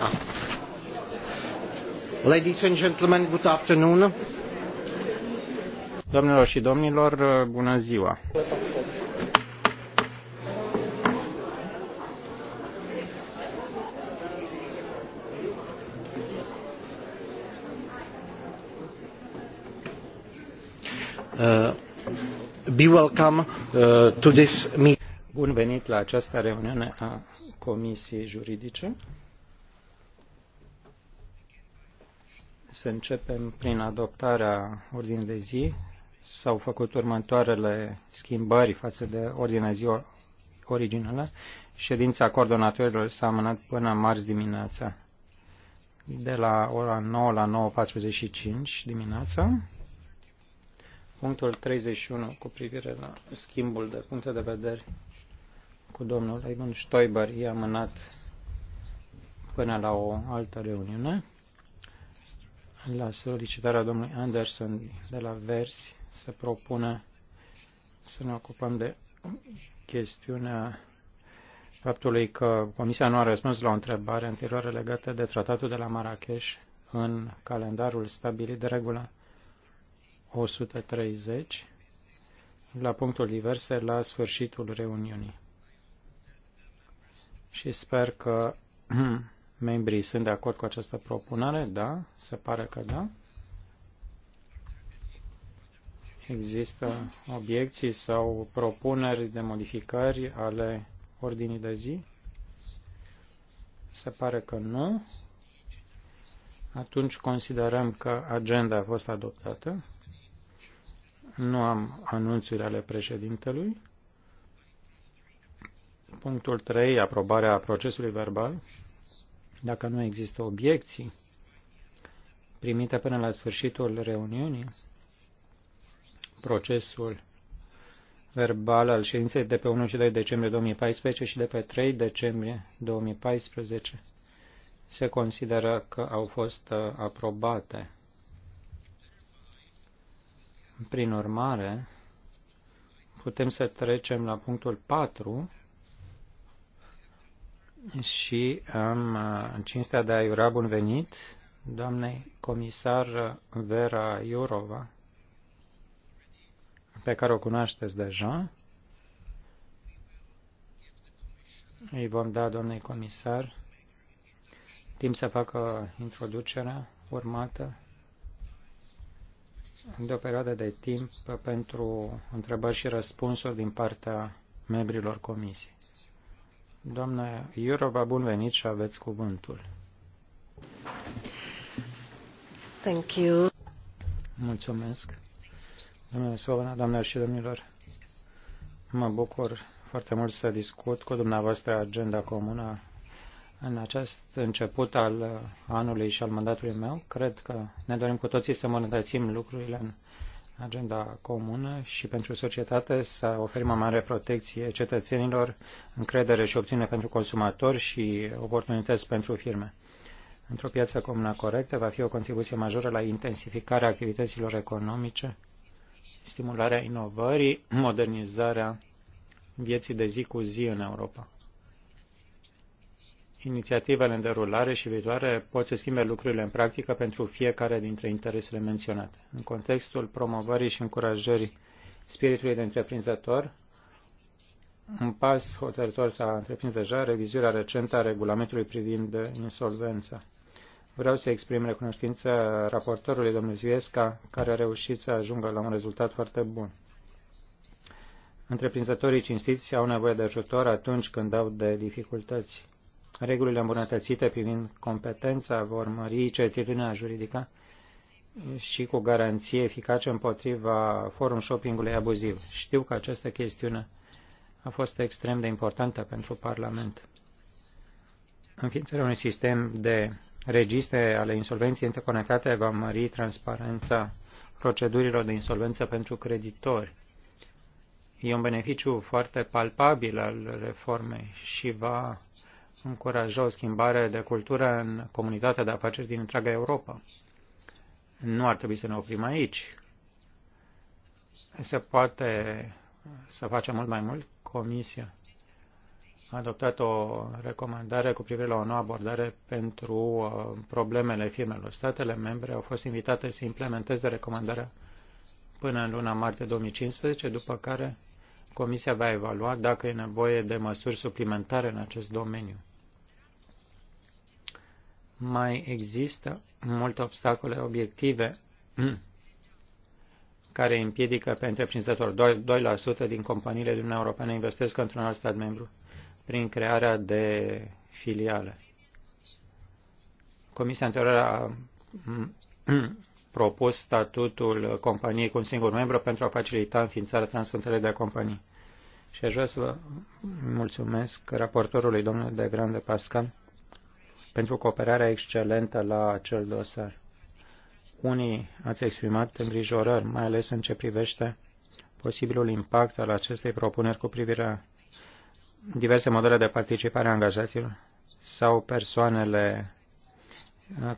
Ah. Ladies and gentlemen, good afternoon. Doamnelor și domnilor, bună ziua. Uh, be welcome uh, to this meeting. Bun venit la această reuniune a Comisiei Juridice. să începem prin adoptarea ordinii de zi. S-au făcut următoarele schimbări față de ordinea zi originală. Ședința coordonatorilor s-a amânat până marți dimineața, de la ora 9 la 9.45 dimineața. Punctul 31 cu privire la schimbul de puncte de vedere cu domnul Ivan Stoiber i-a amânat până la o altă reuniune la solicitarea domnului Anderson de la Versi să propună să ne ocupăm de chestiunea faptului că Comisia nu a răspuns la o întrebare anterioară legată de tratatul de la Marrakesh în calendarul stabilit de regulă 130 la punctul diverse la sfârșitul reuniunii. Și sper că Membrii sunt de acord cu această propunere? Da, se pare că da. Există obiecții sau propuneri de modificări ale ordinii de zi? Se pare că nu. Atunci considerăm că agenda a fost adoptată. Nu am anunțuri ale președintelui. Punctul 3. Aprobarea procesului verbal. Dacă nu există obiecții primite până la sfârșitul reuniunii, procesul verbal al ședinței de pe 1 și 2 decembrie 2014 și de pe 3 decembrie 2014 se consideră că au fost uh, aprobate. Prin urmare, putem să trecem la punctul 4, și am uh, cinstea de a-i ura bun venit doamnei comisar Vera Iurova, pe care o cunoașteți deja. Îi vom da doamnei comisar timp să facă introducerea urmată de o perioadă de timp pentru întrebări și răspunsuri din partea membrilor comisiei. Doamna Iurova, bun venit și aveți cuvântul. Thank you. Mulțumesc. Domnule Sovana, doamnelor și domnilor, mă bucur foarte mult să discut cu dumneavoastră agenda comună în acest început al anului și al mandatului meu. Cred că ne dorim cu toții să mănătățim lucrurile în agenda comună și pentru societate să oferim o mare protecție cetățenilor, încredere și opțiune pentru consumatori și oportunități pentru firme. Într-o piață comună corectă va fi o contribuție majoră la intensificarea activităților economice, stimularea inovării, modernizarea vieții de zi cu zi în Europa inițiativele în derulare și viitoare pot să schimbe lucrurile în practică pentru fiecare dintre interesele menționate. În contextul promovării și încurajării spiritului de întreprinzător, un pas hotărător s-a întreprins deja revizuirea recentă a regulamentului privind insolvența. Vreau să exprim recunoștință raportorului domnul Zviesca, care a reușit să ajungă la un rezultat foarte bun. Întreprinzătorii cinstiți au nevoie de ajutor atunci când au de dificultăți Regulile îmbunătățite privind competența vor mări certitudinea juridică și cu garanție eficace împotriva forum shoppingului abuziv. Știu că această chestiune a fost extrem de importantă pentru Parlament. Înființarea unui sistem de registre ale insolvenței interconectate va mări transparența procedurilor de insolvență pentru creditori. E un beneficiu foarte palpabil al reformei și va încuraja o schimbare de cultură în comunitatea de afaceri din întreaga Europa. Nu ar trebui să ne oprim aici. Se poate să facem mult mai mult. Comisia a adoptat o recomandare cu privire la o nouă abordare pentru uh, problemele firmelor. Statele membre au fost invitate să implementeze recomandarea până în luna martie 2015, după care Comisia va evalua dacă e nevoie de măsuri suplimentare în acest domeniu mai există multe obstacole obiective care împiedică pe întreprinzător. 2% din companiile din Uniunea Europeană investesc într-un alt stat membru prin crearea de filiale. Comisia anterioară a propus statutul companiei cu un singur membru pentru a facilita înființarea transfrontalieră de companii. Și aș vrea să vă mulțumesc raportorului domnul de Grande Pascal pentru cooperarea excelentă la acel dosar. Unii ați exprimat îngrijorări, mai ales în ce privește posibilul impact al acestei propuneri cu privire la diverse modele de participare a angajaților sau persoanele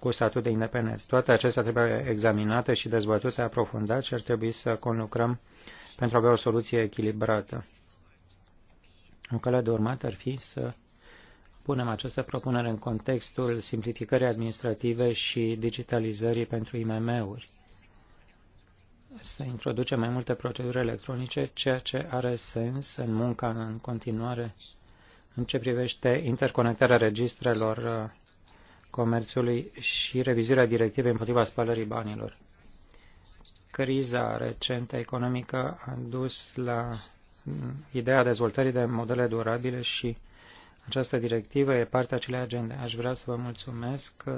cu statut de independență. Toate acestea trebuie examinate și dezbătute aprofundat și ar trebui să conlucrăm pentru a avea o soluție echilibrată. În cale de urmat ar fi să punem această propunere în contextul simplificării administrative și digitalizării pentru IMM-uri. Să introducem mai multe proceduri electronice, ceea ce are sens în munca în continuare în ce privește interconectarea registrelor uh, comerțului și revizuirea directivei împotriva spălării banilor. Criza recentă economică a dus la mm, ideea dezvoltării de modele durabile și această directivă e partea acelei agende. Aș vrea să vă mulțumesc uh,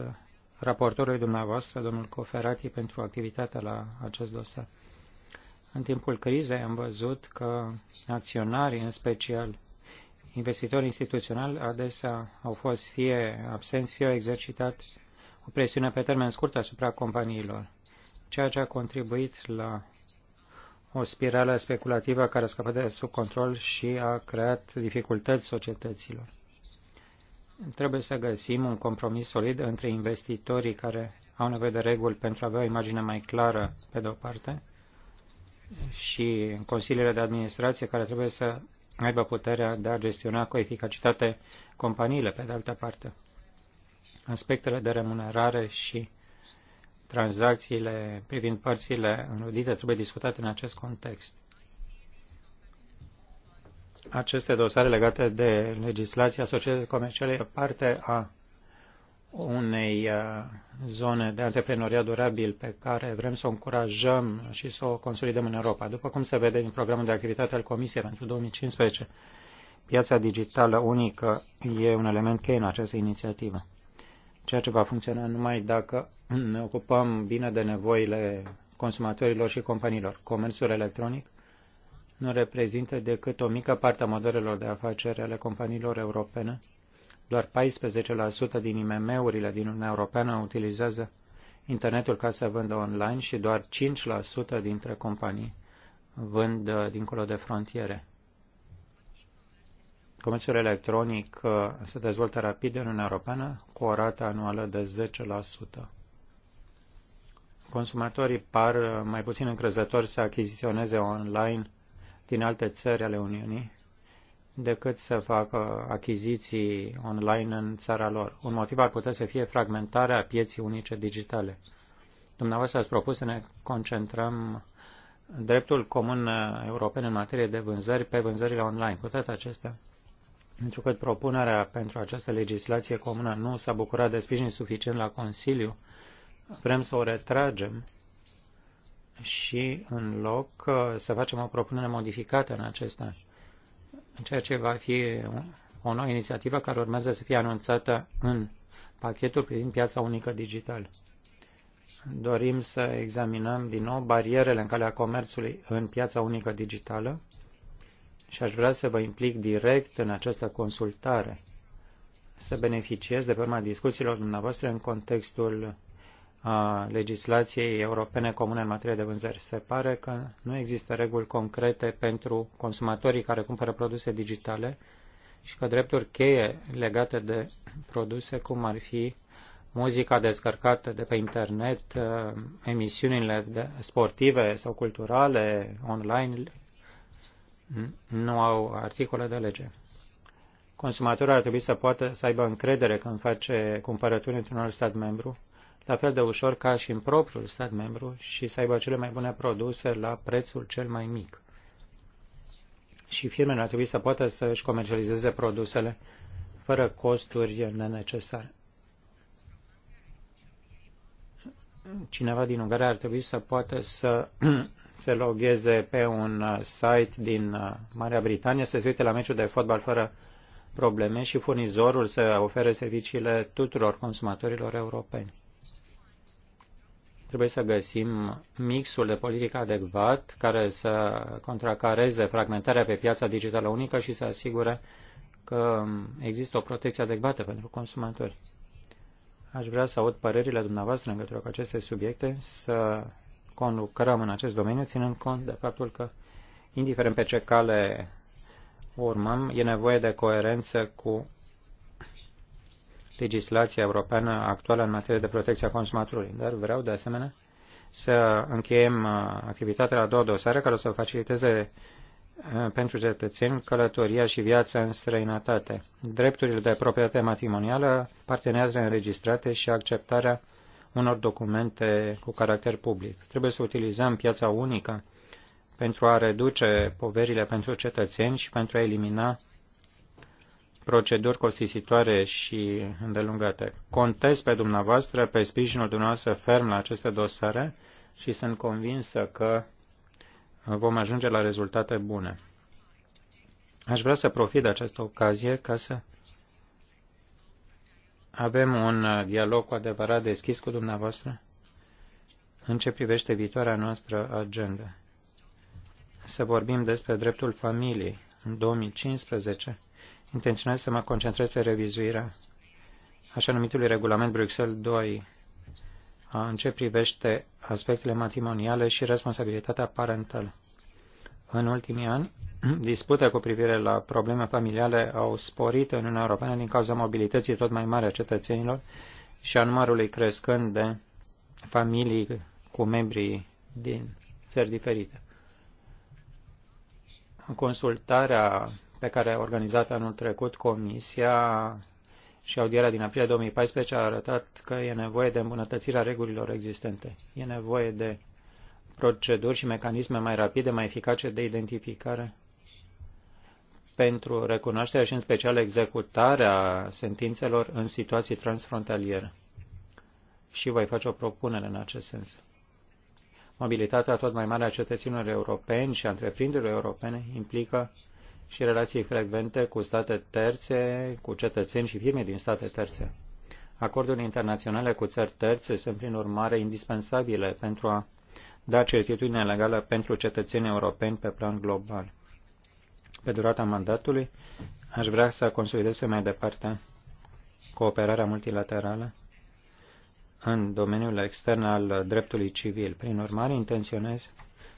raportorului dumneavoastră, domnul Coferati, pentru activitatea la acest dosar. În timpul crizei am văzut că acționarii, în special investitori instituționali, adesea au fost fie absenți, fie au exercitat o presiune pe termen scurt asupra companiilor, ceea ce a contribuit la o spirală speculativă care a scăpat de sub control și a creat dificultăți societăților. Trebuie să găsim un compromis solid între investitorii care au nevoie de reguli pentru a avea o imagine mai clară, pe de o parte, și consiliile de administrație care trebuie să aibă puterea de a gestiona cu eficacitate companiile, pe de altă parte. Aspectele de remunerare și tranzacțiile privind părțile înrudite trebuie discutate în acest context. Aceste dosare legate de legislația societății comerciale e parte a unei uh, zone de antreprenoriat durabil pe care vrem să o încurajăm și să o consolidăm în Europa. După cum se vede din programul de activitate al Comisiei pentru 2015, piața digitală unică e un element cheie în această inițiativă ceea ce va funcționa numai dacă ne ocupăm bine de nevoile consumatorilor și companiilor. Comerțul electronic nu reprezintă decât o mică parte a modelelor de afaceri ale companiilor europene. Doar 14% din IMM-urile din Uniunea Europeană utilizează internetul ca să vândă online și doar 5% dintre companii vând uh, dincolo de frontiere. Comerțul electronic uh, se dezvoltă rapid în Uniunea Europeană cu o rată anuală de 10%. Consumatorii par uh, mai puțin încrezători să achiziționeze online din alte țări ale Uniunii decât să facă achiziții online în țara lor. Un motiv ar putea să fie fragmentarea pieții unice digitale. Dumneavoastră ați propus să ne concentrăm dreptul comun uh, european în materie de vânzări pe vânzările online. Cu toate acestea, Întrucât propunerea pentru această legislație comună nu s-a bucurat de sprijin suficient la Consiliu, vrem să o retragem și în loc uh, să facem o propunere modificată în acest an, ceea ce va fi o nouă inițiativă care urmează să fie anunțată în pachetul privind piața unică digitală. Dorim să examinăm din nou barierele în calea comerțului în piața unică digitală și aș vrea să vă implic direct în această consultare, să beneficiez de pe urma discuțiilor dumneavoastră în contextul a legislației europene comune în materie de vânzări. Se pare că nu există reguli concrete pentru consumatorii care cumpără produse digitale și că drepturi cheie legate de produse, cum ar fi muzica descărcată de pe internet, emisiunile sportive sau culturale online, nu au articole de lege. Consumatorul ar trebui să poată să aibă încredere când face cumpărături într-un alt stat membru, la fel de ușor ca și în propriul stat membru și să aibă cele mai bune produse la prețul cel mai mic. Și firmele ar trebui să poată să își comercializeze produsele fără costuri nenecesare. cineva din Ungaria ar trebui să poată să se logheze pe un uh, site din uh, Marea Britanie, să se uite la meciul de fotbal fără probleme și furnizorul să ofere serviciile tuturor consumatorilor europeni. Trebuie să găsim mixul de politică adecvat care să contracareze fragmentarea pe piața digitală unică și să asigure că um, există o protecție adecvată pentru consumatori. Aș vrea să aud părerile dumneavoastră în legătură cu aceste subiecte, să conlucrăm în acest domeniu, ținând cont de faptul că, indiferent pe ce cale urmăm, e nevoie de coerență cu legislația europeană actuală în materie de protecție a consumatorului. Dar vreau, de asemenea, să încheiem uh, activitatea la două dosare care o să faciliteze pentru cetățeni, călătoria și viața în străinătate. Drepturile de proprietate matrimonială, partenează înregistrate și acceptarea unor documente cu caracter public. Trebuie să utilizăm piața unică pentru a reduce poverile pentru cetățeni și pentru a elimina proceduri costisitoare și îndelungate. Contez pe dumneavoastră, pe sprijinul dumneavoastră ferm la aceste dosare și sunt convinsă că vom ajunge la rezultate bune. Aș vrea să profit de această ocazie ca să avem un dialog cu adevărat deschis cu dumneavoastră în ce privește viitoarea noastră agenda. Să vorbim despre dreptul familiei. În 2015 intenționez să mă concentrez pe revizuirea așa numitului regulament Bruxelles 2 în ce privește aspectele matrimoniale și responsabilitatea parentală. În ultimii ani, dispute cu privire la probleme familiale au sporit în Uniunea Europeană din cauza mobilității tot mai mare a cetățenilor și a numărului crescând de familii cu membrii din țări diferite. Consultarea pe care a organizat anul trecut Comisia și audierea din aprilie 2014 a arătat că e nevoie de îmbunătățirea regulilor existente. E nevoie de proceduri și mecanisme mai rapide, mai eficace de identificare pentru recunoașterea și în special executarea sentințelor în situații transfrontaliere. Și voi face o propunere în acest sens. Mobilitatea tot mai mare a cetățenilor europeni și a întreprinderilor europene implică și relații frecvente cu state terțe, cu cetățeni și firme din state terțe. Acordurile internaționale cu țări terțe sunt, prin urmare, indispensabile pentru a da certitudine legală pentru cetățenii europeni pe plan global. Pe durata mandatului, aș vrea să consolidez pe mai departe cooperarea multilaterală în domeniul extern al dreptului civil. Prin urmare, intenționez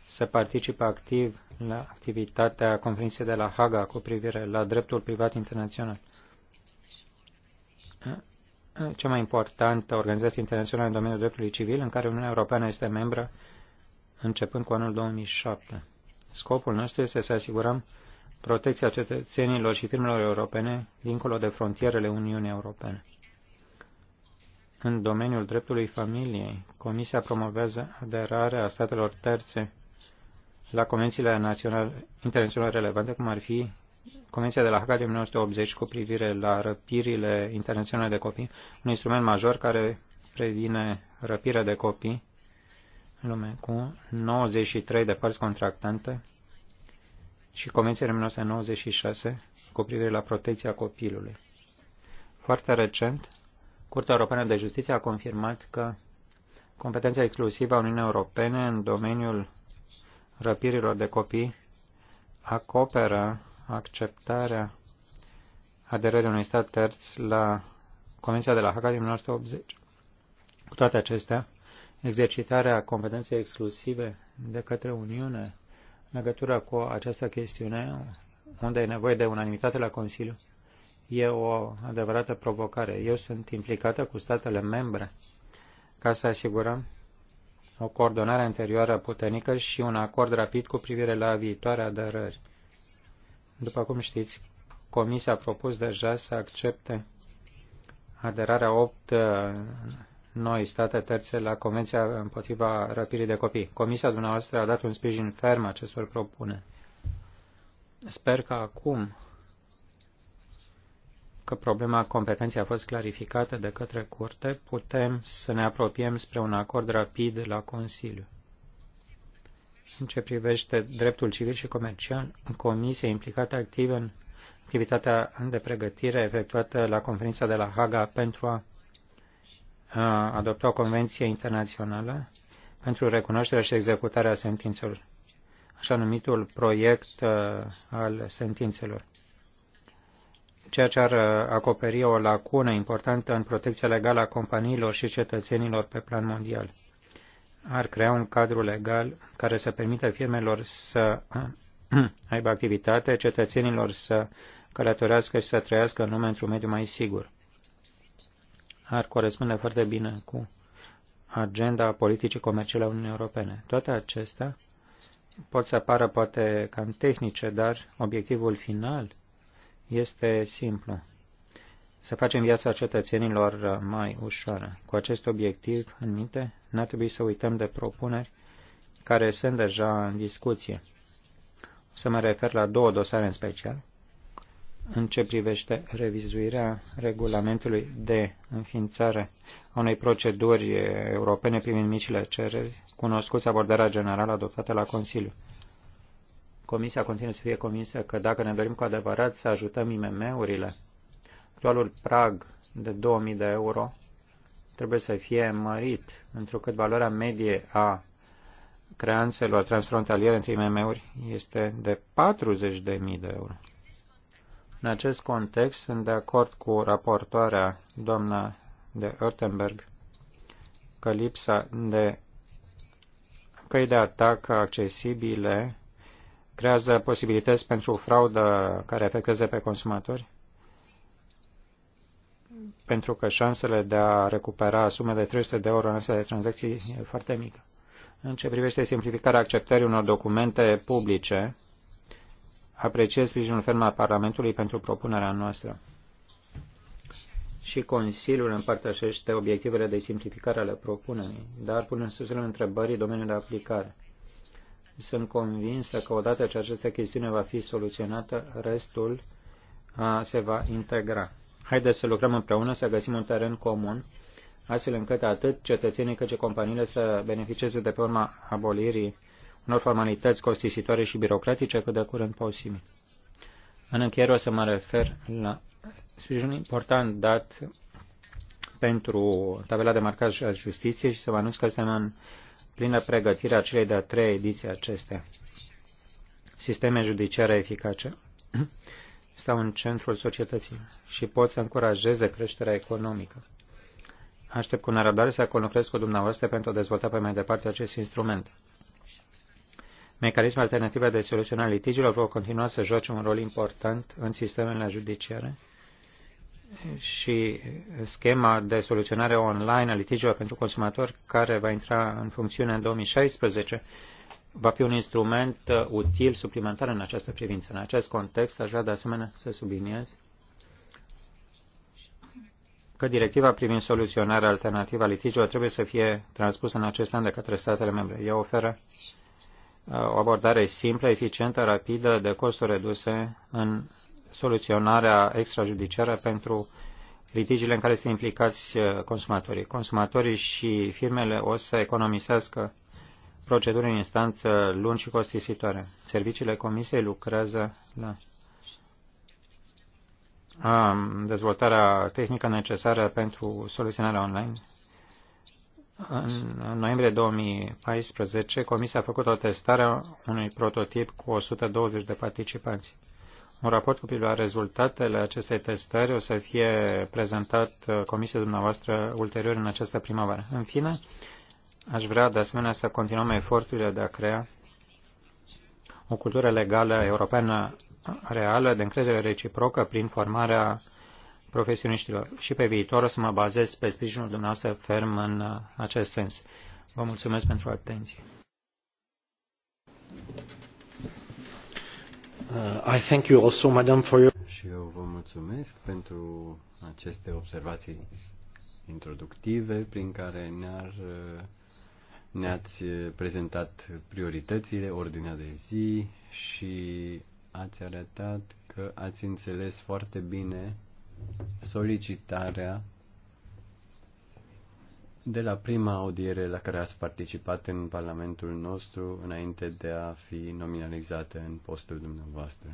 să participe activ la activitatea conferinței de la Haga cu privire la dreptul privat internațional. Cea mai importantă organizație internațională în domeniul dreptului civil, în care Uniunea Europeană este membră începând cu anul 2007. Scopul nostru este să asigurăm protecția cetățenilor și firmelor europene dincolo de frontierele Uniunii Europene. În domeniul dreptului familiei, Comisia promovează aderarea statelor terțe la convențiile naționale, internaționale relevante, cum ar fi Convenția de la Haga din 1980 cu privire la răpirile internaționale de copii, un instrument major care previne răpirea de copii în lume cu 93 de părți contractante și Convenția din 1996 cu privire la protecția copilului. Foarte recent, Curtea Europeană de Justiție a confirmat că competența exclusivă a Uniunii Europene în domeniul răpirilor de copii acoperă acceptarea aderării unui stat terț la Convenția de la Haga din 1980. Cu toate acestea, exercitarea competenței exclusive de către Uniune în legătură cu această chestiune, unde e nevoie de unanimitate la Consiliu, e o adevărată provocare. Eu sunt implicată cu statele membre ca să asigurăm o coordonare anterioară puternică și un acord rapid cu privire la viitoare aderări. După cum știți, Comisia a propus deja să accepte aderarea 8 uh, noi state terțe la Convenția împotriva răpirii de copii. Comisia dumneavoastră a dat un sprijin ferm acestor propuneri. Sper că acum că problema competenței a fost clarificată de către curte, putem să ne apropiem spre un acord rapid la Consiliu. În ce privește dreptul civil și comercial, Comisia implicată activ în activitatea de pregătire efectuată la conferința de la Haga pentru a adopta o convenție internațională pentru recunoașterea și executarea sentințelor, așa numitul proiect al sentințelor ceea ce ar uh, acoperi o lacună importantă în protecția legală a companiilor și cetățenilor pe plan mondial. Ar crea un cadru legal care să permită firmelor să uh, aibă activitate, cetățenilor să călătorească și să trăiască în lume într-un mediu mai sigur. Ar corespunde foarte bine cu agenda politicii comerciale a Uniunii Europene. Toate acestea pot să pară poate cam tehnice, dar obiectivul final – este simplu. Să facem viața cetățenilor mai ușoară. Cu acest obiectiv în minte, n-ar trebui să uităm de propuneri care sunt deja în discuție. O să mă refer la două dosare în special. În ce privește revizuirea regulamentului de înființare a unei proceduri europene privind micile cereri, cunoscuți abordarea generală adoptată la Consiliu. Comisia continuă să fie convinsă că dacă ne dorim cu adevărat să ajutăm IMM-urile, actualul prag de 2000 de euro trebuie să fie mărit, întrucât valoarea medie a creanțelor transfrontaliere între IMM-uri este de 40.000 de euro. În acest context, sunt de acord cu raportoarea doamna de Örtenberg că lipsa de căi de atac accesibile creează posibilități pentru fraudă care afectează pe consumatori? Pentru că șansele de a recupera sume de 300 de euro în astfel de tranzacții e foarte mică. În ce privește simplificarea acceptării unor documente publice, apreciez sprijinul ferm al Parlamentului pentru propunerea noastră. Și Consiliul împărtășește obiectivele de simplificare ale propunerii, dar pune în susul întrebării domeniul de aplicare. Sunt convinsă că odată ce această chestiune va fi soluționată, restul se va integra. Haideți să lucrăm împreună, să găsim un teren comun, astfel încât atât cetățenii cât și companiile să beneficieze de pe urma abolirii unor formalități costisitoare și birocratice cât de curând posibil. În încheiere o să mă refer la sprijinul important dat pentru tabela de marcaj a justiției și să vă anunț că suntem în plină pregătire celei de-a treia ediții acestea. Sisteme judiciare eficace stau în centrul societății și pot să încurajeze creșterea economică. Aștept cu nerăbdare să conlucrez cu dumneavoastră pentru a dezvolta pe mai departe acest instrument. Mecanisme alternative de soluționare litigilor vor continua să joace un rol important în sistemele judiciare și schema de soluționare online a litigiilor pentru consumatori, care va intra în funcțiune în 2016, va fi un instrument uh, util suplimentar în această privință. În acest context, aș vrea de asemenea să subliniez că directiva privind soluționarea alternativă a litigiilor trebuie să fie transpusă în acest an de către statele membre. Ea oferă uh, o abordare simplă, eficientă, rapidă, de costuri reduse în soluționarea extrajudiciară pentru litigiile în care sunt implicați uh, consumatorii. Consumatorii și firmele o să economisească proceduri în instanță lungi și costisitoare. Serviciile Comisiei lucrează la dezvoltarea tehnică necesară pentru soluționarea online. În noiembrie 2014, Comisia a făcut o testare a unui prototip cu 120 de participanți. Un raport cu privire la rezultatele acestei testări o să fie prezentat uh, comisiei dumneavoastră ulterior în această primăvară. În fine, aș vrea de asemenea să continuăm eforturile de a crea o cultură legală europeană reală de încredere reciprocă prin formarea profesioniștilor. Și pe viitor o să mă bazez pe sprijinul dumneavoastră ferm în uh, acest sens. Vă mulțumesc pentru atenție. Uh, I thank you also, madam, for your... Și eu vă mulțumesc pentru aceste observații introductive prin care ne-ar, uh, ne-ați uh, prezentat prioritățile, ordinea de zi și ați arătat că ați înțeles foarte bine solicitarea de la prima audiere la care ați participat în Parlamentul nostru înainte de a fi nominalizată în postul dumneavoastră.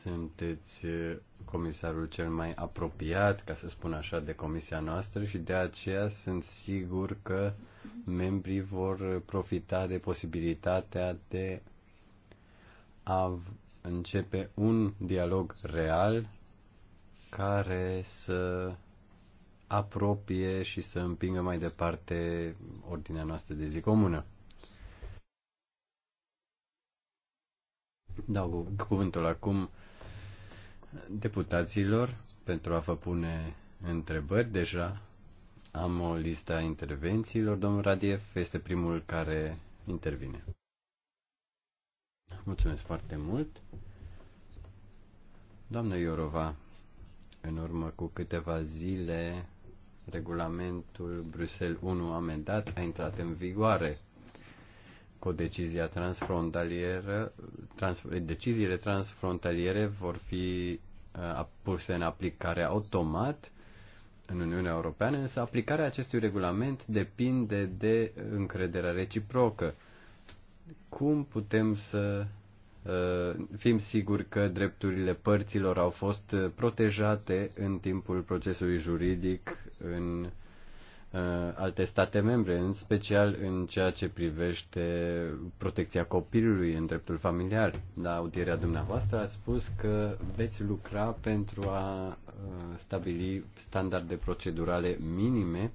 Sunteți eh, comisarul cel mai apropiat, ca să spun așa, de comisia noastră și de aceea sunt sigur că membrii vor profita de posibilitatea de a începe un dialog real care să apropie și să împingă mai departe ordinea noastră de zi comună. Dau cuvântul acum deputaților pentru a vă pune întrebări. Deja am o listă a intervențiilor. Domnul Radiev este primul care intervine. Mulțumesc foarte mult. Doamnă Iorova, în urmă cu câteva zile Regulamentul Bruxelles 1 amendat a intrat în vigoare cu decizia transfrontalieră, trans, deciziile transfrontaliere vor fi uh, puse în aplicare automat în Uniunea Europeană, însă aplicarea acestui regulament depinde de încrederea reciprocă. Cum putem să Uh, fim siguri că drepturile părților au fost uh, protejate în timpul procesului juridic în uh, alte state membre, în special în ceea ce privește protecția copilului în dreptul familial. La audierea dumneavoastră a spus că veți lucra pentru a stabili standarde procedurale minime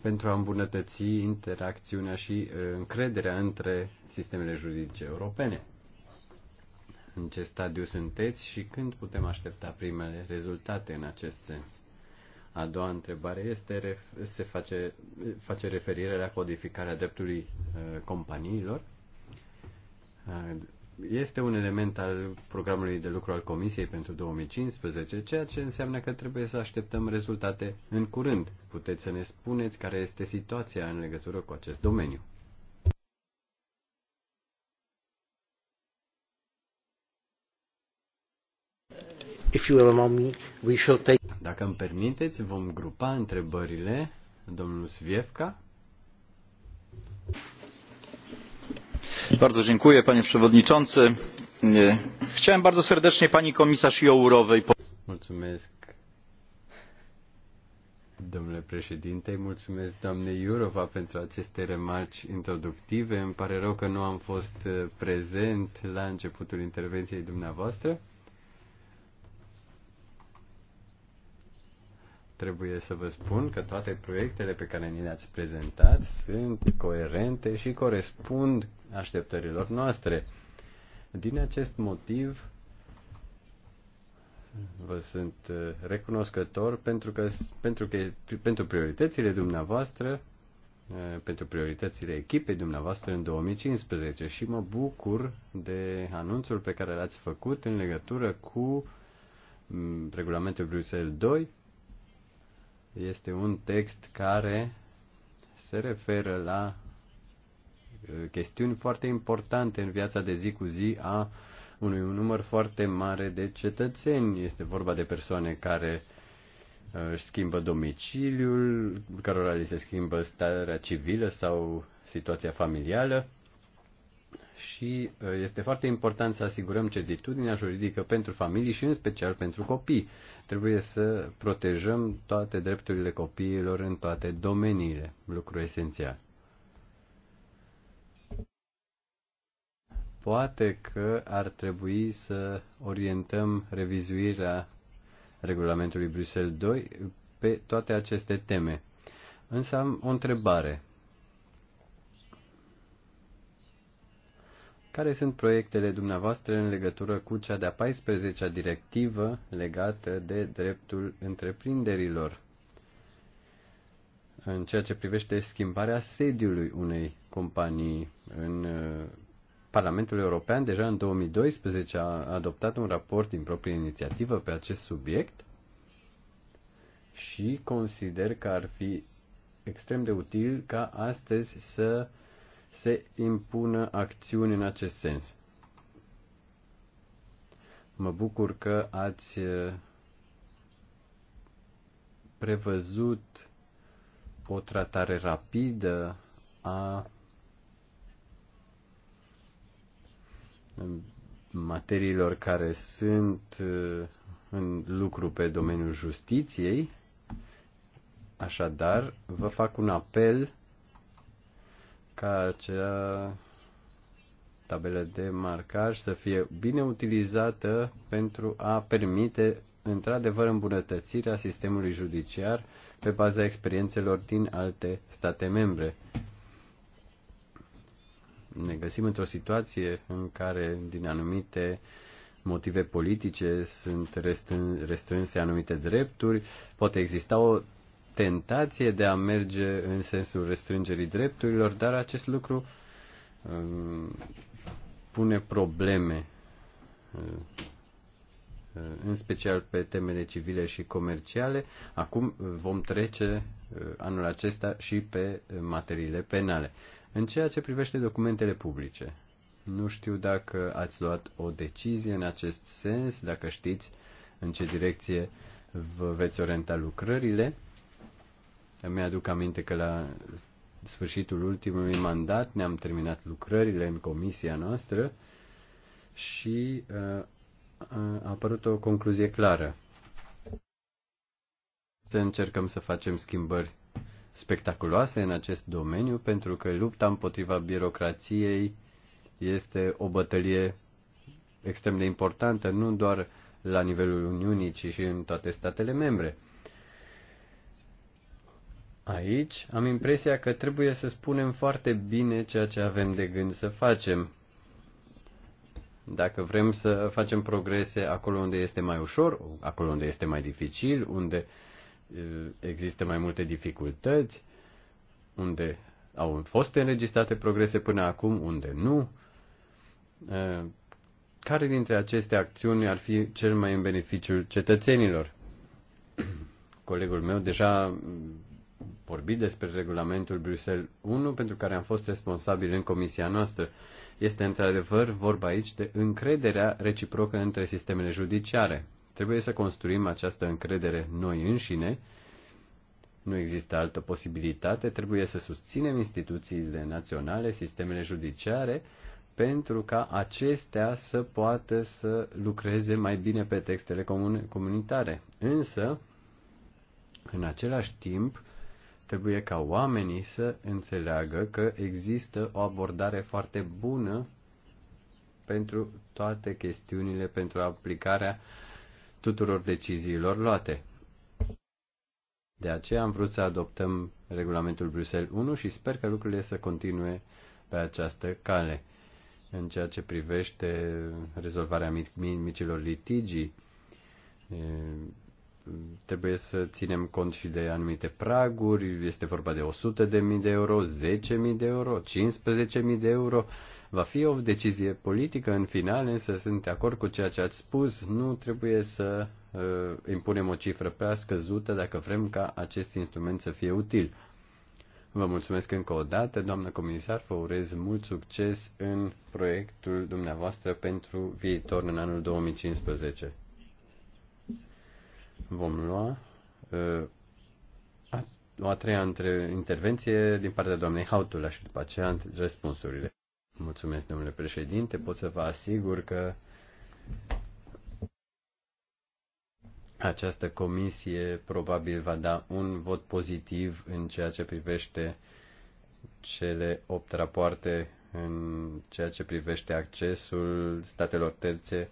pentru a îmbunătăți interacțiunea și încrederea între sistemele juridice europene în ce stadiu sunteți și când putem aștepta primele rezultate în acest sens. A doua întrebare este, se face, face referire la codificarea dreptului uh, companiilor. Uh, este un element al programului de lucru al Comisiei pentru 2015, ceea ce înseamnă că trebuie să așteptăm rezultate în curând. Puteți să ne spuneți care este situația în legătură cu acest domeniu. If you allow me, we shall take... Dacă îmi permiteți, vom grupa întrebările domnul Svievka. Bardzo dziękuję, panie przewodniczący. Chciałem bardzo serdecznie pani komisarz Jourowej... Mulțumesc, Domnule președinte, mulțumesc doamne Jourova, pentru aceste remarci introductive. Îmi pare rău că nu am fost eh, prezent la începutul intervenției dumneavoastră. Trebuie să vă spun că toate proiectele pe care ni le-ați prezentat sunt coerente și corespund așteptărilor noastre. Din acest motiv, vă sunt uh, recunoscător pentru că, pentru că pentru prioritățile dumneavoastră, uh, pentru prioritățile echipei dumneavoastră în 2015 și mă bucur de anunțul pe care l-ați făcut în legătură cu mm, regulamentul Bruxelles 2 este un text care se referă la uh, chestiuni foarte importante în viața de zi cu zi a unui număr foarte mare de cetățeni. Este vorba de persoane care uh, își schimbă domiciliul, cărora li se schimbă starea civilă sau situația familială și uh, este foarte important să asigurăm certitudinea juridică pentru familii și în special pentru copii. Trebuie să protejăm toate drepturile copiilor în toate domeniile, lucru esențial. Poate că ar trebui să orientăm revizuirea regulamentului Bruxelles 2 pe toate aceste teme. Însă am o întrebare. Care sunt proiectele dumneavoastră în legătură cu cea de-a 14-a directivă legată de dreptul întreprinderilor? În ceea ce privește schimbarea sediului unei companii în uh, Parlamentul European, deja în 2012 a adoptat un raport din proprie inițiativă pe acest subiect și consider că ar fi extrem de util ca astăzi să uh, se impună acțiuni în acest sens. Mă bucur că ați uh, prevăzut o tratare rapidă a materiilor care sunt uh, în lucru pe domeniul justiției. Așadar, vă fac un apel ca acea tabelă de marcaj să fie bine utilizată pentru a permite într-adevăr îmbunătățirea sistemului judiciar pe baza experiențelor din alte state membre. Ne găsim într-o situație în care, din anumite motive politice, sunt restrânse anumite drepturi, poate exista o tentație de a merge în sensul restrângerii drepturilor, dar acest lucru um, pune probleme, uh, în special pe temele civile și comerciale. Acum uh, vom trece uh, anul acesta și pe materiile penale. În ceea ce privește documentele publice, nu știu dacă ați luat o decizie în acest sens, dacă știți în ce direcție vă veți orienta lucrările. Îmi aduc aminte că la sfârșitul ultimului mandat ne-am terminat lucrările în comisia noastră și uh, a apărut o concluzie clară. Să încercăm să facem schimbări spectaculoase în acest domeniu, pentru că lupta împotriva birocrației este o bătălie extrem de importantă, nu doar la nivelul Uniunii, ci și în toate statele membre. Aici am impresia că trebuie să spunem foarte bine ceea ce avem de gând să facem. Dacă vrem să facem progrese acolo unde este mai ușor, acolo unde este mai dificil, unde există mai multe dificultăți, unde au fost înregistrate progrese până acum, unde nu, care dintre aceste acțiuni ar fi cel mai în beneficiul cetățenilor? Colegul meu deja vorbit despre regulamentul Bruxelles 1 pentru care am fost responsabil în comisia noastră. Este într-adevăr vorba aici de încrederea reciprocă între sistemele judiciare. Trebuie să construim această încredere noi înșine. Nu există altă posibilitate. Trebuie să susținem instituțiile naționale, sistemele judiciare, pentru ca acestea să poată să lucreze mai bine pe textele comun- comunitare. Însă, în același timp, Trebuie ca oamenii să înțeleagă că există o abordare foarte bună pentru toate chestiunile, pentru aplicarea tuturor deciziilor luate. De aceea am vrut să adoptăm regulamentul Bruxelles 1 și sper că lucrurile să continue pe această cale. În ceea ce privește rezolvarea micilor litigii, trebuie să ținem cont și de anumite praguri, este vorba de 100.000 de euro, 10.000 de euro, 15.000 de euro. Va fi o decizie politică în final, însă sunt de acord cu ceea ce ați spus, nu trebuie să uh, impunem o cifră prea scăzută dacă vrem ca acest instrument să fie util. Vă mulțumesc încă o dată, doamnă comisar, vă urez mult succes în proiectul dumneavoastră pentru viitor în anul 2015 vom lua uh, a, o a treia între intervenție din partea doamnei Hautula și după aceea răspunsurile. Mulțumesc, domnule președinte, pot să vă asigur că această comisie probabil va da un vot pozitiv în ceea ce privește cele opt rapoarte în ceea ce privește accesul statelor terțe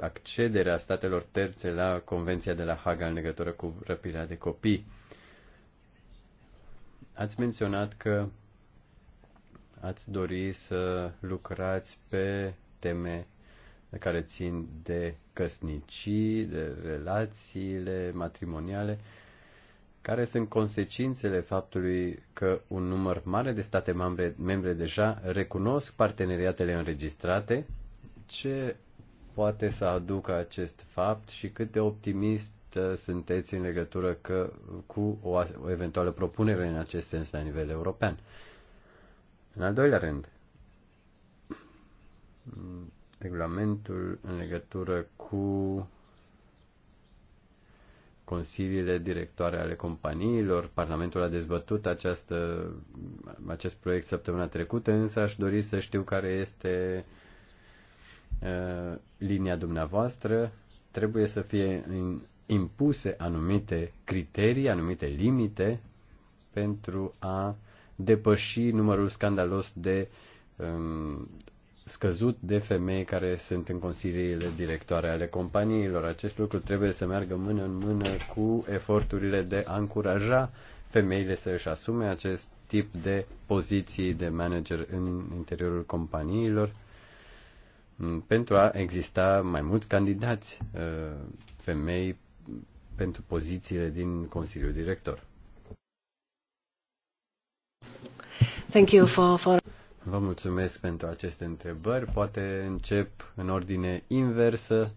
accederea statelor terțe la Convenția de la Haga în legătură cu răpirea de copii. Ați menționat că ați dori să lucrați pe teme care țin de căsnicii, de relațiile matrimoniale, care sunt consecințele faptului că un număr mare de state membre, membre deja recunosc parteneriatele înregistrate ce poate să aducă acest fapt și cât de optimist sunteți în legătură că, cu o, o eventuală propunere în acest sens la nivel european. În al doilea rând, regulamentul în legătură cu consiliile directoare ale companiilor. Parlamentul a dezbătut această, acest proiect săptămâna trecută, însă aș dori să știu care este uh, Uh, linia dumneavoastră, trebuie să fie impuse anumite criterii, anumite limite pentru a depăși numărul scandalos de um, scăzut de femei care sunt în consiliile directoare ale companiilor. Acest lucru trebuie să meargă mână în mână cu eforturile de a încuraja femeile să își asume acest tip de poziții de manager în interiorul companiilor pentru a exista mai mulți candidați uh, femei pentru pozițiile din Consiliul Director. Thank you for, for... Vă mulțumesc pentru aceste întrebări. Poate încep în ordine inversă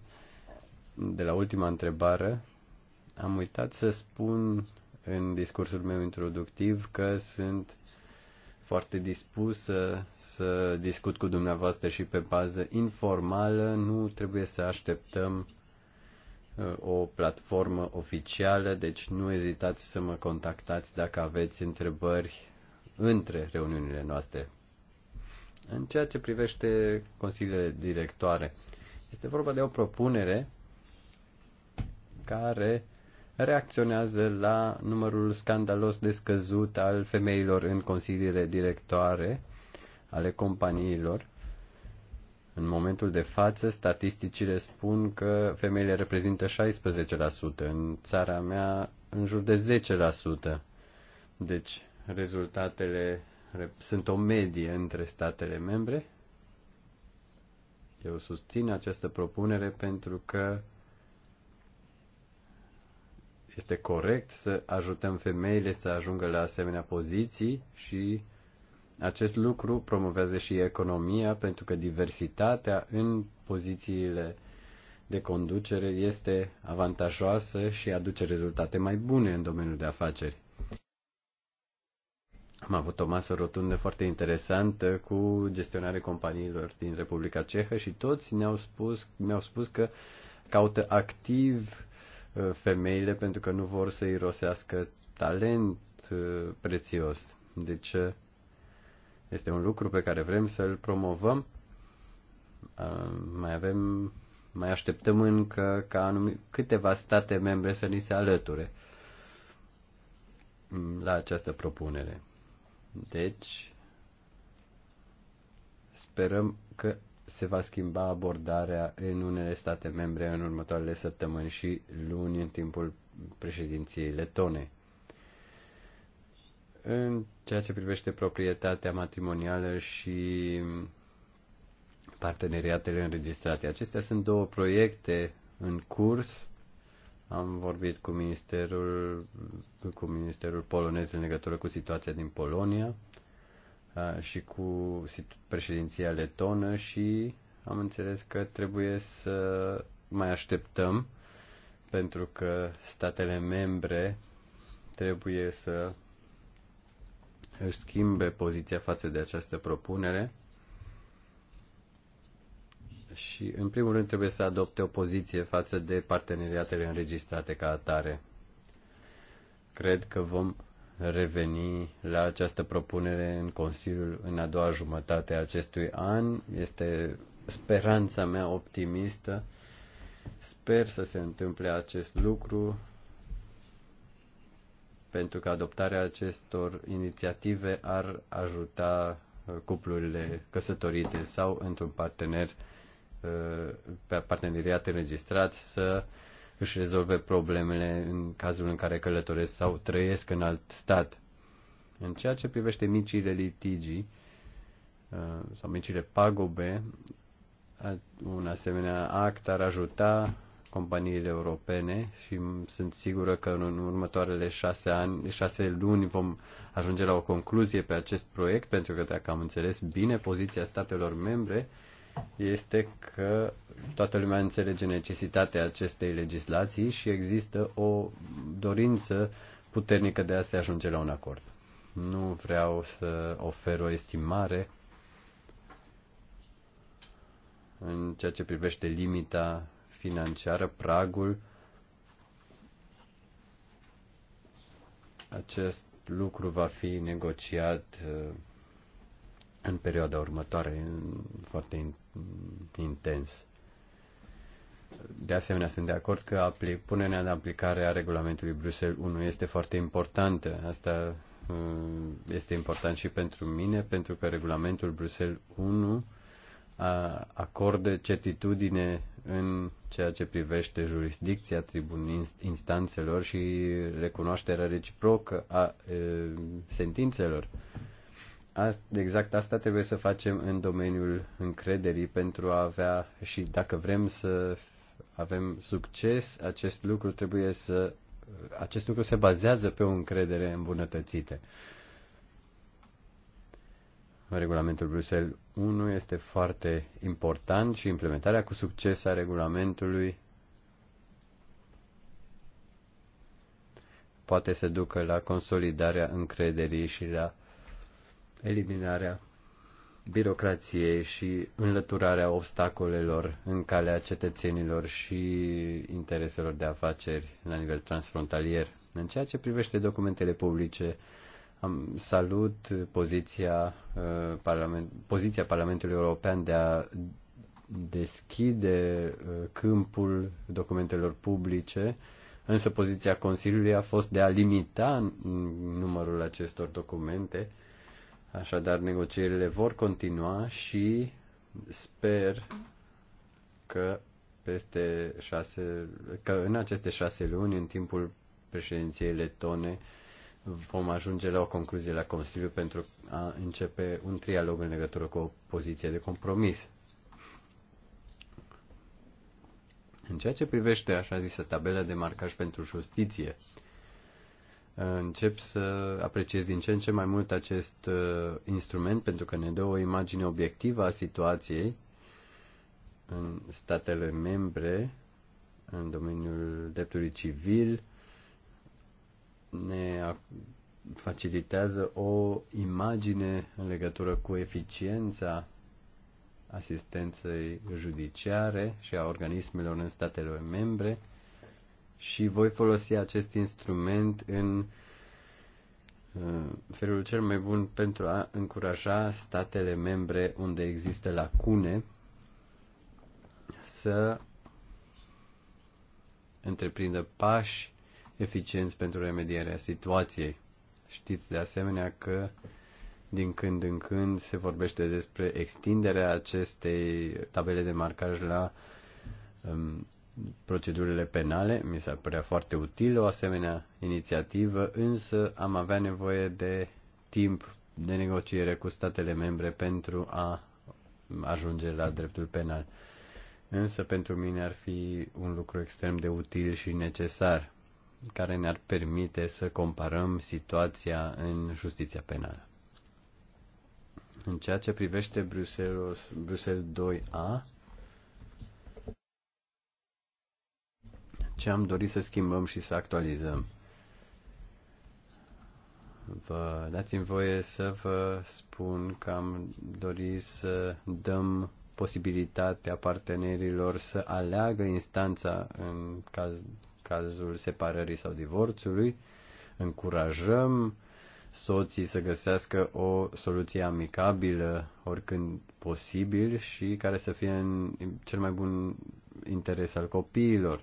de la ultima întrebare. Am uitat să spun în discursul meu introductiv că sunt foarte dispus să discut cu dumneavoastră și pe bază informală. Nu trebuie să așteptăm uh, o platformă oficială, deci nu ezitați să mă contactați dacă aveți întrebări între reuniunile noastre. În ceea ce privește consiliile directoare, este vorba de o propunere care reacționează la numărul scandalos de scăzut al femeilor în consiliile directoare ale companiilor. În momentul de față, statisticile spun că femeile reprezintă 16%, în țara mea în jur de 10%. Deci, rezultatele sunt o medie între statele membre. Eu susțin această propunere pentru că este corect să ajutăm femeile să ajungă la asemenea poziții și acest lucru promovează și economia, pentru că diversitatea în pozițiile de conducere este avantajoasă și aduce rezultate mai bune în domeniul de afaceri. Am avut o masă rotundă foarte interesantă cu gestionarea companiilor din Republica Cehă și toți ne-au spus, mi-au spus că caută activ Uh, femeile pentru că nu vor să irosească talent uh, prețios. Deci uh, este un lucru pe care vrem să-l promovăm. Mai avem, mai așteptăm încă ca anumit, câteva state membre să ni se alăture la această propunere. Deci, sperăm că se va schimba abordarea în unele state membre în următoarele săptămâni și luni în timpul președinției letone. În ceea ce privește proprietatea matrimonială și parteneriatele înregistrate. Acestea sunt două proiecte în curs. Am vorbit cu ministerul, cu ministerul polonez în legătură cu situația din Polonia și cu președinția letonă și am înțeles că trebuie să mai așteptăm pentru că statele membre trebuie să își schimbe poziția față de această propunere și, în primul rând, trebuie să adopte o poziție față de parteneriatele înregistrate ca atare. Cred că vom reveni la această propunere în Consiliul în a doua jumătate a acestui an. Este speranța mea optimistă. Sper să se întâmple acest lucru pentru că adoptarea acestor inițiative ar ajuta uh, cuplurile căsătorite sau într-un partener uh, pe parteneriat înregistrat să uh, își rezolve problemele în cazul în care călătoresc sau trăiesc în alt stat. În ceea ce privește micile litigii uh, sau micile pagube, un asemenea act ar ajuta companiile europene și sunt sigură că în următoarele șase, ani, șase luni vom ajunge la o concluzie pe acest proiect, pentru că dacă am înțeles bine poziția statelor membre, este că toată lumea înțelege necesitatea acestei legislații și există o dorință puternică de a se ajunge la un acord. Nu vreau să ofer o estimare în ceea ce privește limita financiară, pragul. Acest lucru va fi negociat uh, în perioada următoare foarte intens. De asemenea, sunt de acord că apli- punerea de aplicare a regulamentului Bruxelles 1 este foarte importantă. Asta uh, este important și pentru mine, pentru că regulamentul Bruxelles 1 uh, acordă certitudine în ceea ce privește jurisdicția tribunii instanțelor și recunoașterea reciprocă a uh, sentințelor exact asta trebuie să facem în domeniul încrederii pentru a avea și dacă vrem să avem succes, acest lucru trebuie să acest lucru se bazează pe o încredere îmbunătățită. Regulamentul Bruxelles 1 este foarte important și implementarea cu succes a regulamentului poate să ducă la consolidarea încrederii și la uh, eliminarea birocrației și înlăturarea obstacolelor în calea cetățenilor și intereselor de afaceri la nivel transfrontalier. În ceea ce privește documentele publice, am salut poziția, uh, parlament, poziția Parlamentului European de a deschide uh, câmpul documentelor publice, însă poziția Consiliului a fost de a limita numărul acestor documente uh, Așadar, negocierile vor continua și sper că peste șase, că în aceste șase luni, în timpul președinției letone, vom ajunge la o concluzie la Consiliu pentru a începe un trialog în legătură cu o poziție de compromis. În ceea ce privește așa zisă tabela de marcaj pentru justiție, încep să apreciez din ce în ce mai mult acest uh, instrument pentru că ne dă o imagine obiectivă a situației în statele membre, în domeniul dreptului civil, ne facilitează o imagine în legătură cu eficiența asistenței judiciare și a organismelor în statele membre și voi folosi acest instrument în uh, felul cel mai bun pentru a încuraja statele membre unde există lacune să întreprindă pași eficienți pentru remedierea situației. Știți de asemenea că din când în când se vorbește despre extinderea acestei tabele de marcaj la um, procedurile penale. Mi s ar părea foarte util o asemenea inițiativă, însă am avea nevoie de timp de negociere cu statele membre pentru a ajunge la dreptul penal. Însă pentru mine ar fi un lucru extrem de util și necesar, care ne-ar permite să comparăm situația în justiția penală. În ceea ce privește Bruxelles, Bruxelles 2A, ce am dorit să schimbăm și să actualizăm. Vă dați-mi voie să vă spun că am dorit să dăm posibilitatea partenerilor să aleagă instanța în caz, cazul separării sau divorțului. Încurajăm soții să găsească o soluție amicabilă oricând posibil și care să fie în cel mai bun interes al copiilor.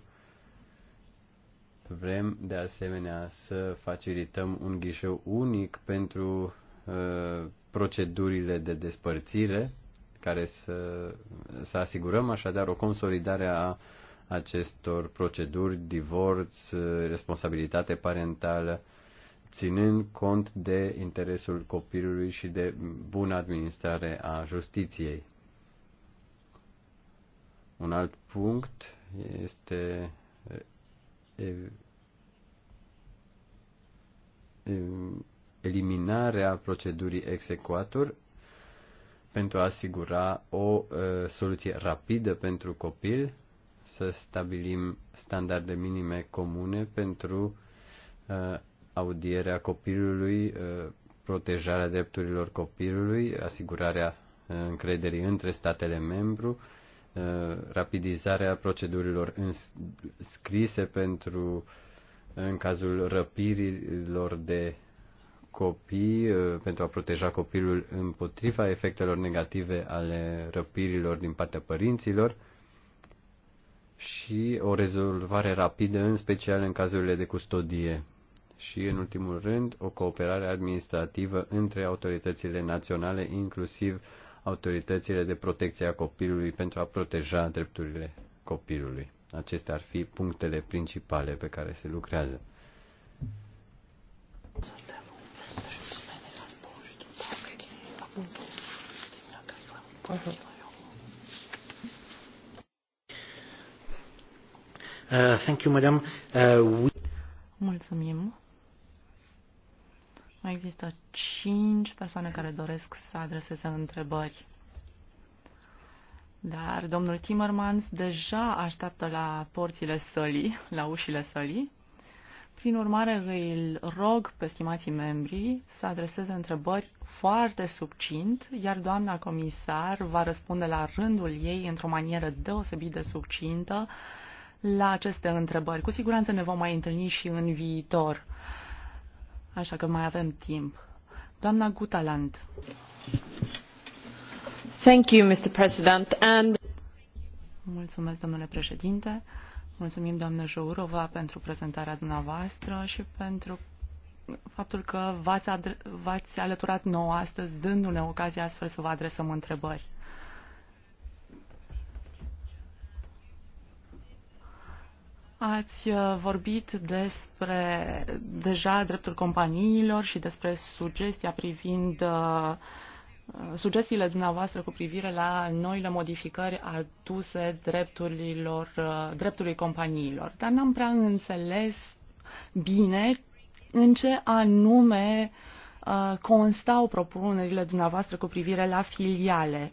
Vrem de asemenea să facilităm un ghișeu unic pentru uh, procedurile de despărțire, care să, să asigurăm așadar o consolidare a acestor proceduri, divorț, uh, responsabilitate parentală, ținând cont de interesul copilului și de bună administrare a justiției. Un alt punct este eliminarea procedurii execuator pentru a asigura o soluție rapidă pentru copil, să stabilim standarde minime comune pentru audierea copilului, protejarea drepturilor copilului, asigurarea încrederii între statele membru, Uh, rapidizarea procedurilor scrise pentru în cazul răpirilor de copii, uh, pentru a proteja copilul împotriva efectelor negative ale răpirilor din partea părinților și o rezolvare rapidă, în special în cazurile de custodie. Și, în ultimul rând, o cooperare administrativă între autoritățile naționale, inclusiv uh, autoritățile de protecție a copilului pentru a proteja drepturile copilului. Acestea ar fi punctele principale pe care se lucrează. Uh, thank you, madam. Uh, we... Mulțumim. Mai există cinci persoane care doresc să adreseze întrebări. Dar domnul Timmermans deja așteaptă la porțile sălii, la ușile sălii. Prin urmare, îl rog pe stimații membri să adreseze întrebări foarte succint, iar doamna comisar va răspunde la rândul ei într-o manieră deosebit de succintă la aceste întrebări. Cu siguranță ne vom mai întâlni și în viitor așa că mai avem timp. Doamna Gutaland. Thank you, Mr. President. And... Mulțumesc, domnule președinte. Mulțumim, doamnă Jourova, pentru prezentarea dumneavoastră și pentru faptul că v-ați, alăturat nouă astăzi, dându-ne ocazia astfel să vă adresăm întrebări. Ați uh, vorbit despre deja dreptul companiilor și despre sugestia privind uh, sugestiile dumneavoastră cu privire la noile modificări aduse drepturilor, uh, dreptului companiilor. Dar n-am prea înțeles bine în ce anume constau propunerile dumneavoastră cu privire la filiale.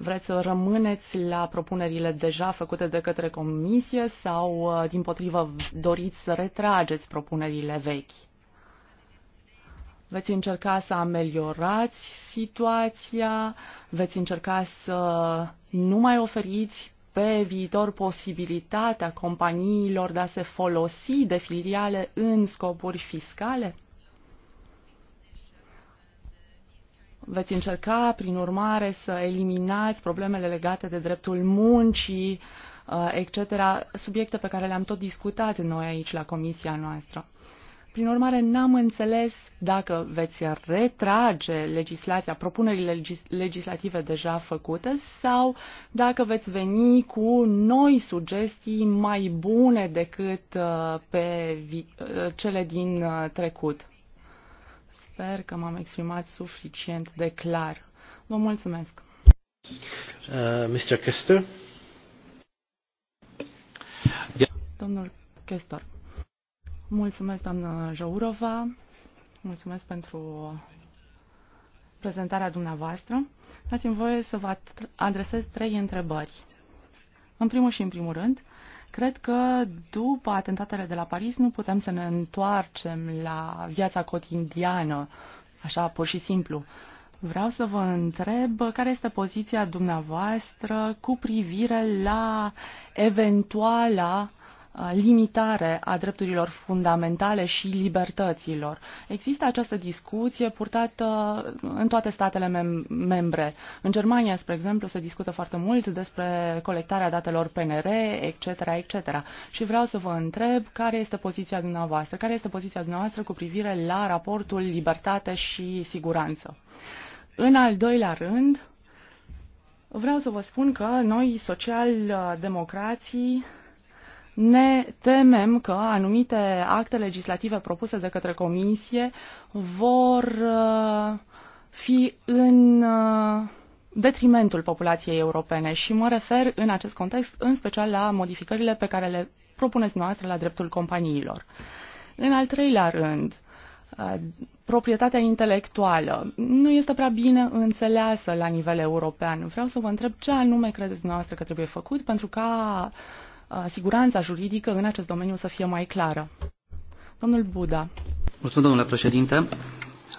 Vreți să rămâneți la propunerile deja făcute de către comisie sau, uh, din potrivă, doriți să retrageți propunerile vechi? Veți încerca să ameliorați situația, veți încerca să nu mai oferiți pe viitor posibilitatea companiilor de a se folosi de filiale în scopuri fiscale? Veți încerca, prin urmare, să eliminați problemele legate de dreptul muncii, uh, etc., subiecte pe care le-am tot discutat noi aici la comisia noastră. Prin urmare, n-am înțeles dacă veți retrage legislația, propunerile legis legislative deja făcute sau dacă veți veni cu noi sugestii mai bune decât uh, pe uh, cele din trecut. Sper că m-am exprimat suficient de clar. Vă mulțumesc. Uh, Mr. Kester? Domnul Kester. Mulțumesc, doamnă Jourova. Mulțumesc pentru prezentarea dumneavoastră. Dați-mi voie să vă adresez trei întrebări. În primul și în primul rând, Cred că după atentatele de la Paris nu putem să ne întoarcem la viața cotidiană, așa pur și simplu. Vreau să vă întreb care este poziția dumneavoastră cu privire la eventuala limitare a drepturilor fundamentale și libertăților. Există această discuție purtată uh, în toate statele mem- membre. În Germania, spre exemplu, se discută foarte mult despre colectarea datelor PNR, etc., etc. Și vreau să vă întreb care este poziția dumneavoastră, care este poziția dumneavoastră cu privire la raportul libertate și siguranță. În al doilea rând, vreau să vă spun că noi, social-democrații, ne temem că anumite acte legislative propuse de către Comisie vor uh, fi în uh, detrimentul populației europene și mă refer în acest context în special la modificările pe care le propuneți noastră la dreptul companiilor. În al treilea rând, uh, proprietatea intelectuală nu este prea bine înțeleasă la nivel european. Vreau să vă întreb ce anume credeți noastră că trebuie făcut pentru ca uh, Uh, siguranța juridică în acest domeniu să fie mai clară. Domnul Buda. Mulțumesc, domnule președinte.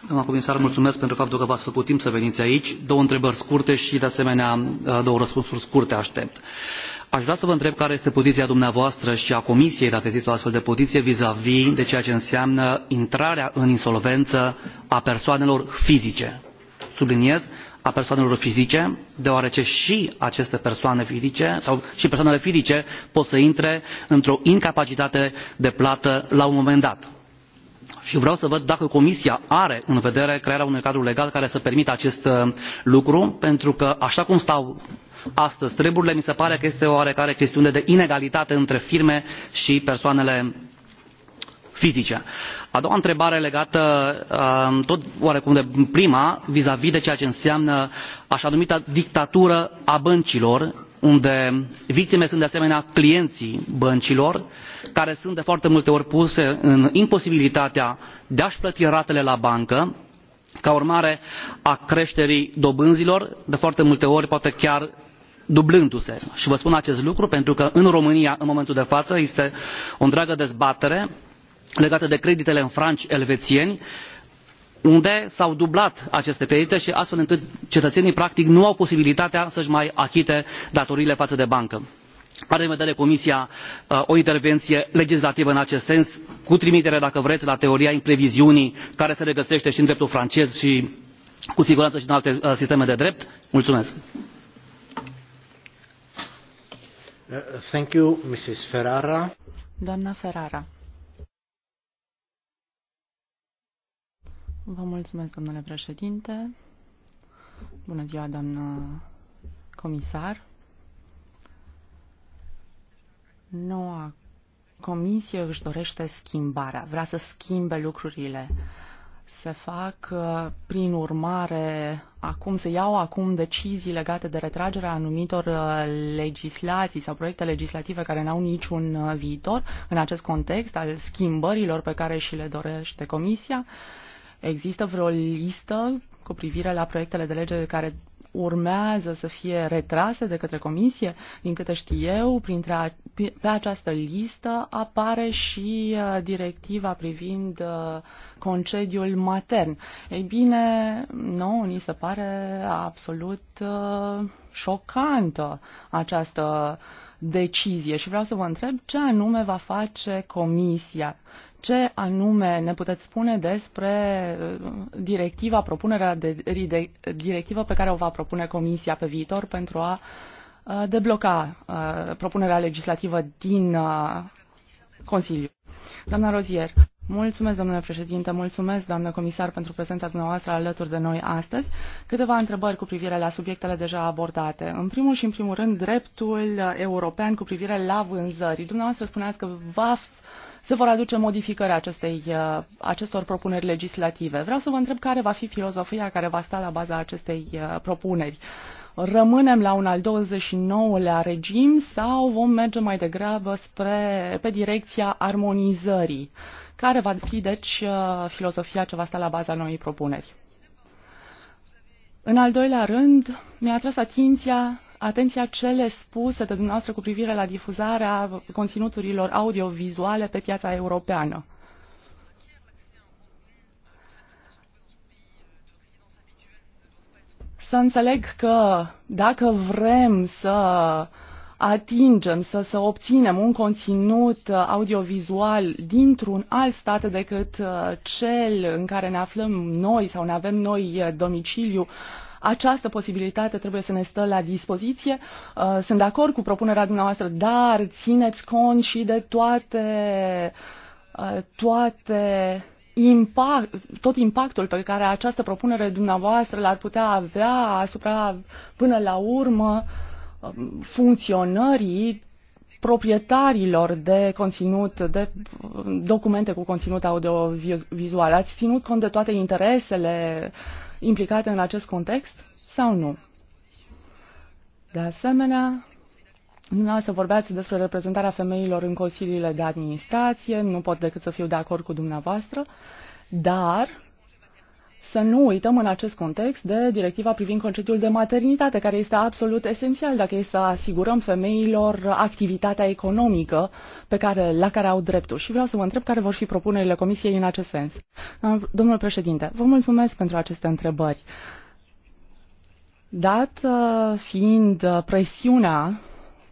Doamna comisar, mulțumesc pentru faptul că v-ați făcut timp să veniți aici. Două întrebări scurte și, de asemenea, uh, două răspunsuri scurte aștept. Aș vrea să vă întreb care este poziția dumneavoastră și a Comisiei, dacă există o astfel de poziție, vis-a-vis -vis de ceea ce înseamnă intrarea în insolvență a persoanelor fizice. Subliniez, a persoanelor fizice deoarece și aceste persoane fizice sau și persoanele fizice pot să intre într o incapacitate de plată la un moment dat și vreau să văd dacă comisia are în vedere crearea unui cadru legal care să permită acest uh, lucru pentru că așa cum stau astăzi treburile mi se pare că este o oarecare chestiune de inegalitate între firme și persoanele fizice. a doua întrebare legată uh, tot oarecum de prima vis de ceea ce înseamnă așa numita dictatură a băncilor unde victime sunt de asemenea clienții băncilor care sunt de foarte multe ori puse în imposibilitatea de a și plăti ratele la bancă ca urmare a creșterii dobânzilor de foarte multe ori poate chiar dublându se și vă spun acest lucru pentru că în românia în momentul de față este o întreagă dezbatere legate de creditele în franci elvețieni unde s au dublat aceste credite și astfel încât cetățenii practic nu au posibilitatea să și mai achite datoriile față de bancă. are în vedere comisia uh, o intervenție legislativă în acest sens cu trimitere dacă vreți la teoria impreviziunii care se regăsește și în dreptul francez și cu siguranță și în alte uh, sisteme de drept? mulțumesc. Uh, Doamna Ferrara. Vă mulțumesc, domnule președinte. Bună ziua, doamnă comisar. Noua comisie își dorește schimbarea, vrea să schimbe lucrurile. Se fac, prin urmare, acum se iau acum decizii legate de retragerea anumitor uh, legislații sau proiecte legislative care n-au niciun uh, viitor în acest context al schimbărilor pe care și le dorește comisia. Există vreo listă cu privire la proiectele de lege care urmează să fie retrase de către comisie? Din câte știu eu, printre a, pe această listă apare și uh, directiva privind uh, concediul matern. Ei bine, nouă ni se pare absolut uh, șocantă această decizie și vreau să vă întreb ce anume va face comisia. Ce anume ne puteți spune despre uh, directiva, propunerea de directivă pe care o va propune Comisia pe viitor pentru a uh, debloca uh, propunerea legislativă din Consiliu? Doamna Rozier, mulțumesc, domnule președinte, mulțumesc, doamnă comisar, pentru prezența dumneavoastră alături de noi astăzi. Câteva întrebări cu privire la subiectele deja abordate. În primul și în primul rând, dreptul european cu privire la vânzări. Dumneavoastră spuneați că va se vor aduce modificări acestei, uh, acestor propuneri legislative. Vreau să vă întreb care va fi filozofia care va sta la baza acestei uh, propuneri. Rămânem la un al 29-lea regim sau vom merge mai degrabă spre, pe direcția armonizării? Care va fi, deci, uh, filozofia ce va sta la baza noii propuneri? În al doilea rând, mi-a atras atenția atenția cele spuse de dumneavoastră cu privire la difuzarea conținuturilor audiovizuale pe piața europeană. Să înțeleg că dacă vrem să atingem, să, să obținem un conținut audiovizual dintr-un alt stat decât uh, cel în care ne aflăm noi sau ne avem noi uh, domiciliu, uh, această posibilitate trebuie să ne stă la dispoziție. Uh, sunt de acord cu propunerea dumneavoastră, dar țineți cont și de toate uh, toate impact, tot impactul pe care această propunere dumneavoastră l-ar putea avea asupra, până la urmă, um, funcționării proprietarilor de conținut, de um, documente cu conținut audio-vizual. Ați ținut cont de toate interesele implicate în acest context sau nu? De asemenea, Dumneavoastră vorbeați despre reprezentarea femeilor în consiliile de administrație, nu pot decât să fiu de acord cu dumneavoastră, dar să nu uităm în acest context de directiva privind concediul de maternitate, care este absolut esențial dacă e să asigurăm femeilor activitatea economică pe care, la care au dreptul. Și vreau să vă întreb care vor fi propunerile Comisiei în acest sens. Domnul președinte, vă mulțumesc pentru aceste întrebări. Dat uh, fiind uh, presiunea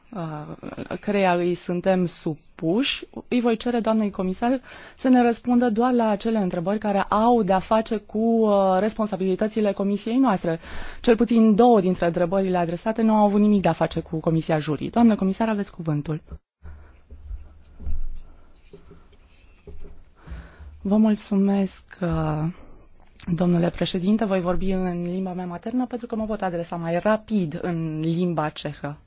Uh, căreia îi suntem supuși, îi voi cere doamnei comisar să ne răspundă doar la acele întrebări care au de-a face cu uh, responsabilitățile comisiei noastre. Cel puțin două dintre întrebările adresate nu au avut nimic de-a face cu comisia jurii. Doamnă comisar, aveți cuvântul. Vă mulțumesc, uh, domnule președinte. Voi vorbi în limba mea maternă pentru că mă pot adresa mai rapid în limba cehă.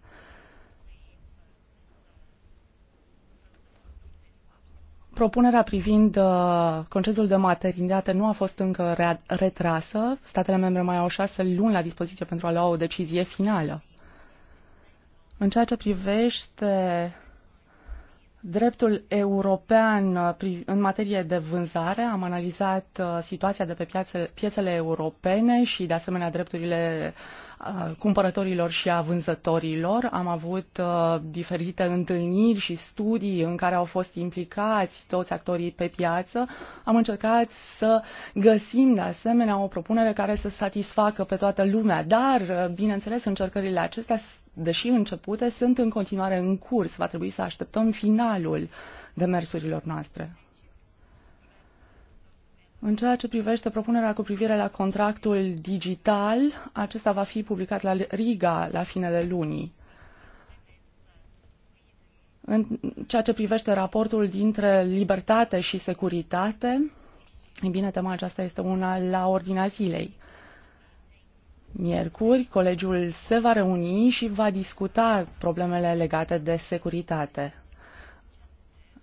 Propunerea privind uh, concediul de maternitate nu a fost încă retrasă. Statele membre mai au șase luni la dispoziție pentru a lua o decizie finală. În ceea ce privește dreptul european uh, în materie de vânzare. Am analizat uh, situația de pe piațele, piețele europene și, de asemenea, drepturile uh, cumpărătorilor și a vânzătorilor. Am avut diferite întâlniri și studii în care au fost implicați toți actorii pe piață. Am încercat să găsim, de asemenea, o propunere care să satisfacă pe toată lumea, dar, bineînțeles, încercările acestea deși începute, sunt în continuare în curs. Va trebui să așteptăm finalul demersurilor noastre. În ceea ce privește propunerea cu privire la contractul digital, acesta va fi publicat la Riga la finele lunii. În ceea ce privește raportul dintre libertate și securitate, e bine, tema aceasta este una la ordinea zilei. Miercuri, colegiul se va reuni și va discuta problemele legate de securitate.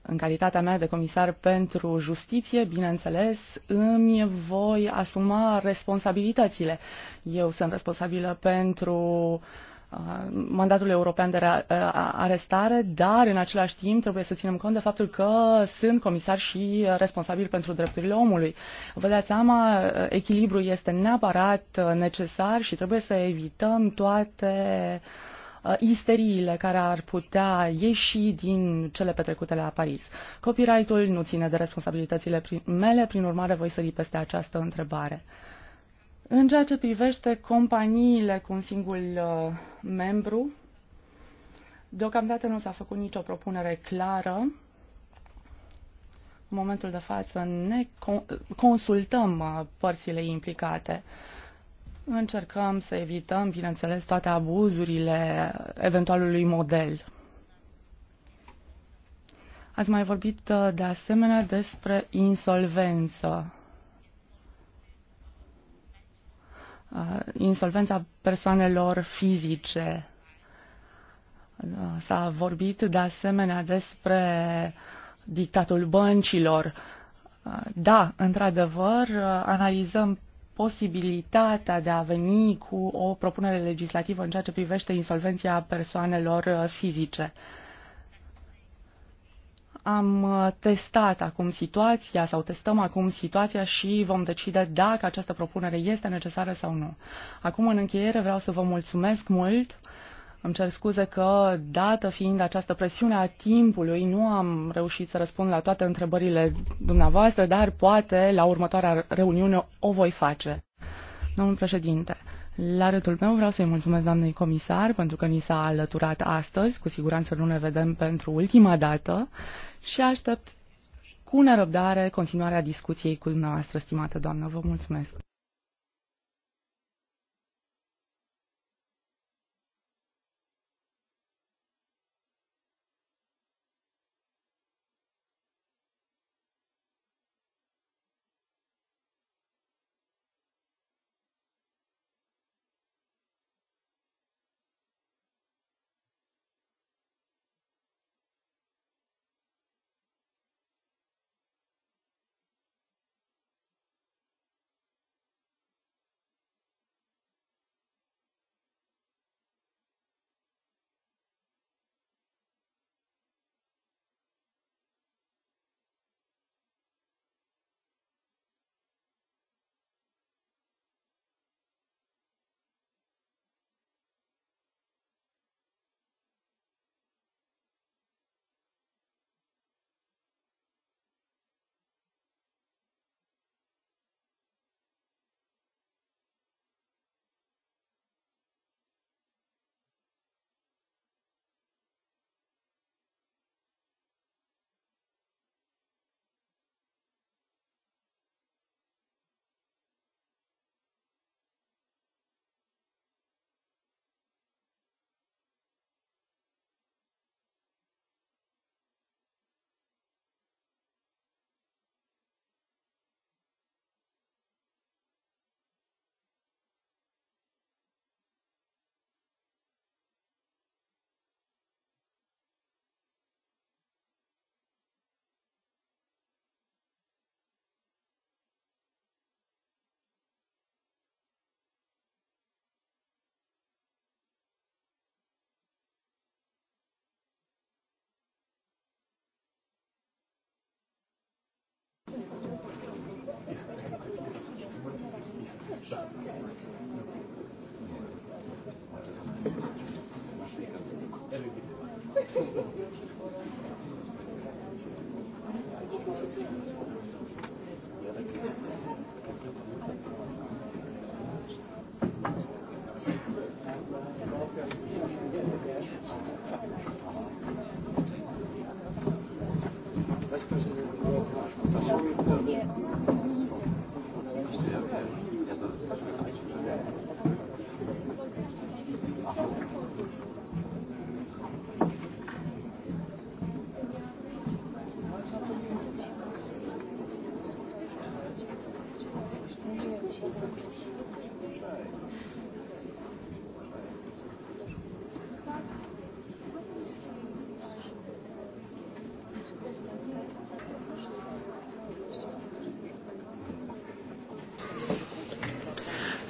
În calitatea mea de comisar pentru justiție, bineînțeles, îmi voi asuma responsabilitățile. Eu sunt responsabilă pentru uh, Uh, mandatul european de uh, arestare, dar în același timp trebuie să ținem cont de faptul că sunt comisari și responsabili pentru drepturile omului. Vă dați seama, uh, echilibru este neapărat necesar și trebuie să evităm toate isteriile care ar putea ieși din cele petrecute la Paris. Copyright-ul nu ține de responsabilitățile mele, prin urmare voi sări peste această întrebare. În ceea ce privește companiile cu un singur uh, membru, deocamdată nu s-a făcut nicio propunere clară în momentul de față ne consultăm uh, părțile implicate. Încercăm să evităm, bineînțeles, toate abuzurile eventualului model. Ați mai vorbit uh, de asemenea despre insolvență. Uh, insolvența persoanelor fizice. Uh, s-a vorbit de asemenea despre dictatul băncilor. Uh, da, într-adevăr, analizăm posibilitatea de a veni cu o propunere legislativă în ceea ce privește insolvenția persoanelor fizice. Uh, am uh, testat acum situația sau testăm acum situația și vom decide dacă această propunere este necesară sau nu. Acum, în încheiere, vreau să vă mulțumesc mult. Îmi cer scuze că, dată fiind această presiune a timpului, nu am reușit să răspund la toate întrebările dumneavoastră, dar poate la următoarea reuniune o voi face. Domnul președinte, la rândul meu vreau să-i mulțumesc doamnei comisar pentru că ni s-a alăturat astăzi. Cu siguranță nu ne vedem pentru ultima dată și aștept cu nerăbdare continuarea discuției cu dumneavoastră, stimată doamnă. Vă mulțumesc!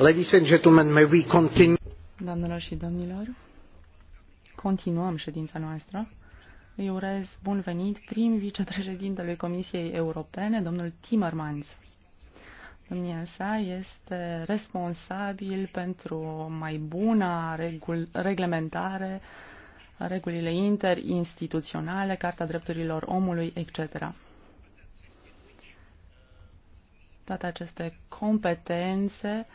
Ladies and gentlemen, may we continue? Doamnelor și domnilor, continuăm ședința noastră. Îi urez bun venit prim vicepreședintelui Comisiei Europene, domnul Timmermans. Domnia sa este responsabil pentru o mai bună regul- reglementare, regulile interinstituționale, Carta Drepturilor Omului, etc toate aceste competențe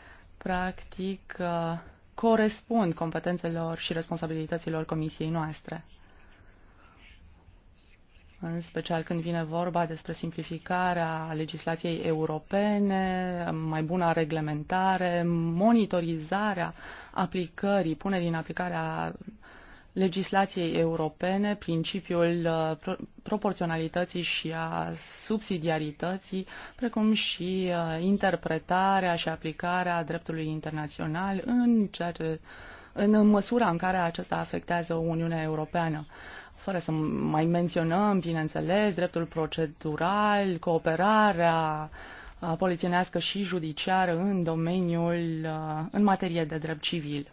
practic, uh, corespund competențelor și responsabilităților comisiei noastre. În special când vine vorba despre simplificarea legislației europene, mai bună reglementare, monitorizarea aplicării, punerii în aplicare a legislației europene, principiul uh, proporționalității și a subsidiarității, precum și uh, interpretarea și aplicarea dreptului internațional în ceea ce în măsura în care acesta afectează Uniunea Europeană. Fără să mai menționăm, bineînțeles, dreptul procedural, cooperarea uh, polițienească și judiciară în domeniul, în materie de drept civil.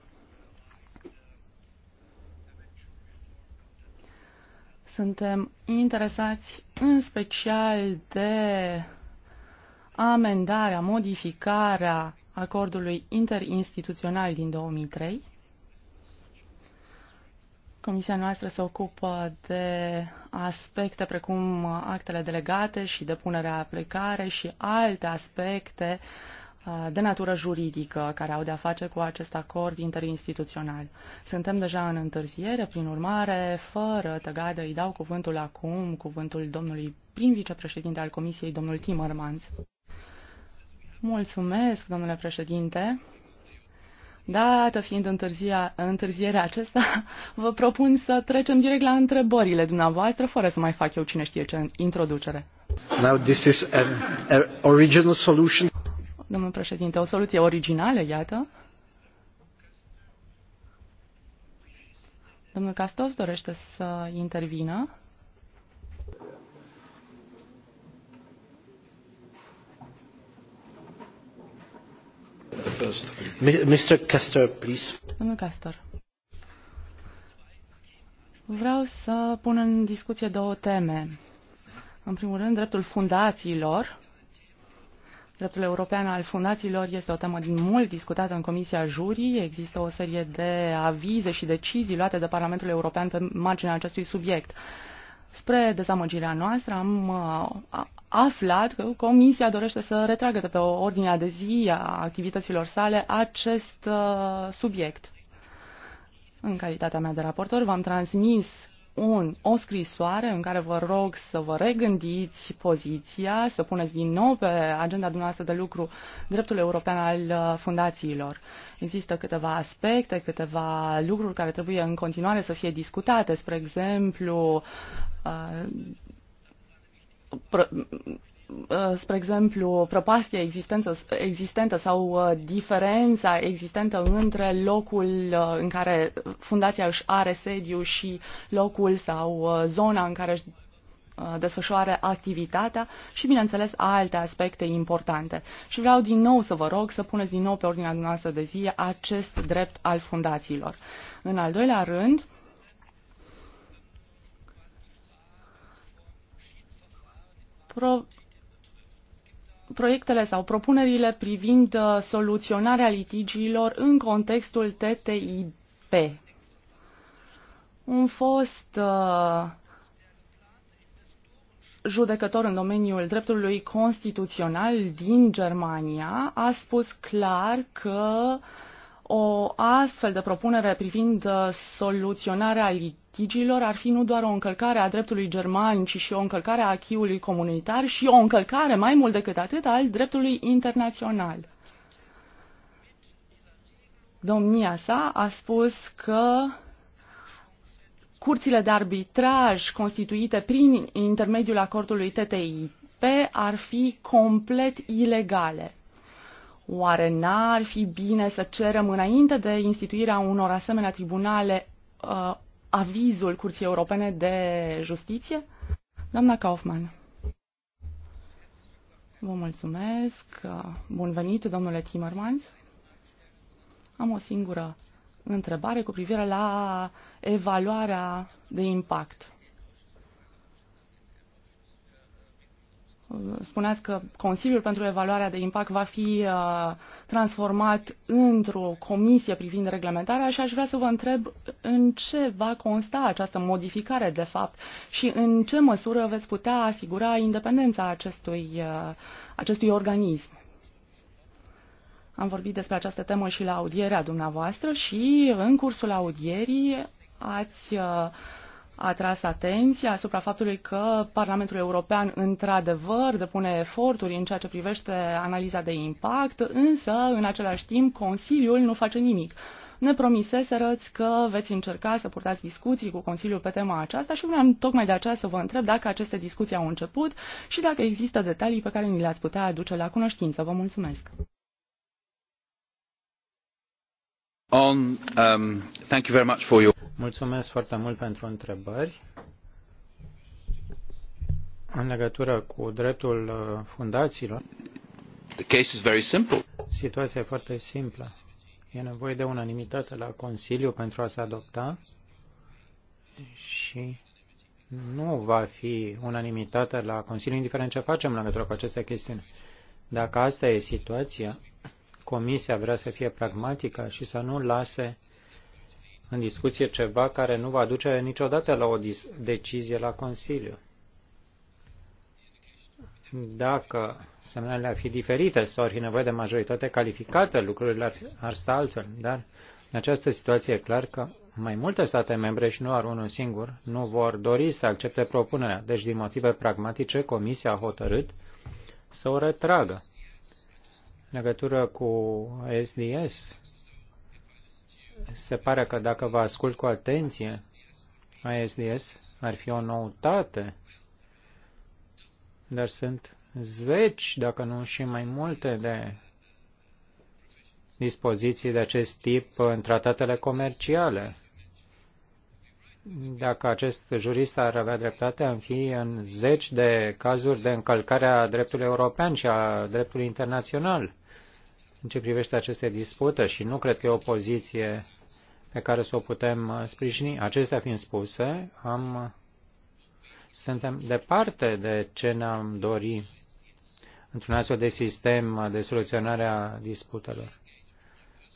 Suntem interesați în special de amendarea, modificarea acordului interinstituțional din 2003. Comisia noastră se ocupă de aspecte precum actele delegate și depunerea aplicare și alte aspecte uh, Uh, de natură juridică care au de-a face cu acest acord interinstituțional. Suntem deja în întârziere, prin urmare, fără tăgadă, îi dau cuvântul acum, cuvântul domnului prim vicepreședinte al Comisiei, domnul Timmermans. Mulțumesc, domnule președinte. Dată fiind întârzia, întârzierea acesta, vă propun să trecem direct la întrebările dumneavoastră, fără să mai fac eu cine știe ce introducere. Now this is an original solution domnul președinte. O soluție originală, iată. Domnul Castov dorește să intervină. Mr. Castor, please. Domnul Castor. Vreau să pun în discuție două teme. În primul rând, dreptul fundațiilor Dreptul european al fundațiilor este o temă din mult discutată în Comisia Jurii. Există o serie de avize și decizii luate de Parlamentul European pe marginea acestui subiect. Spre dezamăgirea noastră am uh, aflat că Comisia dorește să retragă de pe ordinea de zi a activităților sale acest uh, subiect. În calitatea mea de raportor v-am transmis un, o scrisoare în care vă rog să vă regândiți poziția, să puneți din nou pe agenda dumneavoastră de lucru dreptul european al uh, fundațiilor. Există câteva aspecte, câteva lucruri care trebuie în continuare să fie discutate, spre exemplu, uh, Uh, spre exemplu, prăpastia existență, existentă sau uh, diferența existentă între locul uh, în care fundația își are sediu și locul sau zona în care își desfășoare activitatea și, bineînțeles, alte aspecte importante. Și vreau din nou să vă rog să puneți din nou pe ordinea noastră de zi acest drept al fundațiilor. În al doilea rând, pro- proiectele sau propunerile privind uh, soluționarea litigiilor în contextul TTIP. Un fost uh, judecător în domeniul dreptului constituțional din Germania a spus clar că uh, o astfel de propunere privind uh, soluționarea litigiilor ar fi nu doar o încălcare a dreptului german, ci și o încălcare a achiului comunitar și o încălcare mai mult decât atât al dreptului internațional. Domnia sa a spus că curțile de arbitraj constituite prin intermediul acordului TTIP ar fi complet ilegale. Oare n-ar fi bine să cerem înainte de instituirea unor asemenea tribunale uh, avizul Curții Europene de Justiție? Doamna Kaufmann. Vă mulțumesc. Bun venit, domnule Timmermans. Am o singură întrebare cu privire la evaluarea de impact. spuneați că Consiliul pentru Evaluarea de Impact va fi uh, transformat într-o comisie privind reglementarea și aș vrea să vă întreb în ce va consta această modificare, de fapt, și în ce măsură veți putea asigura independența acestui, uh, acestui organism. Am vorbit despre această temă și la audierea dumneavoastră și în cursul audierii ați uh, a atras atenția asupra faptului că Parlamentul European într-adevăr depune eforturi în ceea ce privește analiza de impact, însă în același timp Consiliul nu face nimic. Ne promiseserăți că veți încerca să purtați discuții cu Consiliul pe tema aceasta și vreau tocmai de aceea să vă întreb dacă aceste discuții au început și dacă există detalii pe care ni le-ați putea aduce la cunoștință. Vă mulțumesc! On, um, thank you very much for your... Mulțumesc foarte mult pentru întrebări. În legătură cu dreptul uh, fundațiilor, The case is very simple. Situația e foarte simplă. E nevoie de unanimitate la Consiliu pentru a se adopta și nu va fi unanimitate la Consiliu, indiferent ce facem în legătură cu aceste chestiuni. Dacă asta e situația, Comisia vrea să fie pragmatică și să nu lase în discuție ceva care nu va duce niciodată la o decizie la Consiliu. Dacă semnalele ar fi diferite sau ar fi nevoie de majoritate calificată, lucrurile ar, ar sta altfel. Dar în această situație e clar că mai multe state membre și nu ar unul singur nu vor dori să accepte propunerea. Deci, din motive pragmatice, Comisia a hotărât să o retragă în legătură cu SDS, se pare că dacă vă ascult cu atenție, SDS ar fi o noutate, dar sunt zeci, dacă nu și mai multe, de dispoziții de acest tip în tratatele comerciale. Dacă acest jurist ar avea dreptate, am fi în zeci de cazuri de încălcare a dreptului european și a dreptului internațional în ce privește aceste dispute și nu cred că e o poziție pe care să o putem uh, sprijini. Acestea fiind spuse, am, suntem departe de ce ne-am dori într-un astfel de sistem de soluționare a disputelor.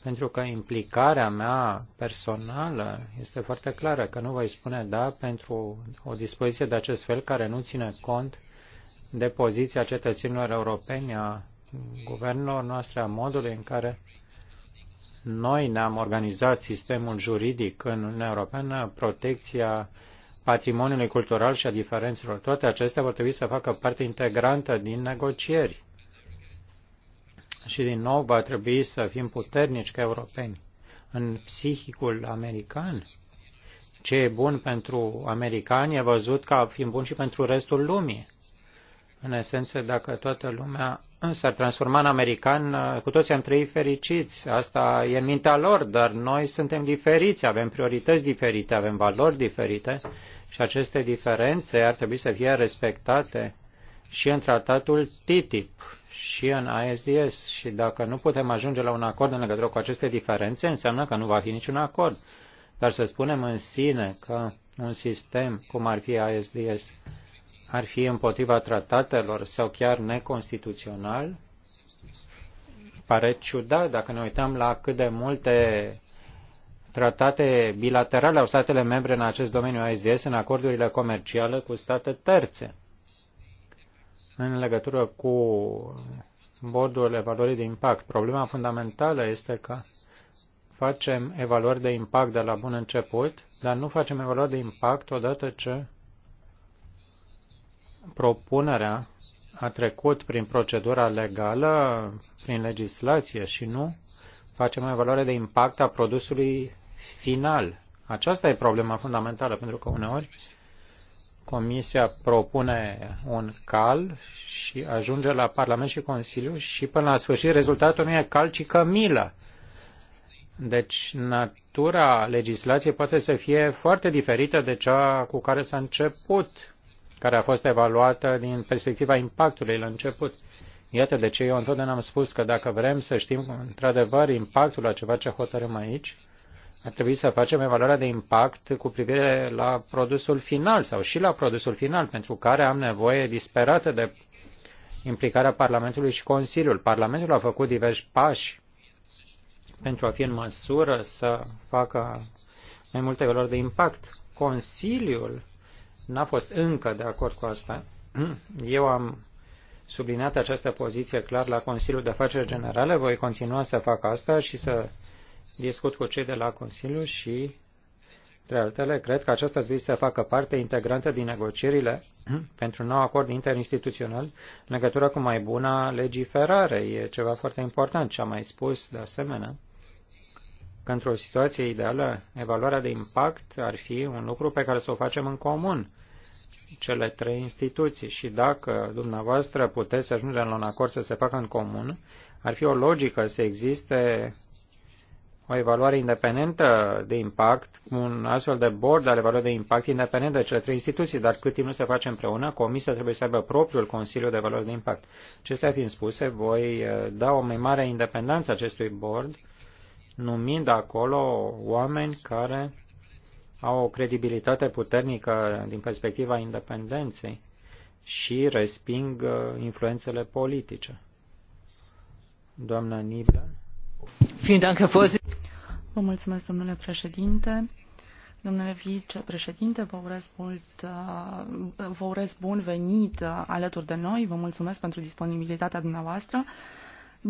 Pentru că implicarea mea personală este foarte clară, că nu voi spune da pentru o dispoziție de acest fel care nu ține cont de poziția cetățenilor europeni, a guvernelor noastre, a modului în care noi ne-am organizat sistemul juridic în Uniunea Europeană, protecția patrimoniului cultural și a diferențelor. Toate acestea vor trebui să facă parte integrantă din negocieri. Și din nou va trebui să fim puternici ca europeni. În psihicul american, ce e bun pentru americani e văzut ca fiind bun și pentru restul lumii. În esență, dacă toată lumea s-ar transforma în american, cu toți am trăit fericiți. Asta e în mintea lor, dar noi suntem diferiți, avem priorități diferite, avem valori diferite și aceste diferențe ar trebui să fie respectate și în tratatul TTIP și în ISDS. Și dacă nu putem ajunge la un acord în legătură cu aceste diferențe, înseamnă că nu va fi niciun acord. Dar să spunem în sine că un sistem cum ar fi ISDS ar fi împotriva tratatelor sau chiar neconstituțional, pare ciudat dacă ne uităm la cât de multe tratate bilaterale au statele membre în acest domeniu ASDS în acordurile comerciale cu state terțe. În legătură cu bordul evaluării de impact, problema fundamentală este că facem evaluări de impact de la bun început, dar nu facem evaluări de impact odată ce propunerea a trecut prin procedura legală, prin legislație și nu facem o evaluare de impact a produsului final. Aceasta e problema fundamentală, pentru că uneori Comisia propune un cal și ajunge la Parlament și Consiliu și până la sfârșit rezultatul nu e cal, ci cămilă. Deci natura legislației poate să fie foarte diferită de cea cu care s-a început care a fost evaluată din perspectiva impactului la început. Iată de ce eu întotdeauna am spus că dacă vrem să știm într-adevăr impactul a ceva ce hotărâm aici, ar trebui să facem evaluarea de impact cu privire la produsul final sau și la produsul final, pentru care am nevoie disperată de implicarea Parlamentului și Consiliul. Parlamentul a făcut diversi pași pentru a fi în măsură să facă mai multe valori de impact. Consiliul n-a fost încă de acord cu asta. Eu am subliniat această poziție clar la Consiliul de Afaceri Generale, voi continua să fac asta și să discut cu cei de la Consiliu și, între altele, cred că aceasta trebuie să facă parte integrantă din negocierile pentru un nou acord interinstituțional în legătură cu mai bună legiferare. E ceva foarte important ce am mai spus de asemenea că într-o situație ideală, evaluarea de impact ar fi un lucru pe care să o facem în comun, cele trei instituții. Și dacă dumneavoastră puteți să ajungem la un acord să se facă în comun, ar fi o logică să existe o evaluare independentă de impact, un astfel de board al evaluării de impact independent de cele trei instituții, dar cât timp nu se face împreună, comisia trebuie să aibă propriul Consiliu de Evaluare de Impact. Acestea fiind spuse, voi uh, da o mai mare independență acestui board numind acolo oameni care au o credibilitate puternică din perspectiva independenței și resping uh, influențele politice. Doamna Nibla. Vă mulțumesc, domnule președinte. Domnule vicepreședinte, vă urez, mult, uh, vă urez bun venit uh, alături de noi. Vă mulțumesc pentru disponibilitatea dumneavoastră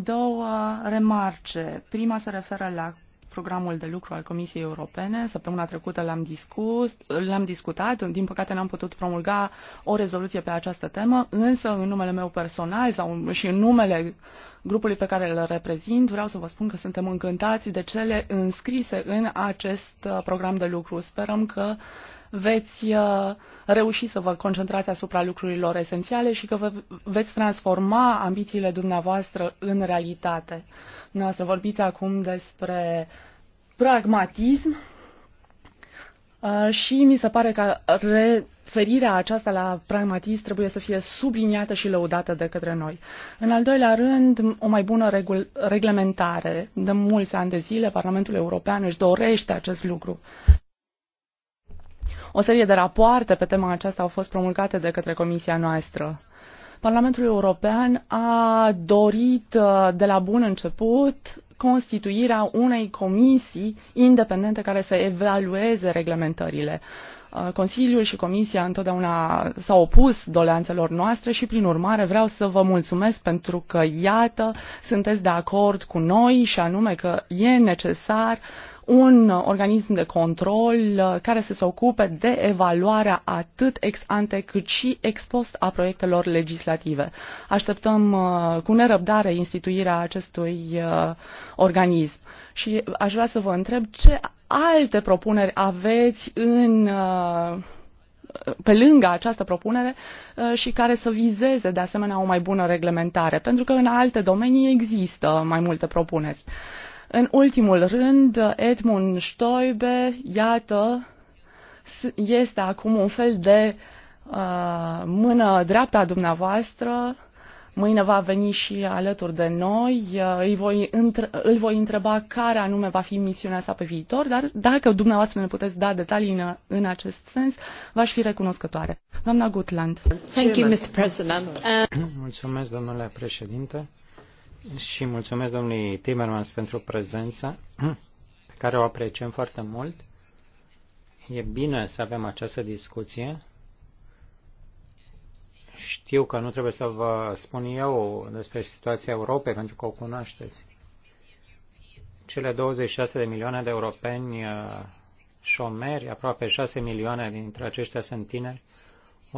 două remarce. Prima se referă la programul de lucru al Comisiei Europene. Săptămâna trecută l-am, discus, l-am discutat, din păcate n-am putut promulga o rezoluție pe această temă, însă în numele meu personal sau și în numele grupului pe care îl reprezint, vreau să vă spun că suntem încântați de cele înscrise în acest uh, program de lucru. Sperăm că uh, veți uh, reuși să vă concentrați asupra lucrurilor esențiale și că vă veți transforma ambițiile dumneavoastră în realitate. Noastră vorbiți acum despre pragmatism uh, și mi se pare că referirea aceasta la pragmatism trebuie să fie subliniată și lăudată de către noi. În al doilea rând, o mai bună regul- reglementare. De mulți ani de zile, Parlamentul European își dorește acest lucru. O serie de rapoarte pe tema aceasta au fost promulgate de către comisia noastră. Parlamentul European a dorit uh, de la bun început constituirea unei comisii independente care să evalueze reglementările. Uh, Consiliul și Comisia întotdeauna s-au opus doleanțelor noastre și, prin urmare, vreau să vă mulțumesc pentru că, iată, sunteți de acord cu noi și anume că e necesar uh, un organism de control uh, care să se ocupe de evaluarea atât ex ante cât și ex post a proiectelor legislative. Așteptăm uh, cu nerăbdare instituirea acestui uh, organism și aș vrea să vă întreb ce alte propuneri aveți în pe lângă această propunere și care să vizeze de asemenea o mai bună reglementare, pentru că în alte domenii există mai multe propuneri. În ultimul rând, Edmund Stoibe, iată, este acum un fel de uh, mână dreapta dumneavoastră. Mâine va veni și alături de noi. Uh, voi între- îl voi întreba care anume va fi misiunea sa pe viitor, dar dacă dumneavoastră ne puteți da detalii în, în acest sens, v-aș fi recunoscătoare. Doamna Gutland. Thank you, Mr. President. Mulțumesc, domnule președinte și mulțumesc domnului Timmermans pentru prezența, pe care o apreciem foarte mult. E bine să avem această discuție. Știu că nu trebuie să vă spun eu despre situația Europei, pentru că o cunoașteți. Cele 26 de milioane de europeni uh, șomeri, aproape 6 milioane dintre aceștia sunt tineri,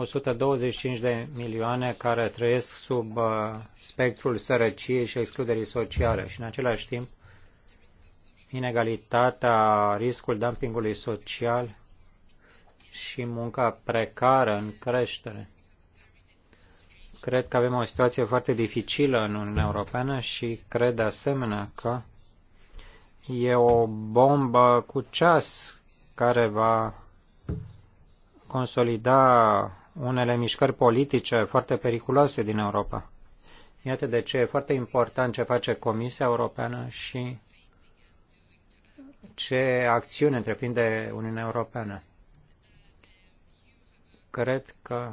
125 de milioane care trăiesc sub uh, spectrul sărăciei și excluderii sociale și în același timp inegalitatea, riscul dumpingului social și munca precară în creștere. Cred că avem o situație foarte dificilă în Uniunea Europeană și cred de asemenea că e o bombă cu ceas care va consolida unele mișcări politice foarte periculoase din Europa. Iată de ce e foarte important ce face Comisia Europeană și ce acțiune întreprinde Uniunea Europeană. Cred că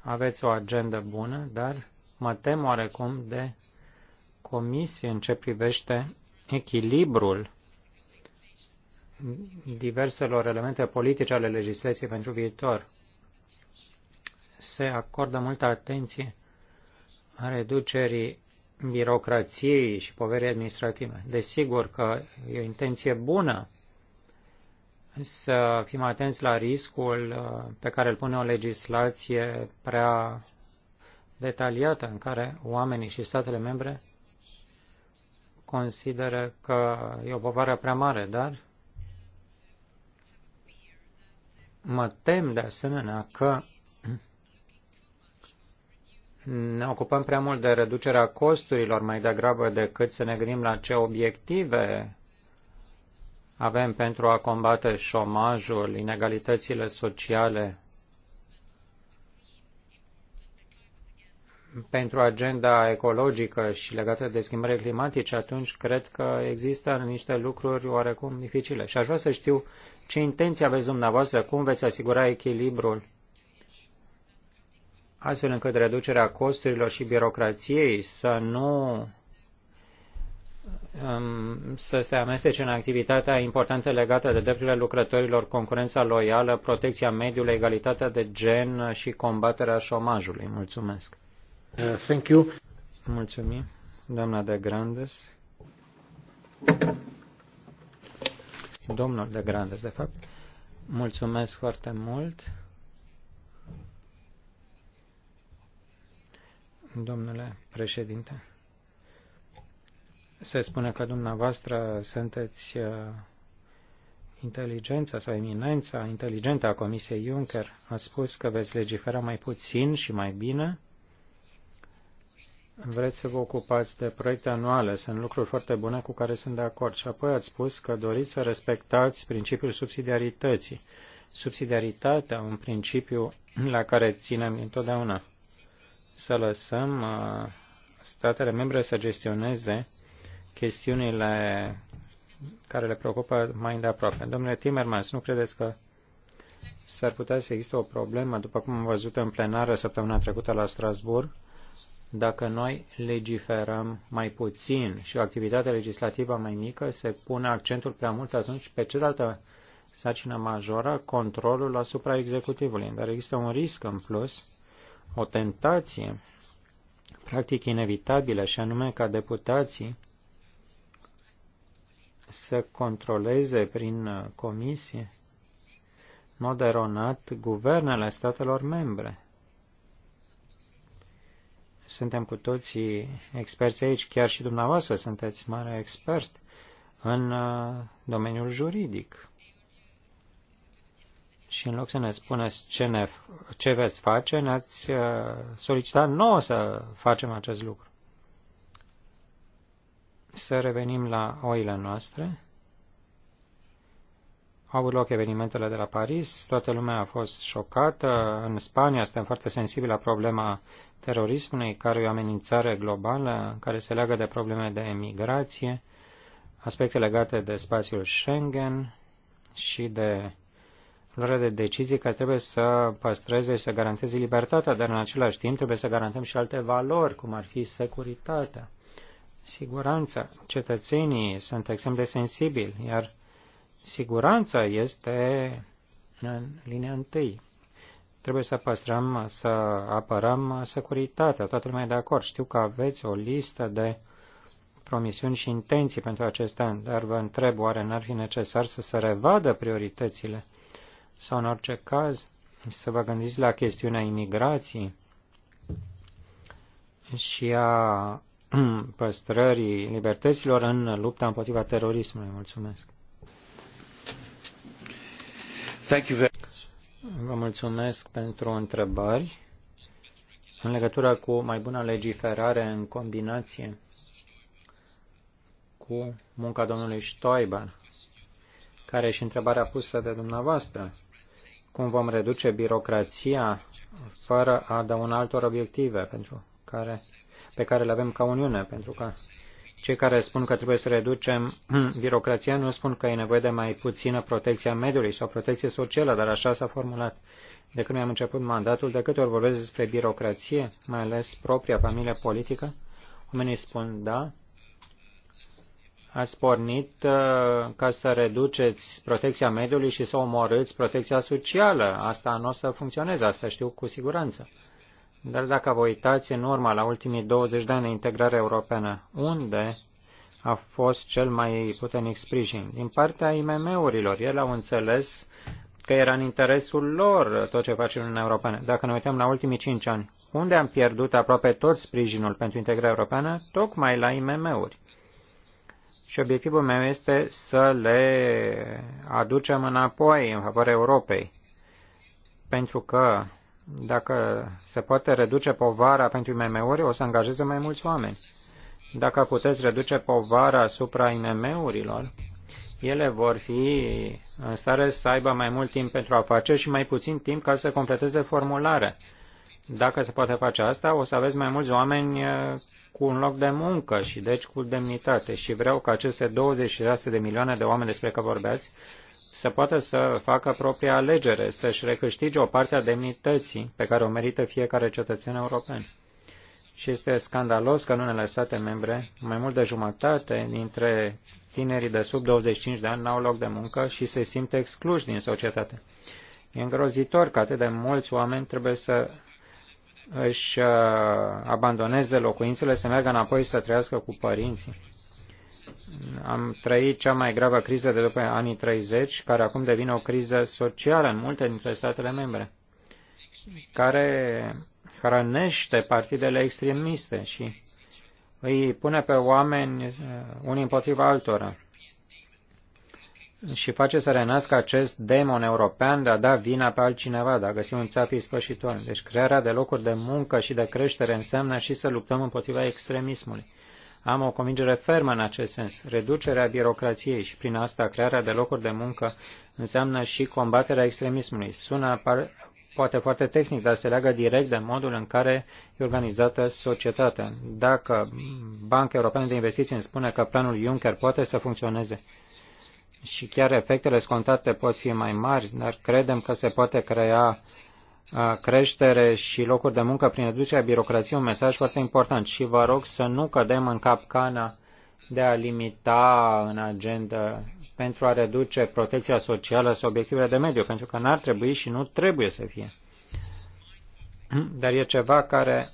aveți o agendă bună, dar mă tem oarecum de comisie în ce privește echilibrul diverselor elemente politice ale legislației pentru viitor se acordă multă atenție a reducerii birocrației și poverii administrative. Desigur că e o intenție bună să fim atenți la riscul uh, pe care îl pune o legislație prea detaliată în care oamenii și statele membre consideră că e o povară prea mare, dar mă tem de asemenea că ne ocupăm prea mult de reducerea costurilor mai degrabă decât să ne gândim la ce obiective avem pentru a combate șomajul, inegalitățile sociale, pentru agenda ecologică și legată de schimbări climatice, atunci cred că există niște lucruri oarecum dificile. Și aș vrea să știu ce intenții aveți dumneavoastră, cum veți asigura echilibrul astfel încât reducerea costurilor și birocrației să nu um, să se amestece în activitatea importantă legată de drepturile lucrătorilor, concurența loială, protecția mediului, egalitatea de gen și combaterea șomajului. Mulțumesc. Uh, thank you. Mulțumim. Doamna de Grandes. Domnul de Grandes, de fapt. Mulțumesc foarte mult. domnule președinte. Se spune că dumneavoastră sunteți uh, inteligența sau eminența inteligentă a Comisiei Juncker. A spus că veți legifera mai puțin și mai bine. Vreți să vă ocupați de proiecte anuale. Sunt lucruri foarte bune cu care sunt de acord. Și apoi ați spus că doriți să respectați principiul subsidiarității. Subsidiaritatea, un principiu la care ținem întotdeauna să lăsăm uh, statele membre să gestioneze chestiunile care le preocupă mai îndeaproape. Domnule Timmermans, nu credeți că s-ar putea să există o problemă, după cum am văzut în plenară săptămâna trecută la Strasburg, dacă noi legiferăm mai puțin și o activitate legislativă mai mică, se pune accentul prea mult atunci pe cealaltă sarcină majoră, controlul asupra executivului. Dar există un risc în plus o tentație practic inevitabilă, și anume ca deputații să controleze prin comisie, mod eronat, guvernele statelor membre. Suntem cu toții experți aici, chiar și dumneavoastră sunteți mare expert în uh, domeniul juridic și în loc să ne spuneți ce, ne, ce veți face, ne-ați uh, solicitat nouă să facem acest lucru. Să revenim la oile noastre. Au avut loc evenimentele de la Paris, toată lumea a fost șocată. În Spania suntem foarte sensibili la problema terorismului, care e o amenințare globală, care se leagă de probleme de emigrație, aspecte legate de spațiul Schengen și de luarea de decizii care trebuie să păstreze și să garanteze libertatea, dar în același timp trebuie să garantăm și alte valori, cum ar fi securitatea, siguranța. Cetățenii sunt extrem de sensibili, iar siguranța este în linia întâi. Trebuie să păstrăm, să apărăm securitatea. Toată lumea e de acord. Știu că aveți o listă de promisiuni și intenții pentru acest an, dar vă întreb, oare n-ar fi necesar să se revadă prioritățile sau în orice caz să vă gândiți la chestiunea imigrației și a păstrării libertăților în lupta împotriva terorismului. Mulțumesc. Thank you very much. Vă mulțumesc pentru întrebări. În legătură cu mai bună legiferare în combinație cu munca domnului Stoiber, care și întrebarea pusă de dumneavoastră. Cum vom reduce birocrația fără a da un altor obiective pentru care, pe care le avem ca Uniune? Pentru că cei care spun că trebuie să reducem birocrația nu spun că e nevoie de mai puțină protecție a mediului sau protecție socială, dar așa s-a formulat. De când mi-am început mandatul, de câte ori vorbesc despre birocrație, mai ales propria familie politică, oamenii spun da, ați pornit uh, ca să reduceți protecția mediului și să omorâți protecția socială. Asta nu o să funcționeze, asta știu cu siguranță. Dar dacă vă uitați în urma la ultimii 20 de ani de integrare europeană, unde a fost cel mai puternic sprijin? Din partea IMM-urilor. Ele au înțeles că era în interesul lor tot ce face Uniunea Europeană. Dacă ne uităm la ultimii 5 ani, unde am pierdut aproape tot sprijinul pentru integrarea europeană? Tocmai la IMM-uri și obiectivul meu este să le aducem înapoi în favoarea Europei. Pentru că dacă se poate reduce povara pentru IMM-uri, o să angajeze mai mulți oameni. Dacă puteți reduce povara asupra IMM-urilor, ele vor fi în stare să aibă mai mult timp pentru a face și mai puțin timp ca să completeze formularea. Dacă se poate face asta, o să aveți mai mulți oameni cu un loc de muncă și deci cu demnitate. Și vreau ca aceste 26 de milioane de oameni despre care vorbeați să poată să facă propria alegere, să-și recâștige o parte a demnității pe care o merită fiecare cetățean european. Și este scandalos că în unele state membre, mai mult de jumătate dintre tinerii de sub 25 de ani n-au loc de muncă și se simt excluși din societate. E îngrozitor că atât de mulți oameni trebuie să își uh, abandoneze locuințele, să meargă înapoi să trăiască cu părinții. Am trăit cea mai gravă criză de după anii 30, care acum devine o criză socială în multe dintre statele membre, care hrănește partidele extremiste și îi pune pe oameni uh, unii împotriva altora și face să renască acest demon european de a da vina pe altcineva, de a găsi un țap ispășitor. Deci crearea de locuri de muncă și de creștere înseamnă și să luptăm împotriva extremismului. Am o convingere fermă în acest sens. Reducerea birocrației și prin asta crearea de locuri de muncă înseamnă și combaterea extremismului. Sună par, poate foarte tehnic, dar se leagă direct de modul în care e organizată societatea. Dacă Banca Europeană de Investiții îmi spune că planul Juncker poate să funcționeze și chiar efectele scontate pot fi mai mari, dar credem că se poate crea creștere și locuri de muncă prin reducerea birocrației, un mesaj foarte important și vă rog să nu cădem în capcana de a limita în agenda pentru a reduce protecția socială sau obiectivele de mediu, pentru că n-ar trebui și nu trebuie să fie. Dar e ceva care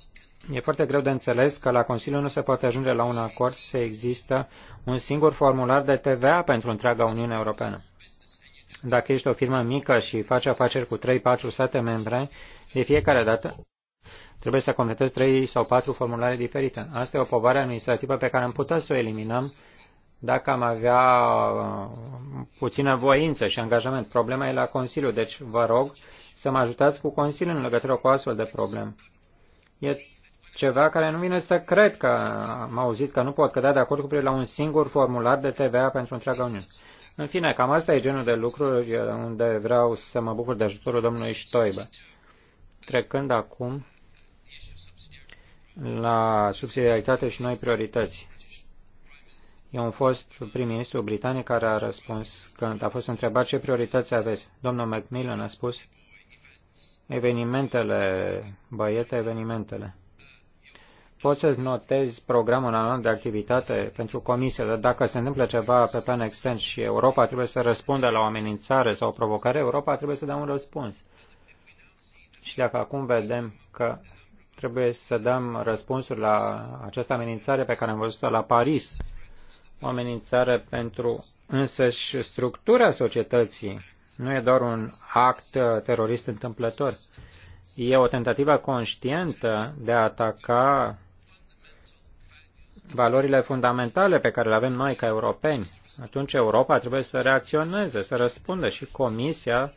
E foarte greu de înțeles că la Consiliu nu se poate ajunge la un acord să există un singur formular de TVA pentru întreaga Uniune Europeană. Dacă ești o firmă mică și faci afaceri cu 3-4 state membre, de fiecare dată trebuie să completezi 3 sau 4 formulare diferite. Asta e o povară administrativă pe care am putea să o eliminăm dacă am avea uh, puțină voință și angajament. Problema e la Consiliu, deci vă rog să mă ajutați cu Consiliul în legătură cu astfel de probleme. E ceva care nu vine să cred că am auzit că nu pot cădea de acord cu la un singur formular de TVA pentru întreaga Uniune. În fine, cam asta e genul de lucruri unde vreau să mă bucur de ajutorul domnului Stoibă. Trecând acum la subsidiaritate și noi priorități. E un fost prim-ministru britanic care a răspuns când a fost întrebat ce priorități aveți. Domnul Macmillan a spus evenimentele, băiete, evenimentele poți să-ți notezi programul anual de activitate pentru comisie, dar dacă se întâmplă ceva pe plan extens și Europa trebuie să răspundă la o amenințare sau o provocare, Europa trebuie să dea un răspuns. Și dacă acum vedem că trebuie să dăm răspunsuri la această amenințare pe care am văzut-o la Paris, o amenințare pentru însăși structura societății, nu e doar un act terorist întâmplător. E o tentativă conștientă de a ataca valorile fundamentale pe care le avem noi ca europeni, atunci Europa trebuie să reacționeze, să răspundă și Comisia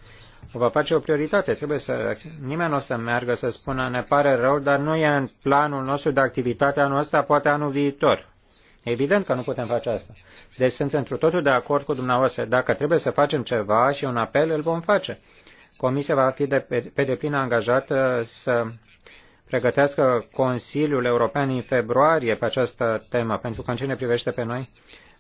o va face o prioritate. Trebuie să Nimeni nu o să meargă să spună ne pare rău, dar nu e în planul nostru de activitatea noastră, poate anul viitor. Evident că nu putem face asta. Deci sunt într totul de acord cu dumneavoastră. Dacă trebuie să facem ceva și un apel, îl vom face. Comisia va fi de pe, pe deplin angajată să pregătească Consiliul European în februarie pe această temă, pentru că în ce ne privește pe noi,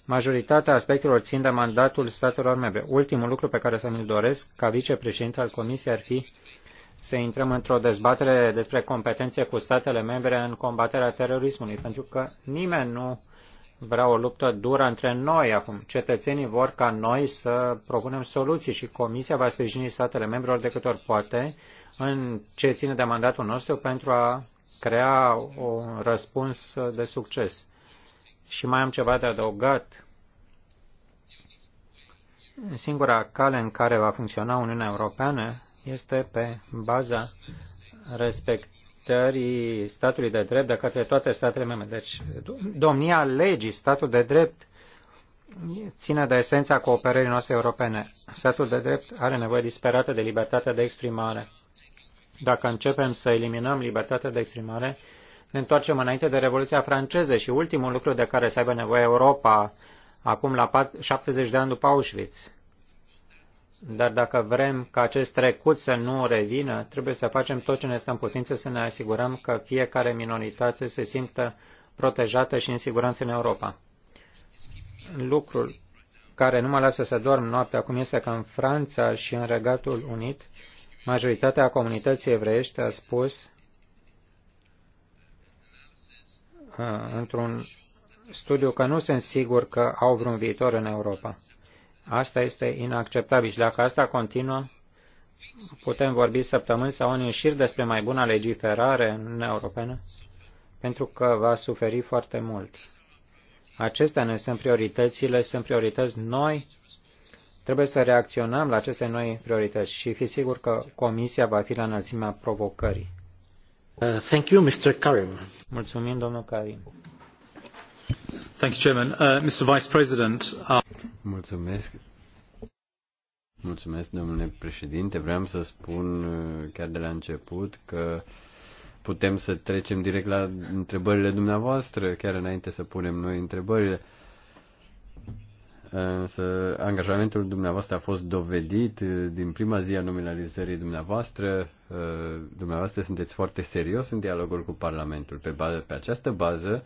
majoritatea aspectelor țin de mandatul statelor membre. Ultimul lucru pe care să mi-l doresc ca vicepreședinte al Comisiei ar fi să intrăm într-o dezbatere despre competențe cu statele membre în combaterea terorismului, pentru că nimeni nu vrea o luptă dură între noi acum. Cetățenii vor ca noi să propunem soluții și Comisia va sprijini statele membrilor de câte ori poate în ce ține de mandatul nostru pentru a crea un răspuns de succes. Și mai am ceva de adăugat. Singura cale în care va funcționa Uniunea Europeană este pe baza respect respectării statului de drept de către toate statele membre. Deci, domnia legii, statul de drept, ține de esența cooperării noastre europene. Statul de drept are nevoie disperată de libertatea de exprimare. Dacă începem să eliminăm libertatea de exprimare, ne întoarcem înainte de Revoluția franceză și ultimul lucru de care să aibă nevoie Europa acum la 70 de ani după Auschwitz. Dar dacă vrem ca acest trecut să nu revină, trebuie să facem tot ce ne stă în putință să ne asigurăm că fiecare minoritate se simtă protejată și în siguranță în Europa. Lucrul care nu mă lasă să dorm noaptea acum este că în Franța și în Regatul Unit, majoritatea comunității evreiești a spus uh, într-un studiu că nu sunt sigur că au vreun viitor în Europa. Asta este inacceptabil și dacă asta continuă, putem vorbi săptămâni sau în șir despre mai bună legiferare în Uniunea Europeană, pentru că va suferi foarte mult. Acestea ne sunt prioritățile, sunt priorități noi. Trebuie să reacționăm la aceste noi priorități și fi sigur că Comisia va fi la înălțimea provocării. Uh, thank you, Mr. Karim. Mulțumim, domnul Karim. Uh, uh, Mulțumesc. Mulțumesc, domnule președinte. Vreau să spun uh, chiar de la început că putem să trecem direct la întrebările dumneavoastră, chiar înainte să punem noi întrebările. Însă angajamentul dumneavoastră a fost dovedit din prima zi a nominalizării dumneavoastră. Dumneavoastră sunteți foarte serios în dialogul cu Parlamentul. Pe, bază, pe această bază,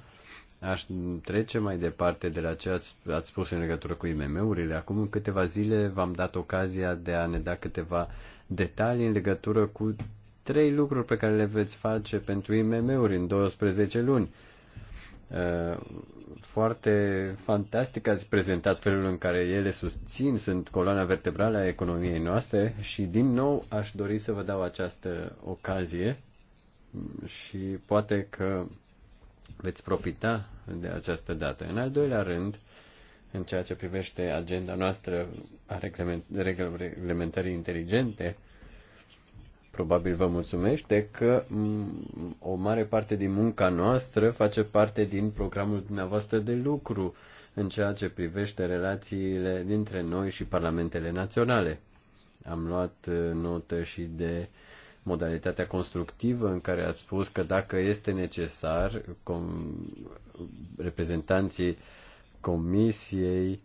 Aș trece mai departe de la ce ați, ați spus în legătură cu IMM-urile. Acum în câteva zile v-am dat ocazia de a ne da câteva detalii în legătură cu trei lucruri pe care le veți face pentru IMM-uri în 12 luni. Uh, foarte fantastic ați prezentat felul în care ele susțin, sunt coloana vertebrală a economiei noastre și din nou aș dori să vă dau această ocazie și poate că veți profita de această dată. În al doilea rând, în ceea ce privește agenda noastră a reglementării inteligente, probabil vă mulțumește că mm, o mare parte din munca noastră face parte din programul dumneavoastră de lucru în ceea ce privește relațiile dintre noi și parlamentele naționale. Am luat uh, notă și de uh, modalitatea constructivă în care ați spus că dacă este necesar, com, reprezentanții comisiei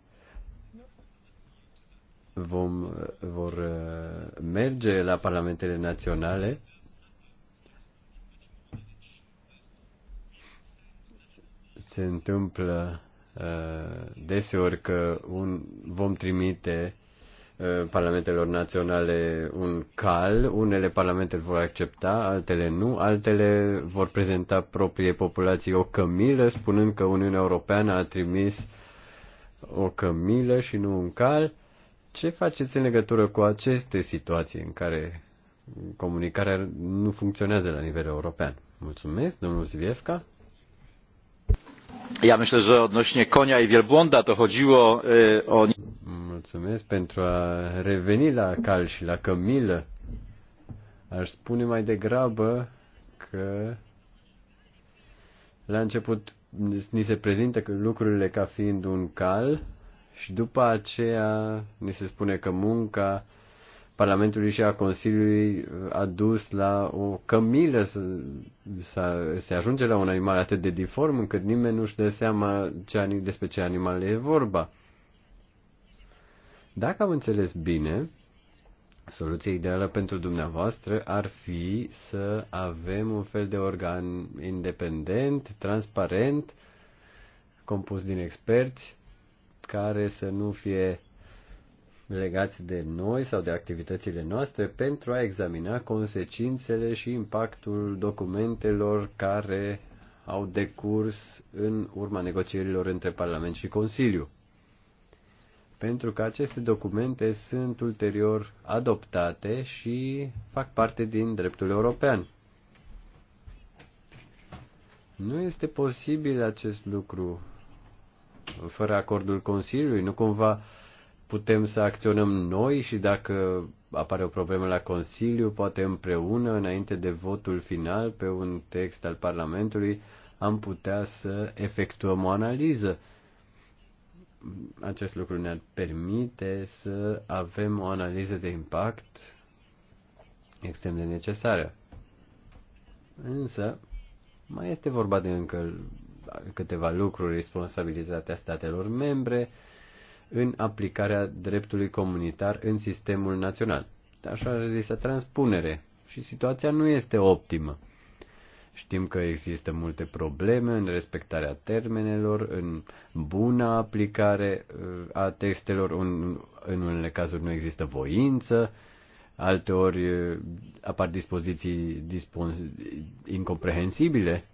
vom, vor uh, merge la parlamentele naționale se întâmplă uh, deseori că un, vom trimite uh, Eh, parlamentelor naționale un cal, unele parlamente vor accepta, altele nu, altele vor prezenta proprie populații o cămilă, spunând că Uniunea Europeană a trimis o cămilă și nu un cal. Ce faceți în legătură cu aceste situații în care comunicarea nu funcționează la nivel european? Mulțumesc, domnul Zviefka. Ja myślę, że odnośnie konia i wielbłąda to chodziło o... Mulțumesc pentru a reveni la cal și la cămilă. Aș spune mai degrabă că la început ni se prezintă lucrurile ca fiind un cal și după aceea ni se spune că munca Parlamentului și a Consiliului uh, a dus la o cămilă să, să se ajunge la un animal atât de diform încât nimeni nu-și dă seama ce, despre ce animal e vorba. Dacă am înțeles bine, soluția ideală pentru dumneavoastră ar fi să avem un fel de organ independent, transparent, compus din experți, care să nu fie legați de noi sau de activitățile noastre pentru a examina consecințele și impactul documentelor care au decurs în urma negocierilor între Parlament și Consiliu. Pentru că aceste documente sunt ulterior adoptate și fac parte din dreptul european. Nu este posibil acest lucru fără acordul Consiliului, nu cumva uh, putem să acționăm noi și dacă apare o problemă la Consiliu, poate împreună, înainte de votul final, pe un text al Parlamentului, am putea să efectuăm o analiză. Acest lucru ne-ar permite să avem o analiză de impact extrem de necesară. Însă, mai este vorba de încă câteva lucruri, responsabilitatea statelor membre, uh, în aplicarea dreptului comunitar în sistemul național. Așa zisă transpunere și situația nu este optimă. Știm că există multe probleme în respectarea termenelor, în buna aplicare uh, a textelor, în unele cazuri nu există voință, alteori uh, apar dispoziții incompre incomprehensibile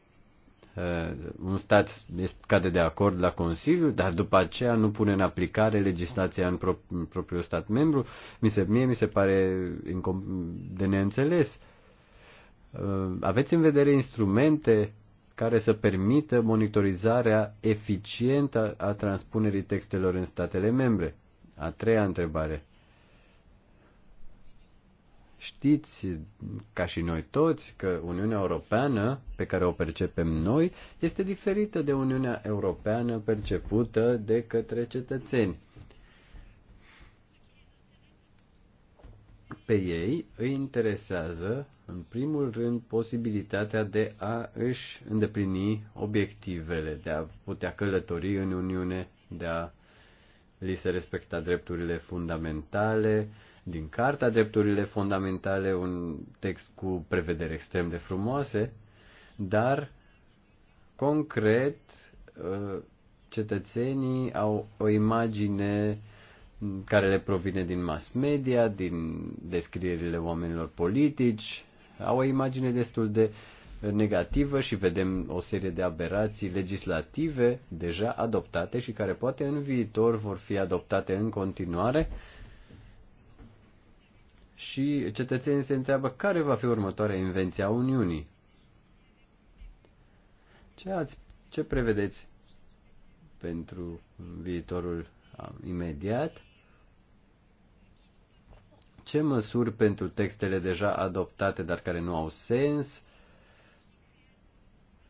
Uh, un stat cade de acord la Consiliu, dar după aceea nu pune în aplicare legislația în, pro- în propriul stat membru, mi se, mie mi se pare de neînțeles. Uh, aveți în vedere instrumente care să permită monitorizarea eficientă a transpunerii textelor în statele membre? A treia întrebare. Știți, ca și noi toți, că Uniunea Europeană, pe care o percepem noi, este diferită de Uniunea Europeană percepută de către cetățeni. Pe ei îi interesează, în primul rând, posibilitatea de a își îndeplini obiectivele, de a putea călători în Uniune, de a li se respecta drepturile fundamentale, uh, din Carta Drepturile Fundamentale, un text cu prevederi extrem de frumoase, dar concret uh, cetățenii au o imagine care le provine din mass media, din descrierile oamenilor politici, au o imagine destul de negativă și vedem o serie de aberații legislative deja adoptate și care poate în viitor vor fi adoptate în continuare și cetățenii se întreabă care va fi următoarea invenție a Uniunii. Ce, ați, ce prevedeți pentru viitorul imediat? Ce măsuri pentru textele deja adoptate, dar care nu au sens,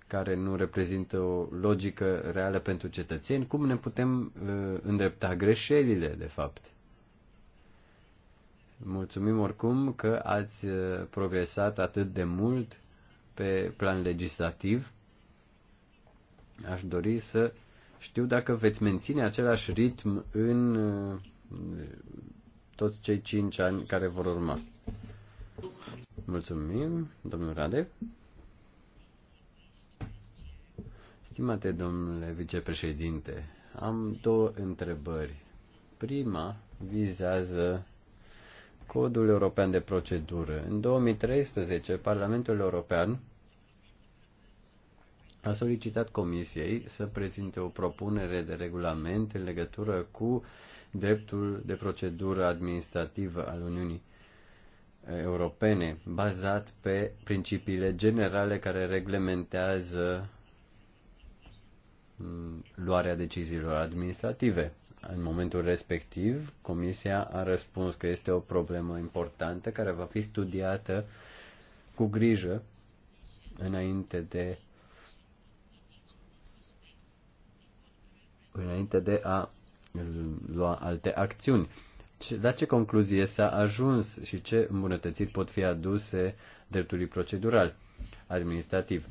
care nu reprezintă o logică reală pentru cetățeni? Cum ne putem uh, îndrepta greșelile, de fapt? Mulțumim oricum că ați uh, progresat atât de mult pe plan legislativ. Aș dori să știu dacă veți menține același ritm în uh, toți cei cinci ani care vor urma. Mulțumim, domnul Radev. Stimate domnule vicepreședinte, am două întrebări. Prima vizează Codul European de Procedură. În 2013, Parlamentul European a solicitat Comisiei să prezinte o propunere de regulament în legătură cu dreptul de procedură administrativă al Uniunii Europene, bazat pe principiile generale care reglementează mm, luarea deciziilor administrative. În momentul respectiv, Comisia a răspuns că este o problemă importantă care va fi studiată cu grijă înainte de înainte de a lua alte acțiuni. La ce concluzie s-a ajuns și ce îmbunătățiri pot fi aduse dreptului procedural administrativ?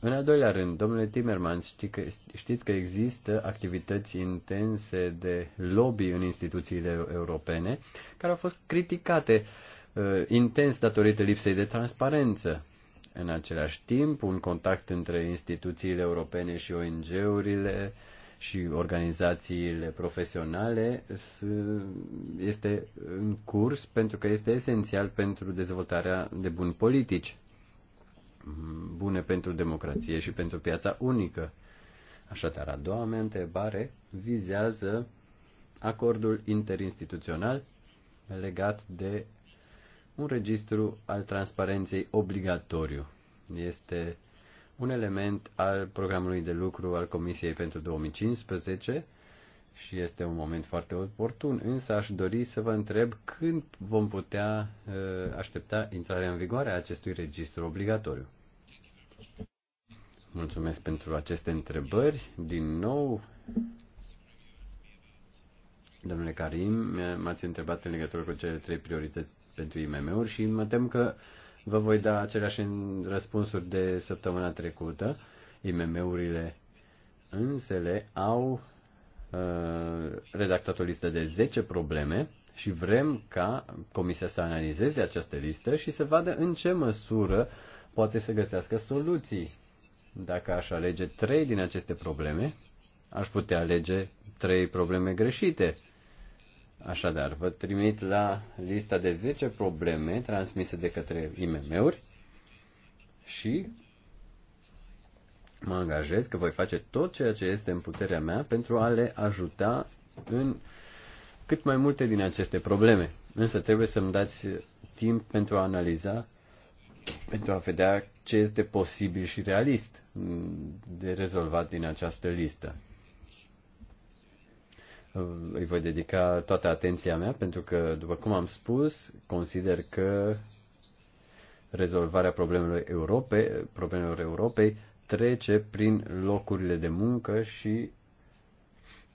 În al doilea rând, domnule Timmermans, știi că, știți că există activități intense de lobby în instituțiile europene care au fost criticate uh, intens datorită lipsei de transparență. În același timp, un contact între instituțiile europene și ONG-urile și organizațiile profesionale este în curs pentru că este esențial pentru dezvoltarea de buni politici bune pentru democrație și pentru piața unică. Așadar, a doua mea întrebare vizează acordul interinstituțional legat de un registru al transparenței obligatoriu. Este un element al programului de lucru al Comisiei pentru 2015 și este un moment foarte oportun, însă aș dori să vă întreb când vom putea uh, aștepta intrarea în vigoare a acestui registru obligatoriu. Mulțumesc pentru aceste întrebări. Din nou, domnule Karim, m-ați întrebat în legătură cu cele trei priorități pentru IMM-uri și mă tem că vă voi da aceleași răspunsuri de săptămâna trecută. IMM-urile însele au Uh, redactat o listă de 10 probleme și vrem ca Comisia să analizeze această listă și să vadă în ce măsură poate să găsească soluții. Dacă aș alege trei din aceste probleme, aș putea alege trei probleme greșite. Așadar, vă trimit la lista de 10 probleme transmise de către IMM-uri și mă angajez că voi face tot ceea ce este în puterea mea pentru a le ajuta în cât mai multe din aceste probleme. Însă trebuie să-mi dați timp pentru a analiza, pentru a vedea ce este posibil și realist de rezolvat din această listă. Îi voi dedica toată atenția mea pentru că, după cum am spus, consider că rezolvarea problemelor Europei, problemelor Europei trece prin locurile de muncă și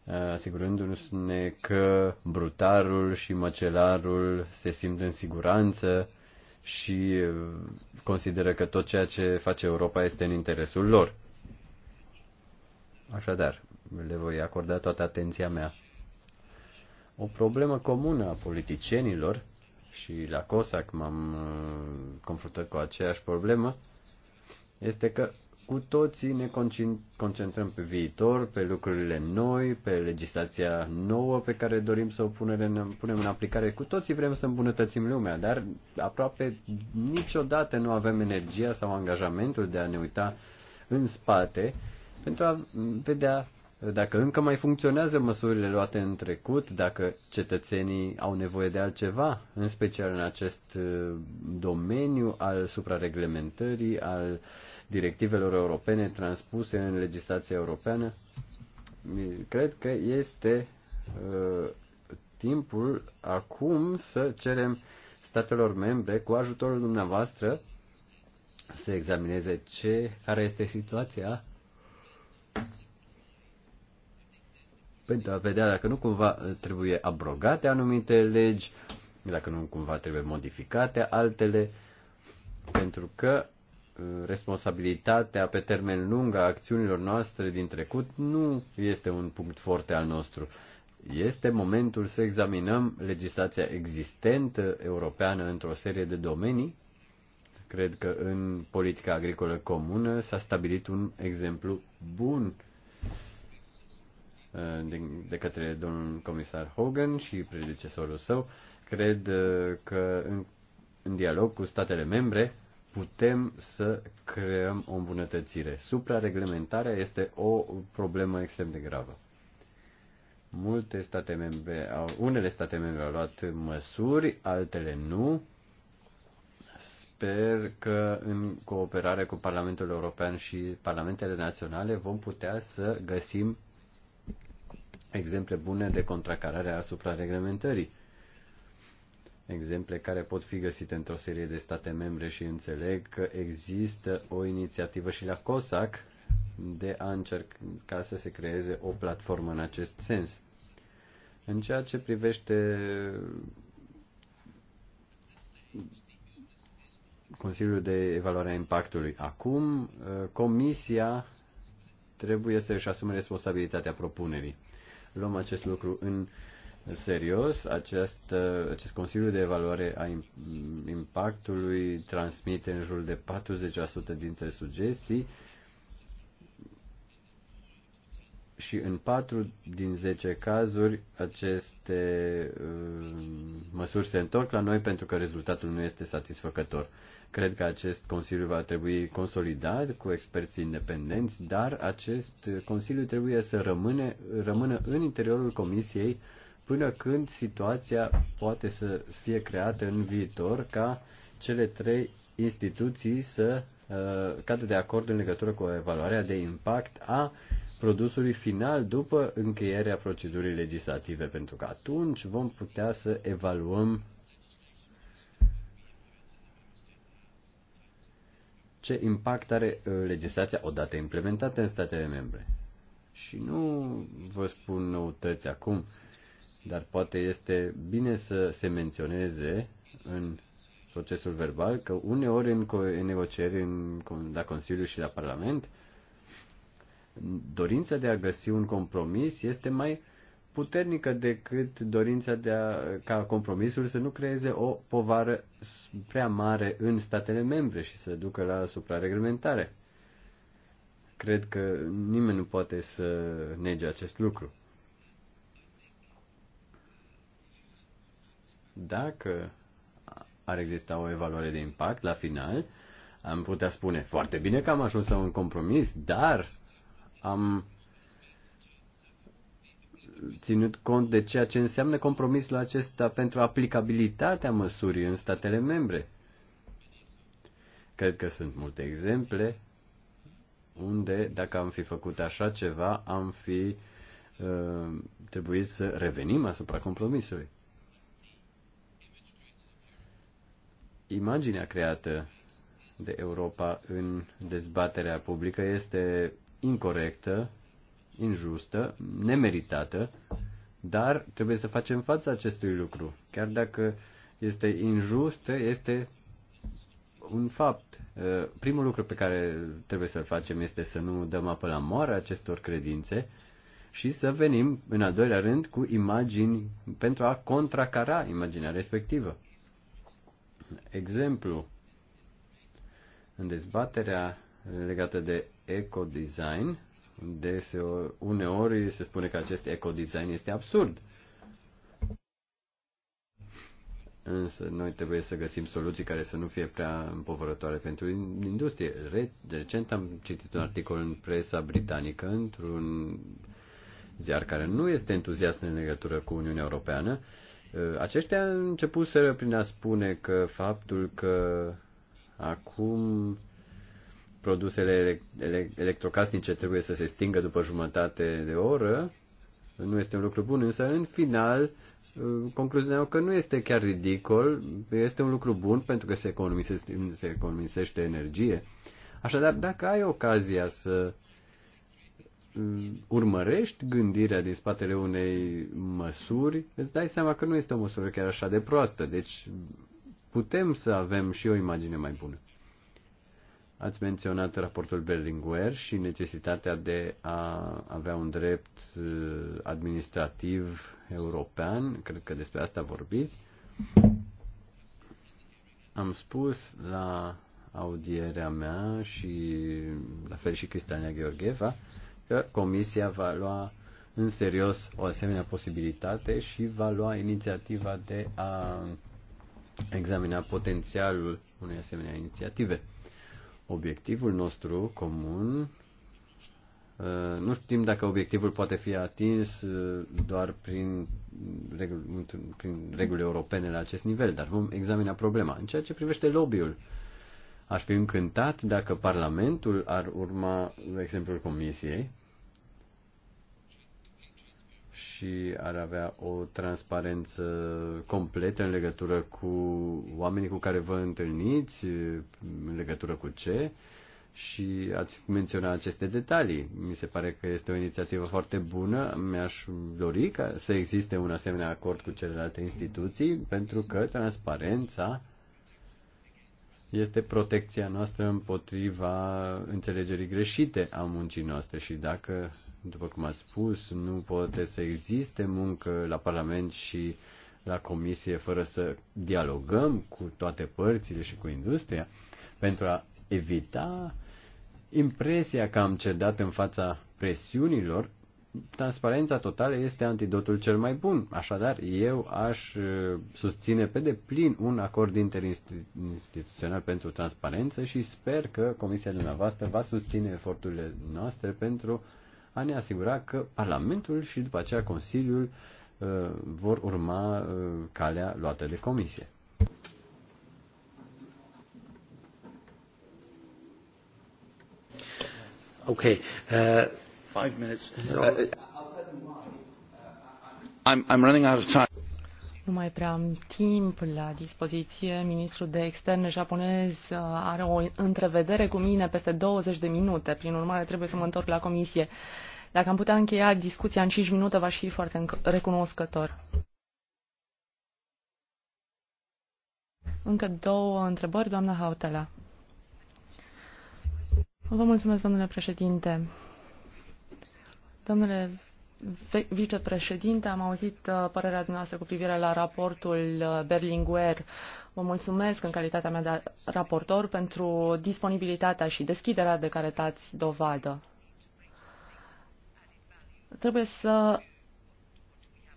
uh, asigurându-ne că brutarul și măcelarul se simt în siguranță și uh, consideră că tot ceea ce face Europa este în interesul lor. Așadar, le voi acorda toată atenția mea. O problemă comună a politicienilor, și la COSAC m-am uh, confruntat cu aceeași problemă, este că cu toții ne concentrăm pe viitor, pe lucrurile noi, pe legislația nouă pe care dorim să o punem, în aplicare. Cu toții vrem să îmbunătățim lumea, dar aproape niciodată nu avem energia sau angajamentul de a ne uita în spate pentru a vedea dacă încă mai funcționează măsurile luate în trecut, dacă cetățenii au nevoie de altceva, în special în acest uh, domeniu al suprareglementării, al uh, directivelor europene transpuse în legislația europeană, cred că este uh, timpul acum să cerem statelor membre, cu ajutorul dumneavoastră, să examineze ce, care este situația pentru a vedea dacă nu cumva trebuie abrogate anumite legi, dacă nu cumva trebuie modificate altele, pentru că responsabilitatea pe termen lung a acțiunilor noastre din trecut nu este un punct forte al nostru. Este momentul să examinăm legislația existentă europeană într-o serie de domenii. Cred că în politica agricolă comună s-a stabilit un exemplu bun uh, de către domnul comisar Hogan și predecesorul său. Cred uh, că în, în dialog cu statele membre putem să creăm o îmbunătățire. Suprareglementarea este o problemă extrem de gravă. Multe state membre au, unele state membre au luat măsuri, altele nu. Sper că în cooperare cu Parlamentul European și Parlamentele Naționale vom putea să găsim exemple bune de contracarare a reglementării exemple care pot fi găsite într-o serie de state membre și înțeleg că există o inițiativă și la COSAC de a încerca să se creeze o platformă în acest sens. În ceea ce privește Consiliul de Evaluare a Impactului, acum uh, Comisia trebuie să își asume responsabilitatea propunerii. Luăm acest lucru în uh, serios. Acest, uh, acest Consiliu de Evaluare a Impactului transmite în jur de 40% dintre sugestii și în 4 din 10 cazuri aceste uh, măsuri se întorc la noi pentru că rezultatul nu este satisfăcător. Cred că acest Consiliu va trebui consolidat cu experți independenți, dar acest Consiliu trebuie să rămâne, rămână în interiorul Comisiei până când situația poate să fie creată în viitor ca cele trei instituții să uh, cadă de acord în legătură cu evaluarea de impact a produsului final după încheierea procedurii legislative, pentru că atunci vom putea să evaluăm ce impact are uh, legislația odată implementată în statele membre. Și nu vă spun noutăți acum. Uh, dar poate este bine să se menționeze în procesul verbal că uneori în, co- în negocieri în, la Consiliu și la Parlament dorința de a găsi un compromis este mai puternică decât dorința de a, ca compromisul să nu creeze o povară prea mare în statele membre și să ducă la suprareglementare. Cred că nimeni nu poate să nege acest lucru. Dacă ar exista o evaluare de impact la final, am putea spune foarte bine că am ajuns la un compromis, dar am ținut cont de ceea ce înseamnă compromisul acesta pentru aplicabilitatea măsurii în statele membre. Cred că sunt multe exemple unde, dacă am fi făcut așa ceva, am fi uh, trebuit să revenim asupra compromisului. imaginea creată de Europa în dezbaterea publică este incorrectă, injustă, nemeritată, dar trebuie să facem față acestui lucru. Chiar dacă este injustă, este un fapt. Uh, primul lucru pe care trebuie să-l facem este să nu dăm apă la moară acestor credințe și să venim, în al doilea rând, cu imagini pentru a contracara imaginea respectivă exemplu, în dezbaterea legată de ecodesign, deseori, uneori se spune că acest ecodesign este absurd. Însă noi trebuie să găsim soluții care să nu fie prea împovărătoare pentru industrie. Recent am citit un articol în presa britanică într-un ziar care nu este entuziast în legătură cu Uniunea Europeană Ă, aceștia începuseră prin a spune că faptul că acum produsele electrocasnice trebuie să se stingă după jumătate de oră, nu este un lucru bun, însă în final ă, concluzia că nu este chiar ridicol, este un lucru bun pentru că se economisește, se economisește energie. Așadar, dacă ai ocazia să Mm, urmărești gândirea din spatele unei măsuri, îți dai seama că nu este o măsură chiar așa de proastă. Deci putem să avem și o imagine mai bună. Ați menționat raportul Berlinguer și necesitatea de a avea un drept eh, administrativ european. Cred că despre asta vorbiți. Am spus la audierea mea și la fel și Cristania Gheorgheva, că Comisia va lua în serios o asemenea posibilitate și va lua inițiativa de a examina potențialul unei asemenea inițiative. Obiectivul nostru comun, uh, nu știm dacă obiectivul poate fi atins uh, doar prin reguli, prin reguli europene la acest nivel, dar vom examina problema. În ceea ce privește lobby-ul, Aș fi încântat dacă Parlamentul ar urma exemplul Comisiei și ar avea o transparență completă în legătură cu oamenii cu care vă întâlniți, în legătură cu ce, și ați menționat aceste detalii. Mi se pare că este o inițiativă foarte bună. Mi-aș dori ca să existe un asemenea acord cu celelalte instituții, pentru că transparența este protecția noastră împotriva înțelegerii greșite a muncii noastre și dacă, după cum ați spus, nu poate să existe muncă la Parlament și la Comisie fără să dialogăm cu toate părțile și cu industria pentru a evita impresia că am cedat în fața presiunilor transparența totală este antidotul cel mai bun. Așadar, eu aș uh, susține pe deplin un acord interinstituțional pentru transparență și sper că Comisia dumneavoastră va susține eforturile noastre pentru a ne asigura că Parlamentul și după aceea Consiliul uh, vor urma uh, calea luată de Comisie. Okay. Uh five minutes. Uh, uh, I'm, I'm running out of time. Nu mai prea am timp la dispoziție. Ministrul de externe japonez uh, are o întrevedere cu mine peste 20 de minute. Prin urmare, trebuie să mă întorc la comisie. Dacă am putea încheia discuția în 5 minute, v-aș fi foarte recunoscător. Încă două întrebări, doamna Hautela. Vă mulțumesc, domnule președinte. Domnule vicepreședinte, am auzit uh, părerea dumneavoastră cu privire la raportul uh, Berlinguer. Vă mulțumesc în calitatea mea de raportor pentru disponibilitatea și deschiderea de care dați dovadă. Trebuie să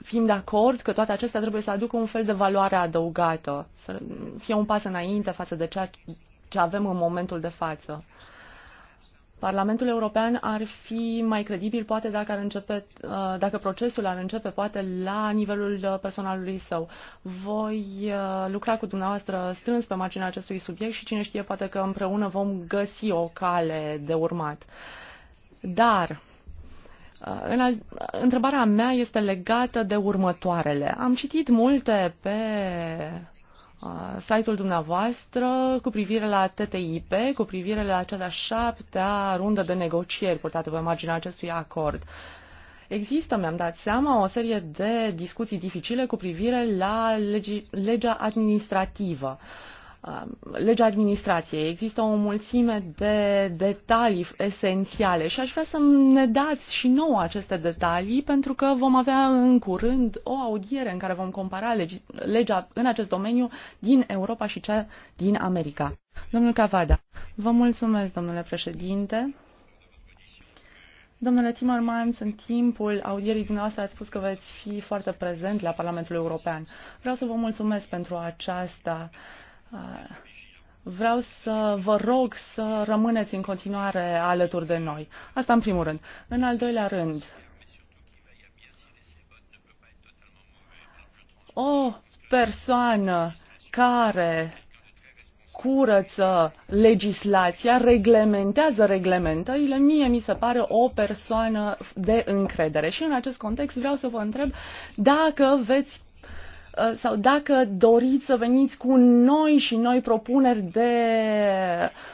fim de acord că toate acestea trebuie să aducă un fel de valoare adăugată, să fie un pas înainte față de ceea ce avem în momentul de față. Uh, Parlamentul European ar fi mai credibil poate dacă, ar începe, uh, dacă procesul ar începe poate la nivelul uh, personalului său. Voi uh, lucra cu dumneavoastră strâns pe marginea acestui subiect și cine știe poate că împreună vom găsi o cale de urmat. Dar în al... Întrebarea mea este legată de următoarele. Am citit multe pe Uh, site-ul dumneavoastră cu privire la TTIP, cu privire la cea de-a șaptea rundă de negocieri purtate pe marginea acestui acord. Există, mi-am dat seama, o serie de discuții dificile cu privire la legi legea administrativă. Uh, Um, legea administrației. Există o mulțime de detalii esențiale și aș vrea să ne dați și nouă aceste detalii pentru că vom avea în curând o audiere în care vom compara legea în acest domeniu din Europa și cea din America. Domnul Cavada, vă mulțumesc, domnule președinte. Domnule Timmermans, în timpul audierii dumneavoastră ați spus că veți fi foarte prezent la Parlamentul European. Vreau să vă mulțumesc pentru aceasta. Uh, Uh, vreau să vă rog să rămâneți în continuare alături de noi. Asta în primul rând. În al doilea rând, o persoană care curăță legislația, reglementează reglementările, mie mi se pare o persoană de încredere. Și în acest context vreau să vă întreb dacă veți Uh, sau dacă doriți să veniți cu noi și noi propuneri de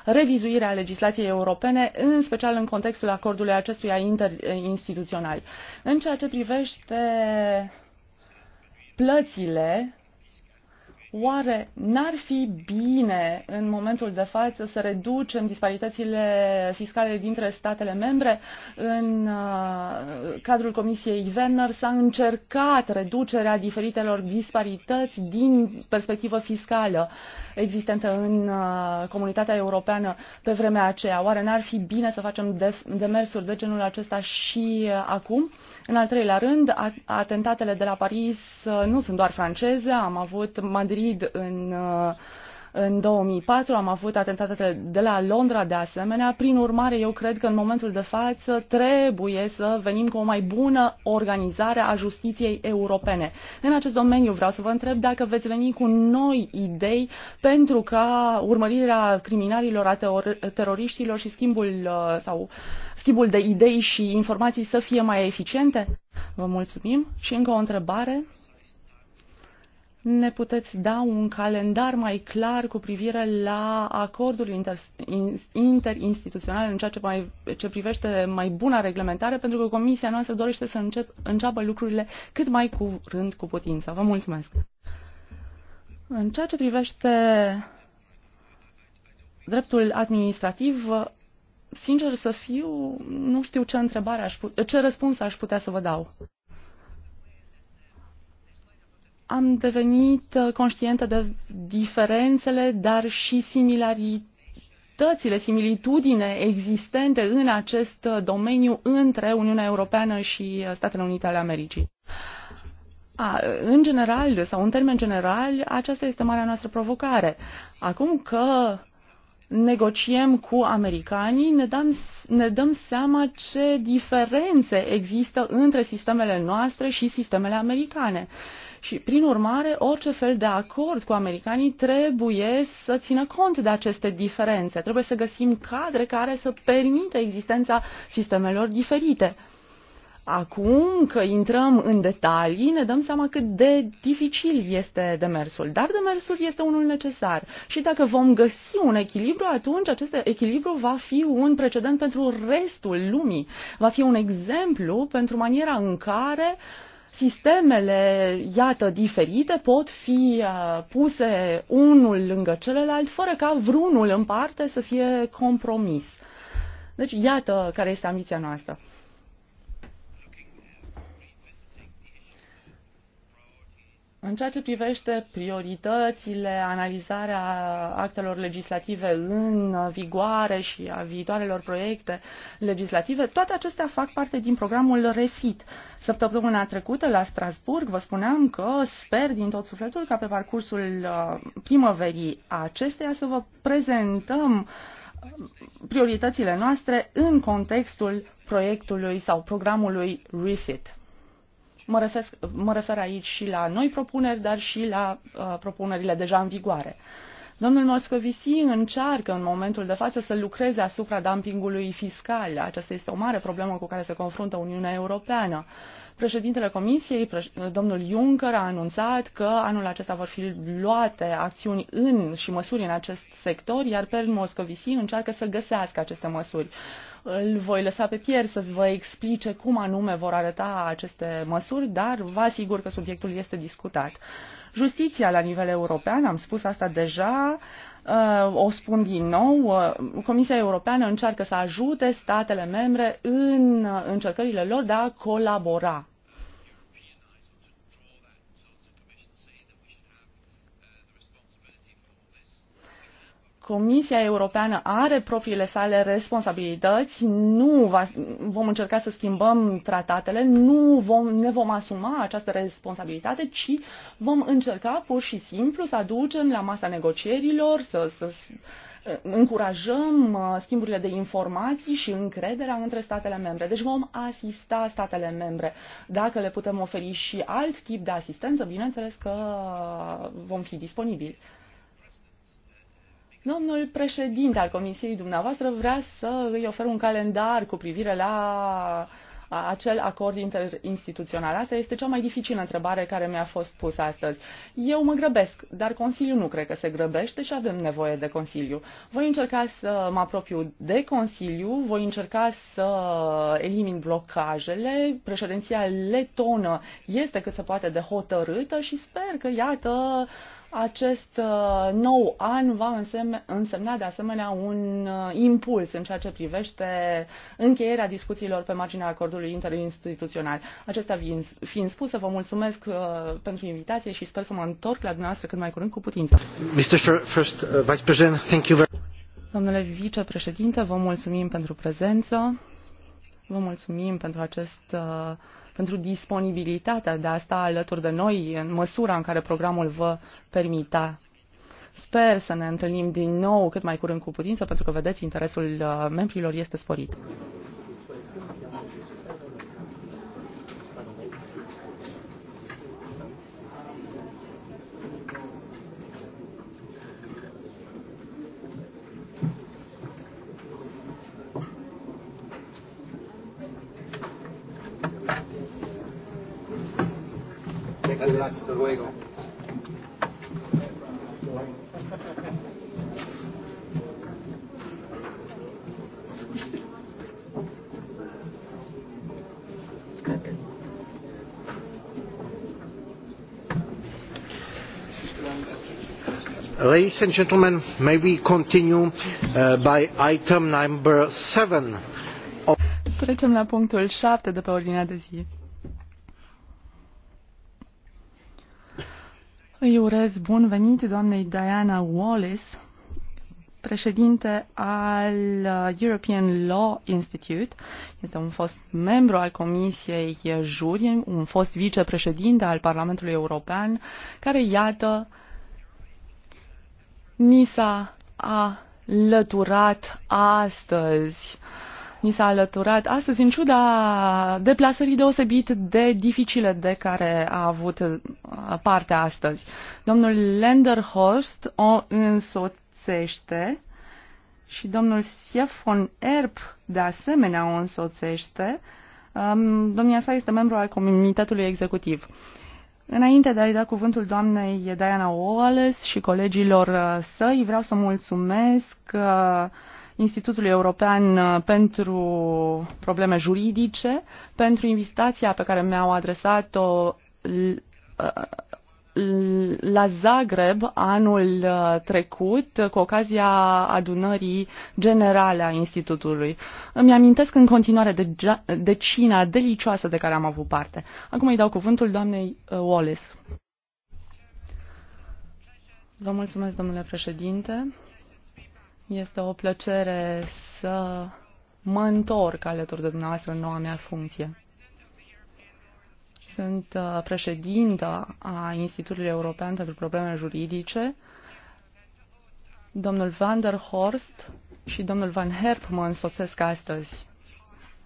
revizuire a legislației europene, în special în contextul acordului acestuia interinstituțional. În ceea ce privește plățile Oare n-ar fi bine în momentul de față să reducem disparitățile fiscale dintre statele membre? În uh, cadrul Comisiei Werner s-a încercat reducerea diferitelor disparități din perspectivă fiscală existentă în uh, comunitatea europeană pe vremea aceea. Oare n-ar fi bine să facem demersuri de genul acesta și uh, acum? În al treilea rând, atentatele de la Paris nu sunt doar franceze, am avut Madrid Madrid în uh, în 2004 am avut atentatele de la Londra de asemenea. Prin urmare, eu cred că în momentul de față trebuie să venim cu o mai bună organizare a justiției europene. În acest domeniu vreau să vă întreb dacă veți veni cu noi idei pentru ca urmărirea criminalilor, a teroriștilor și schimbul uh, sau schimbul de idei și informații să fie mai eficiente. Vă mulțumim și încă o întrebare ne puteți da un calendar mai clar cu privire la acordul inter, interinstituțional în ceea ce, mai, ce privește mai buna reglementare, pentru că comisia noastră dorește să încep, înceapă lucrurile cât mai curând cu putință. Vă mulțumesc! În ceea ce privește dreptul administrativ, sincer să fiu, nu știu ce întrebare aș ce răspuns aș putea să vă dau am devenit uh, conștientă de diferențele, dar și similarități similitudine existente în acest uh, domeniu între Uniunea Europeană și uh, Statele Unite ale Americii. A, în general, sau în termen general, aceasta este marea noastră provocare. Acum că negociem cu americanii, ne dăm, ne dăm seama ce diferențe există între sistemele noastre și sistemele americane. Uh, și, prin urmare, orice fel de acord cu americanii trebuie să țină cont de aceste diferențe. Trebuie să găsim cadre care să permită existența sistemelor diferite. Acum că intrăm în detalii, ne dăm seama cât de dificil este demersul. Dar demersul este unul necesar. Și dacă vom găsi un echilibru, atunci acest echilibru va fi un precedent pentru restul lumii. Va fi un exemplu pentru maniera în care uh, sistemele, iată, diferite pot fi uh, puse unul lângă celălalt, fără ca vreunul în parte să fie compromis. Deci, iată care este ambiția noastră. În ceea ce privește prioritățile, analizarea actelor legislative în vigoare și a viitoarelor proiecte legislative, toate acestea fac parte din programul REFIT. Săptămâna trecută la Strasburg vă spuneam că sper din tot sufletul ca pe parcursul uh, primăverii acesteia să vă prezentăm uh, prioritățile noastre în contextul proiectului sau programului REFIT. Mă refer, mă refer aici și la noi propuneri, dar și la uh, propunerile deja în vigoare. Domnul Moscovici încearcă în momentul de față să lucreze asupra dumpingului fiscal. Aceasta este o mare problemă cu care se confruntă Uniunea Europeană. Uh, Președintele Comisiei, domnul Juncker, a anunțat că anul acesta vor fi luate acțiuni în și măsuri în acest sector, iar pe Moscovici încearcă să găsească aceste măsuri. Îl voi lăsa pe pier să vă explice cum anume vor arăta aceste măsuri, dar vă asigur că subiectul este discutat. Justiția la nivel european, am spus asta deja, Uh, o spun din nou, uh, Comisia Europeană încearcă să ajute statele membre în uh, încercările lor de a colabora Comisia Europeană are propriile sale responsabilități, nu va, vom încerca să schimbăm tratatele, nu vom, ne vom asuma această responsabilitate, ci vom încerca pur și simplu să aducem la masa negocierilor, să, să uh, încurajăm uh, schimburile de informații și încrederea între statele membre. Deci vom asista statele membre. Dacă le putem oferi și alt tip de asistență, bineînțeles că uh, vom fi disponibili. Domnul președinte al Comisiei dumneavoastră vrea să îi ofer un calendar cu privire la acel acord interinstituțional. Asta este cea mai dificilă întrebare care mi-a fost pusă astăzi. Eu mă grăbesc, dar Consiliul nu cred că se grăbește și avem nevoie de Consiliu. Voi încerca să mă apropiu de Consiliu, voi încerca să elimin blocajele. Președinția letonă este cât se poate de hotărâtă și sper că, iată, uh, acest uh, nou an va însemna de asemenea un uh, impuls în ceea ce privește încheierea discuțiilor pe marginea acordului interinstituțional. Acesta fiind spus, vă mulțumesc uh, pentru invitație și sper să mă întorc la dumneavoastră cât mai curând cu putință. Mr. First, Vice President, thank you very Domnule vicepreședinte, vă mulțumim pentru prezență, vă mulțumim pentru acest uh, pentru disponibilitatea de a sta alături de noi în măsura în care programul vă permita. Sper să ne întâlnim din nou cât mai curând cu putință, pentru că, vedeți, interesul uh, membrilor este sporit. Ladies and gentlemen, may we continue uh, by item number seven. Trecem la punctul 7 de pe ordinea de zi. Îi urez bun venit doamnei Diana Wallace, președinte al uh, European Law Institute. Este un fost membru al Comisiei Juri, un fost vicepreședinte al Parlamentului European, care, iată, ni s-a alăturat astăzi uh, ni s-a alăturat astăzi, în ciuda deplasării deosebit de dificile de care a avut uh, parte astăzi. Domnul Lenderhorst o însoțește și domnul Siefon Erb de asemenea o însoțește. Um, domnia sa este membru al comunitatului executiv. Înainte de a-i da cuvântul doamnei Diana Wallace și colegilor uh, săi, vreau să mulțumesc uh, Institutului European uh, pentru Probleme Juridice pentru invitația pe care mi-au adresat-o uh, la Zagreb anul uh, trecut cu ocazia adunării generale a Institutului. Îmi amintesc în continuare de, de cina delicioasă de care am avut parte. Acum îi dau cuvântul doamnei Wallace. Vă mulțumesc, domnule președinte. Este o plăcere să mă întorc alături de dumneavoastră în noua mea funcție. Sunt uh, președintă a Institutului European pentru Probleme Juridice. Domnul Van der Horst și domnul Van Herp mă însoțesc astăzi.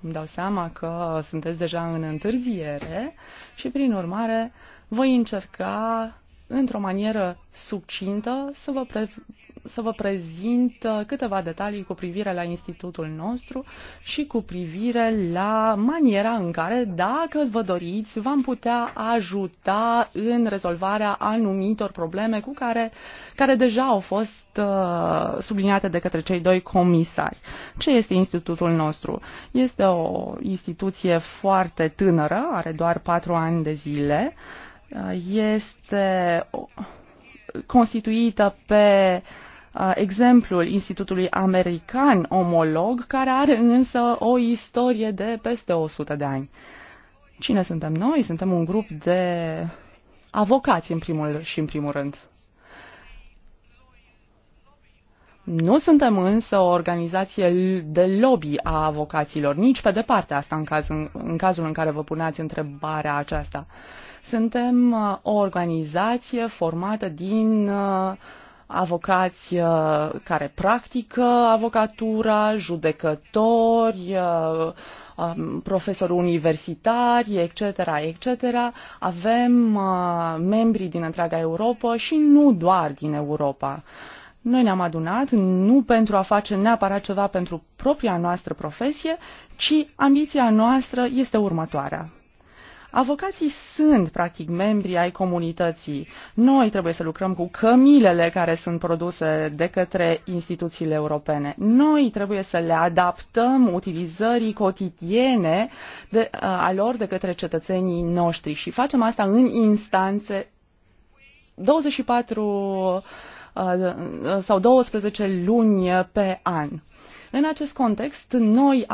Îmi dau seama că sunteți deja în întârziere și, prin urmare, voi încerca într-o manieră succintă să vă, pre- să vă prezint uh, câteva detalii cu privire la institutul nostru și cu privire la maniera în care, dacă vă doriți, v-am putea ajuta în rezolvarea anumitor probleme cu care, care deja au fost uh, subliniate de către cei doi comisari. Ce este institutul nostru? Este o instituție foarte tânără, are doar patru ani de zile. Uh, este constituită pe exemplul Institutului American Omolog, care are însă o istorie de peste 100 de ani. Cine suntem noi? Suntem un grup de avocați, în primul și în primul rând. Nu suntem însă o organizație de lobby a avocaților, nici pe departe asta în, caz, în, în cazul în care vă puneați întrebarea aceasta. Uh, suntem uh, o organizație formată din uh, avocați uh, care practică avocatura, judecători, um, profesori universitari, etc., etc. Avem membri din întreaga Europa și nu doar din Europa. Noi ne-am adunat nu pentru a face neapărat ceva pentru propria noastră profesie, ci ambiția noastră este următoarea. Avocații sunt, practic, membri ai comunității. Noi trebuie să lucrăm cu cămilele care sunt produse de către instituțiile europene. Noi trebuie să le adaptăm utilizării cotidiene de, a lor de către cetățenii noștri și facem asta în instanțe 24 uh, sau 12 luni pe an. În acest context, noi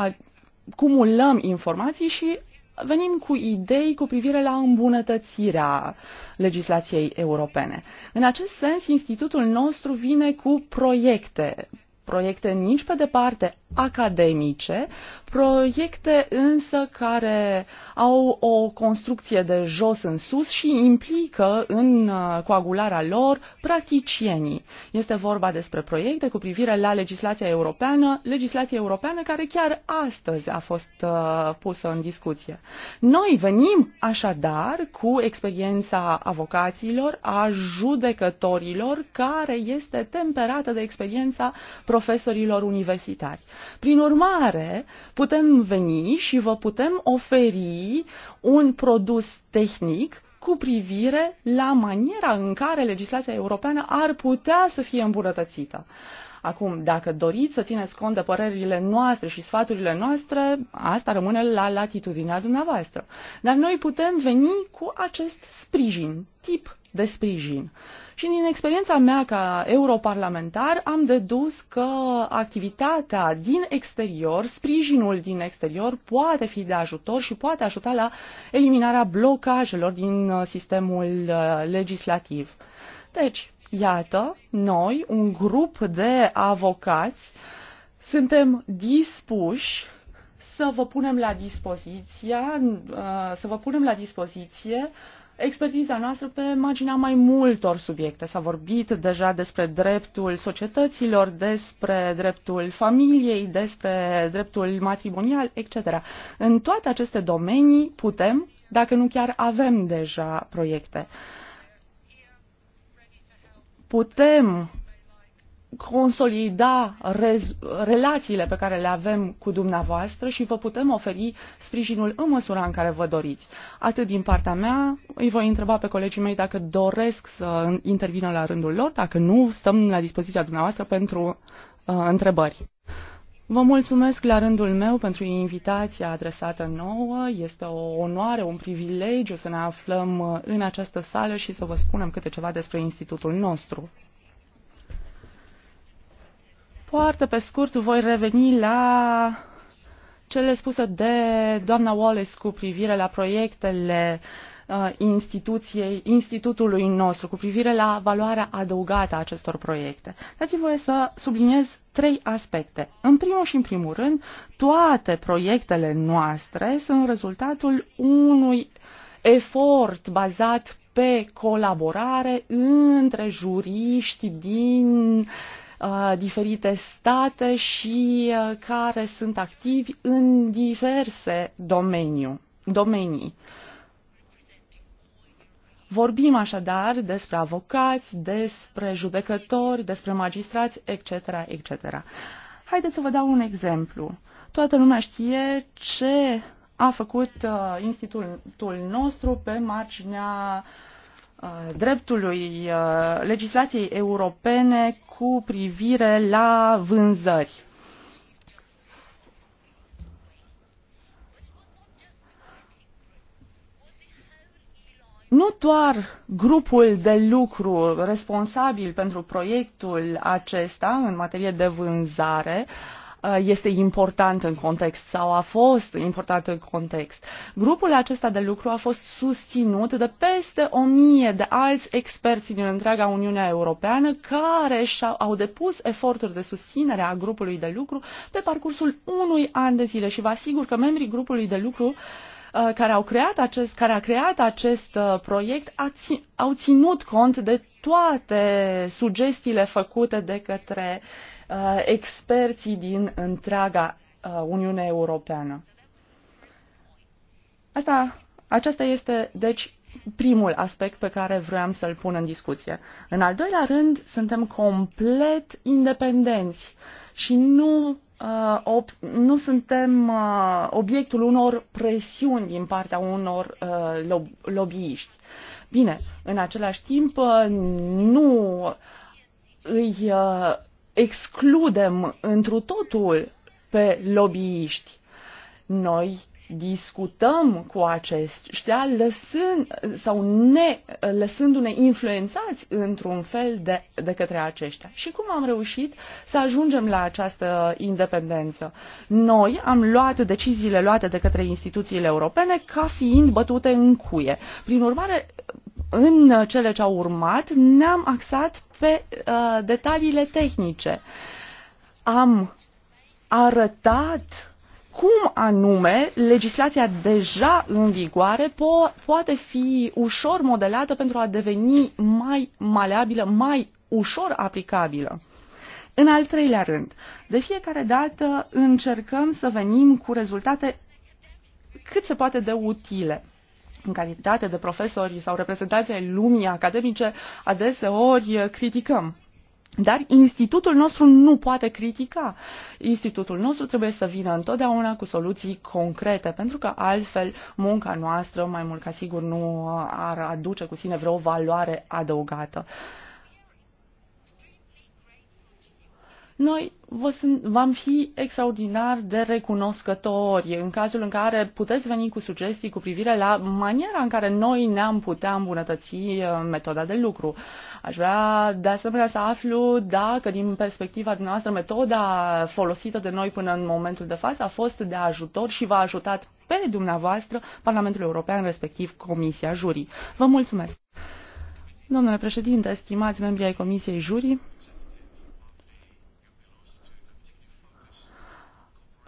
cumulăm informații și venim cu idei cu privire la îmbunătățirea legislației europene. În acest sens, institutul nostru vine cu proiecte, proiecte nici pe departe academice, proiecte însă care au o construcție de jos în sus și implică în uh, coagularea lor practicienii. Este vorba despre proiecte cu privire la legislația europeană, legislația europeană care chiar astăzi a fost uh, pusă în discuție. Noi venim așadar cu experiența avocaților, a judecătorilor, care este temperată de experiența pro profesorilor universitari. Prin urmare, putem veni și vă putem oferi un produs tehnic cu privire la maniera în care legislația europeană ar putea să fie îmbunătățită. Acum, dacă doriți să țineți cont de părerile noastre și sfaturile noastre, asta rămâne la latitudinea dumneavoastră. Dar noi putem veni cu acest sprijin, tip de sprijin. Și din experiența mea ca europarlamentar am dedus că activitatea din exterior, sprijinul din exterior poate fi de ajutor și poate ajuta la eliminarea blocajelor din uh, sistemul uh, legislativ. Deci, iată, noi, un grup de avocați, suntem dispuși să vă punem la dispoziția, uh, să vă punem la dispoziție uh, expertiza noastră pe marginea mai multor subiecte. S-a vorbit deja despre dreptul societăților, despre dreptul familiei, despre dreptul matrimonial, etc. În toate aceste domenii putem, dacă nu chiar avem deja proiecte. Putem consolida rez- relațiile pe care le avem cu dumneavoastră și vă putem oferi sprijinul în măsura în care vă doriți. Atât din partea mea, îi voi întreba pe colegii mei dacă doresc să intervină la rândul lor, dacă nu, stăm la dispoziția dumneavoastră pentru uh, întrebări. Vă mulțumesc la rândul meu pentru invitația adresată nouă. Este o onoare, un privilegiu să ne aflăm uh, în această sală și să vă spunem câte ceva despre institutul nostru. Foarte pe scurt voi reveni la cele spuse de doamna Wallace cu privire la proiectele uh, instituției, institutului nostru, cu privire la valoarea adăugată a acestor proiecte. Dați-mi voie să subliniez trei aspecte. În primul și în primul rând, toate proiectele noastre sunt rezultatul unui efort bazat pe colaborare între juriști din uh, Uh, diferite state și uh, care sunt activi în diverse domeniu, domenii. Vorbim așadar despre avocați, despre judecători, despre magistrați, etc., etc. Haideți să vă dau un exemplu. Toată lumea știe ce a făcut uh, institutul nostru pe marginea uh, Uh, dreptului uh, legislației europene cu privire la vânzări. Nu doar grupul de lucru responsabil pentru proiectul acesta în materie de vânzare uh, Uh, este important în context sau a fost important în context. Grupul acesta de lucru a fost susținut de peste o mie de alți experți din întreaga Uniune Europeană care au depus eforturi de susținere a grupului de lucru pe parcursul unui an de zile și vă asigur că membrii grupului de lucru uh, care, au creat acest, care a creat acest uh, proiect a ți, au ținut cont de toate sugestiile făcute de către uh, Uh, experții din întreaga uh, Uniune Europeană. Asta, aceasta este, deci, primul aspect pe care vreau să-l pun în discuție. În al doilea rând, suntem complet independenți și nu, uh, nu suntem uh, obiectul unor presiuni din partea unor uh, lobbyiști. Bine, în același timp, uh, nu îi uh, excludem întru totul pe lobbyiști. Noi discutăm cu aceștia lăsând, sau ne, lăsându-ne influențați într-un fel de, de către aceștia. Și cum am reușit să ajungem la această independență? Noi am luat deciziile luate de către instituțiile europene ca fiind bătute în cuie. Prin urmare, în cele ce au urmat ne-am axat pe uh, detaliile tehnice. Am arătat cum anume legislația deja în vigoare po- poate fi ușor modelată pentru a deveni mai maleabilă, mai ușor aplicabilă. În al treilea rând, de fiecare dată încercăm să venim cu rezultate cât se poate de utile în calitate de profesori sau reprezentanți ai lumii academice, adeseori criticăm. Dar institutul nostru nu poate critica. Institutul nostru trebuie să vină întotdeauna cu soluții concrete, pentru că altfel munca noastră, mai mult ca sigur, nu ar aduce cu sine vreo valoare adăugată. Noi v-am fi extraordinar de recunoscători în cazul în care puteți veni cu sugestii cu privire la maniera în care noi ne-am putea îmbunătăți uh, metoda de lucru. Aș vrea de asemenea să aflu dacă din perspectiva dumneavoastră metoda folosită de noi până în momentul de față a fost de ajutor și v-a ajutat pe dumneavoastră Parlamentul European, respectiv Comisia Jurii. Vă mulțumesc! Domnule președinte, stimați membri ai Comisiei Jurii,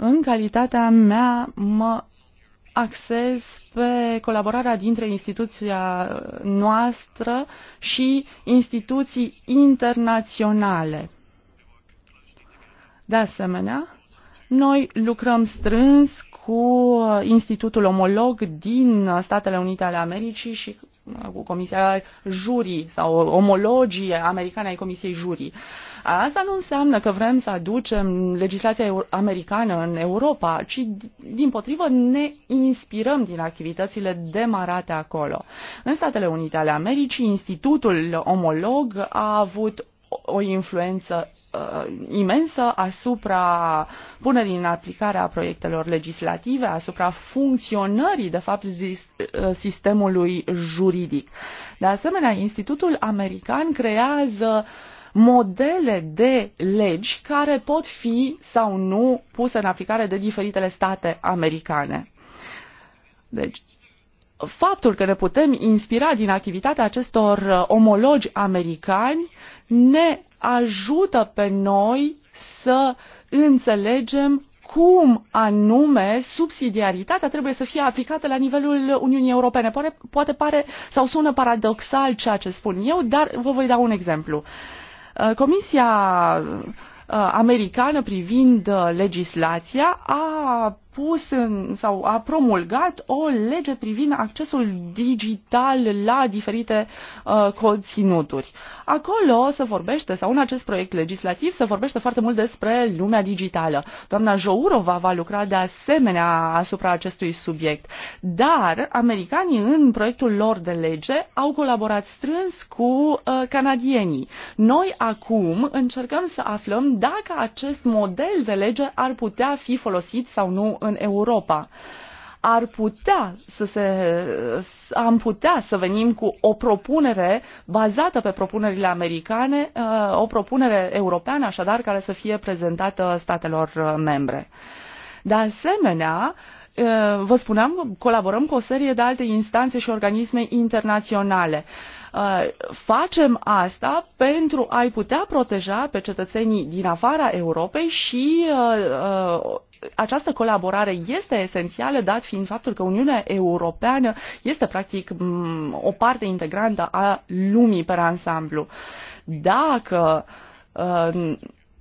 în calitatea mea mă axez pe colaborarea dintre instituția noastră și instituții internaționale. De asemenea, noi lucrăm strâns cu institutul omolog din Statele Unite ale Americii și cu comisia jurii sau omologii americane ai comisiei jurii. Asta nu înseamnă că vrem să aducem legislația americană în Europa, ci din potrivă ne inspirăm din activitățile demarate acolo. În Statele Unite ale Americii, Institutul Omolog a avut o influență uh, imensă asupra punerii în aplicare a proiectelor legislative, asupra funcționării, de fapt, zis, uh, sistemului juridic. De asemenea, Institutul American creează modele de legi care pot fi sau nu puse în aplicare de diferitele state americane. Deci, faptul că ne putem inspira din activitatea acestor uh, omologi americani ne ajută pe noi să înțelegem cum anume subsidiaritatea trebuie să fie aplicată la nivelul Uniunii Europene. Poate, poate pare sau sună paradoxal ceea ce spun eu, dar vă voi da un exemplu. Uh, Comisia uh, americană privind legislația a pus în, sau a promulgat o lege privind accesul digital la diferite uh, conținuturi. Acolo se vorbește, sau în acest proiect legislativ, se vorbește foarte mult despre lumea digitală. Doamna Jourova va lucra de asemenea asupra acestui subiect. Dar americanii în proiectul lor de lege au colaborat strâns cu uh, canadienii. Noi acum încercăm să aflăm dacă acest model de lege ar putea fi folosit sau nu în Europa. Ar putea să se, am putea să venim cu o propunere bazată pe propunerile americane, uh, o propunere europeană, așadar, care să fie prezentată statelor uh, membre. De asemenea, uh, vă spuneam, colaborăm cu o serie de alte instanțe și organisme internaționale. Facem asta pentru a-i putea proteja pe cetățenii din afara Europei și această colaborare este esențială, dat fiind faptul că Uniunea Europeană este practic mm, o parte integrantă a lumii pe ansamblu. Dacă uh,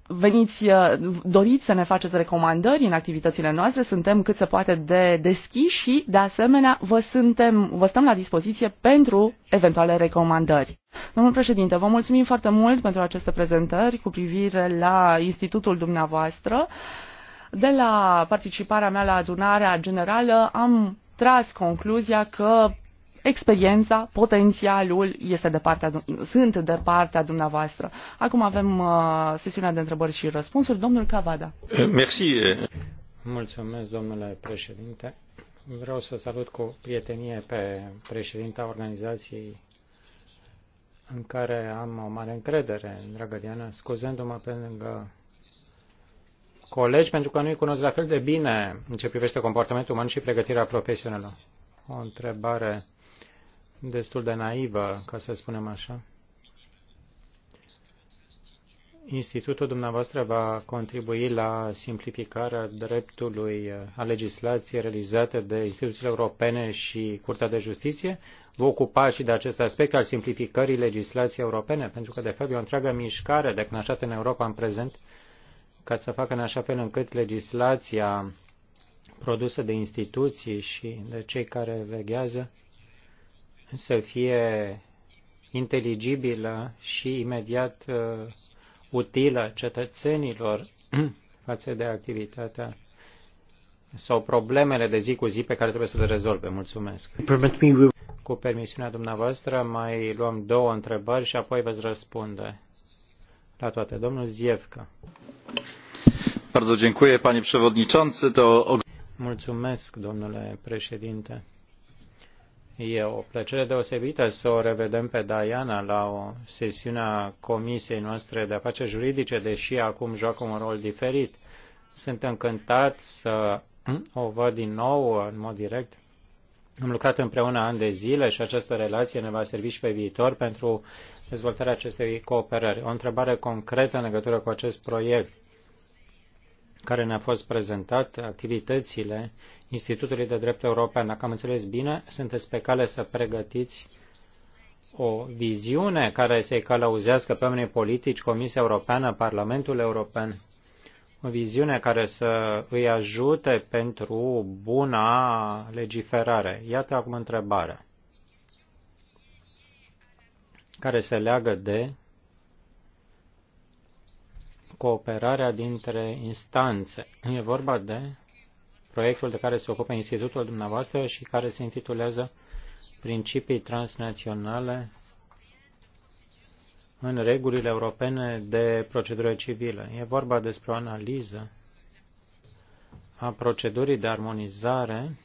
veniți, uh, doriți să ne faceți recomandări în activitățile noastre, suntem cât se poate de deschiși și, de asemenea, vă, suntem, vă stăm la dispoziție pentru eventuale recomandări. Domnul președinte, vă mulțumim foarte mult pentru aceste prezentări cu privire la institutul dumneavoastră. Uh, de la participarea mea la adunarea generală am tras concluzia că experiența, potențialul este de partea, sunt de partea dumneavoastră. Acum avem uh, sesiunea de întrebări și răspunsuri. Domnul Cavada. Merci. Mulțumesc, domnule președinte. Vreau să salut cu prietenie pe președinta organizației în care am o mare încredere, dragă Diana, scuzându-mă pentru colegi pentru că nu-i cunosc la fel de bine în ce privește comportamentul uman și pregătirea profesională. O întrebare destul de naivă, ca să spunem așa. Institutul dumneavoastră va contribui la simplificarea dreptului uh, a legislației realizate de instituțiile europene și Curtea de Justiție? Vă ocupa și de acest aspect al simplificării legislației europene? Pentru că, de fapt, e o întreagă mișcare declanșată în Europa în prezent ca să facă în așa fel încât legislația produsă de instituții și de cei care veghează să fie inteligibilă și imediat uh, utilă cetățenilor față de activitatea sau problemele de zi cu zi pe care trebuie să le rezolve. Mulțumesc. Cu permisiunea dumneavoastră, mai luăm două întrebări și apoi veți răspunde la toate. Domnul Zievcă. Mulțumesc, domnule președinte. E o plăcere deosebită să o revedem pe Diana la o sesiune a Comisiei noastre de afaceri juridice, deși acum joacă un rol diferit. Sunt încântat să o văd din nou în mod direct. Am lucrat împreună ani de zile și această relație ne va servi și pe viitor pentru dezvoltarea acestei cooperări. O întrebare concretă în legătură cu acest proiect care ne-a fost prezentat, activitățile Institutului de Drept European. Dacă am înțeles bine, sunteți pe cale să pregătiți o viziune care să-i călăuzească pe oamenii politici, Comisia Europeană, Parlamentul European, o viziune care să îi ajute pentru buna legiferare. Iată acum întrebarea care se leagă de cooperarea dintre instanțe. E vorba de proiectul de care se ocupă institutul dumneavoastră și care se intitulează Principii transnaționale în regulile europene de procedură civilă. E vorba despre o analiză a procedurii de armonizare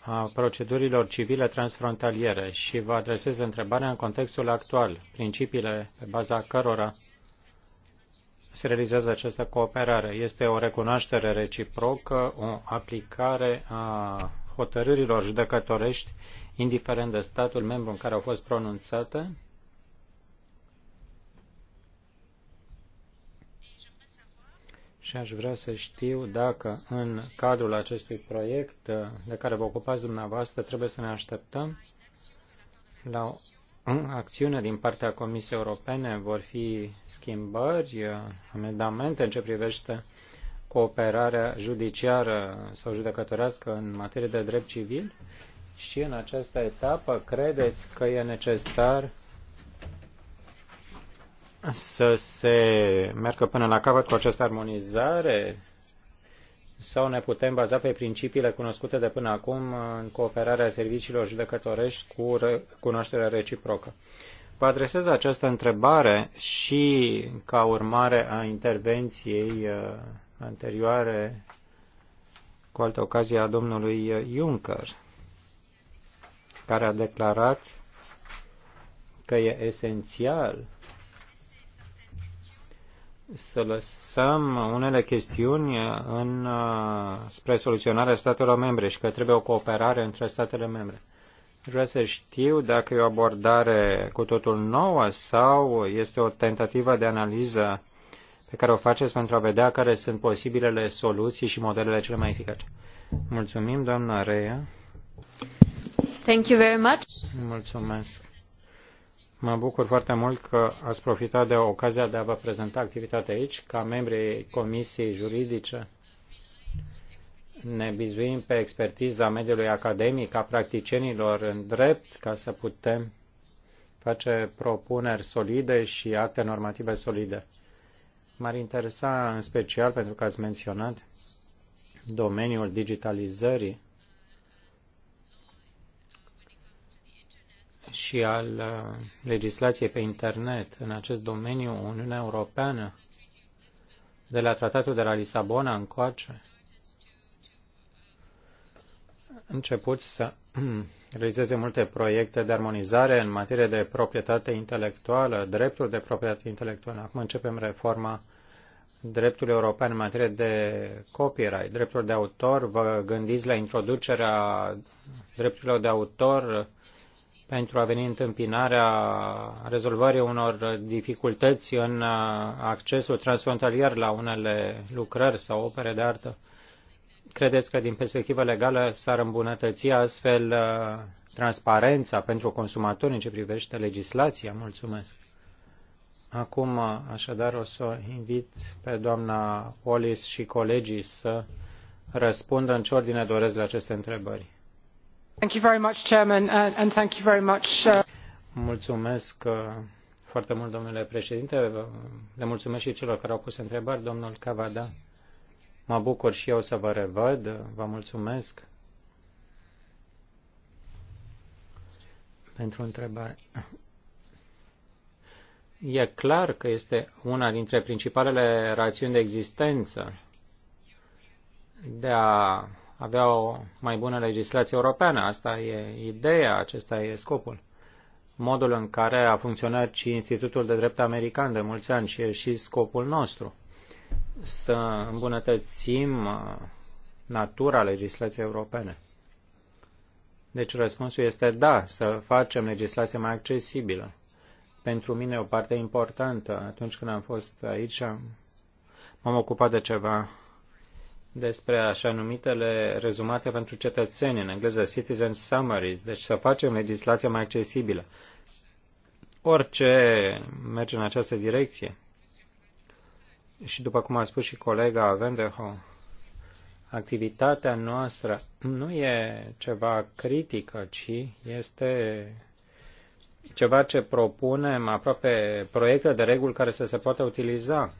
a procedurilor civile transfrontaliere și vă adresez întrebarea în contextul actual, principiile pe baza cărora se realizează această cooperare. Este o recunoaștere reciprocă, o aplicare a hotărârilor judecătorești, indiferent de statul membru în care au fost pronunțate. Și aș vrea să știu dacă în cadrul acestui proiect de care vă ocupați dumneavoastră trebuie să ne așteptăm la în acțiune din partea Comisiei Europene vor fi schimbări, amendamente în ce privește cooperarea judiciară sau judecătorească în materie de drept civil și în această etapă credeți că e necesar să se meargă până la capăt cu această armonizare sau ne putem baza pe principiile cunoscute de până acum în cooperarea serviciilor judecătorești cu cunoașterea reciprocă. Vă adresez această întrebare și ca urmare a intervenției uh, anterioare cu altă ocazie a domnului uh, Juncker, care a declarat că e esențial să lăsăm unele chestiuni în, uh, spre soluționarea statelor membre și că trebuie o cooperare între statele membre. Vreau să știu dacă e o abordare cu totul nouă sau este o tentativă de analiză pe care o faceți pentru a vedea care sunt posibilele soluții și modelele cele mai eficace. Mulțumim, doamna Reia. Thank you very much. Mulțumesc. Mă bucur foarte mult că ați profitat de ocazia de a vă prezenta activitatea aici. Ca membrii Comisiei Juridice ne bizuim pe expertiza mediului academic a practicienilor în drept ca să putem face propuneri solide și acte normative solide. M-ar interesa în special pentru că ați menționat domeniul digitalizării și al uh, legislației pe internet în acest domeniu, Uniunea Europeană, de la Tratatul de la Lisabona încoace, început să realizeze multe proiecte de armonizare în materie de proprietate intelectuală, drepturi de proprietate intelectuală. Acum începem reforma dreptul european în materie de copyright, drepturi de autor, vă gândiți la introducerea drepturilor de autor pentru a veni întâmpinarea rezolvării unor dificultăți în uh, accesul transfrontalier la unele lucrări sau opere de artă. Credeți că din perspectivă legală s-ar îmbunătăți astfel uh, transparența pentru consumatori în ce privește legislația? Mulțumesc! Acum, uh, așadar, o să invit pe doamna Polis și colegii să răspundă în ce ordine doresc la aceste întrebări. Mulțumesc foarte mult, domnule președinte. Le mulțumesc și celor care au pus întrebări. Domnul Cavada, mă bucur și eu să vă revăd. Vă mulțumesc pentru întrebare. E clar că este una dintre principalele rațiuni de existență de a avea o mai bună legislație europeană. Asta e ideea, acesta e scopul. Modul în care a funcționat și Institutul de Drept American de mulți ani și e și scopul nostru. Să îmbunătățim uh, natura legislației europene. Deci răspunsul este da, să facem legislația mai accesibilă. Pentru mine o parte importantă atunci când am fost aici, m-am ocupat de ceva despre așa numitele rezumate pentru cetățeni, în engleză citizen summaries, deci să facem legislația mai accesibilă. Orice merge în această direcție. Și după cum a spus și colega Vendeho, activitatea noastră nu e ceva critică, ci este ceva ce propunem aproape proiecte de reguli care să se poată utiliza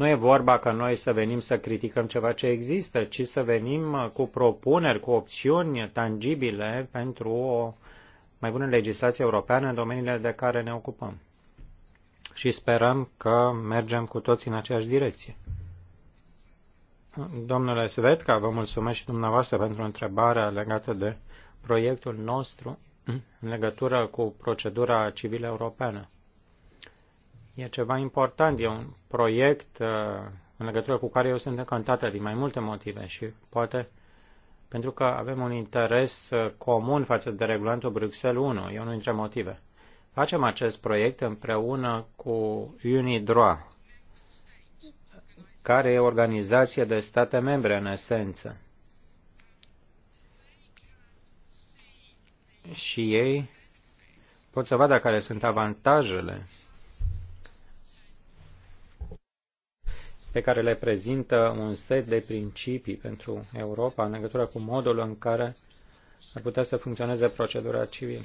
nu e vorba ca noi să venim să criticăm ceva ce există, ci să venim uh, cu propuneri, cu opțiuni tangibile pentru o mai bună legislație europeană în domeniile de care ne ocupăm. Și sperăm că mergem cu toții în aceeași direcție. Domnule Svetka, vă mulțumesc și dumneavoastră pentru întrebarea legată de proiectul nostru în legătură cu procedura civilă europeană. E ceva important, e un proiect uh, în legătură cu care eu sunt încântată din mai multe motive și poate pentru că avem un interes uh, comun față de regulantul Bruxelles 1. E unul dintre motive. Facem acest proiect împreună cu UNIDROA, care e organizație de state membre în esență. Și ei pot să vadă care sunt avantajele pe care le prezintă un set de principii pentru Europa în legătură cu modul în care ar putea să funcționeze procedura civilă.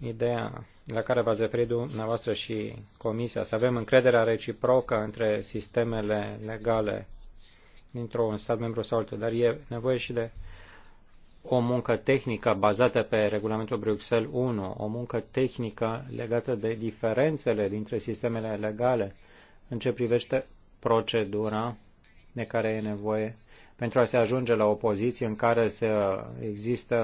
Ideea la care v-ați referit dumneavoastră și Comisia, să avem încrederea reciprocă între sistemele legale dintr-un stat membru sau altul, dar e nevoie și de o muncă tehnică bazată pe regulamentul Bruxelles 1, o muncă tehnică legată de diferențele dintre sistemele legale în ce privește procedura de care e nevoie pentru a se ajunge la o poziție în care să există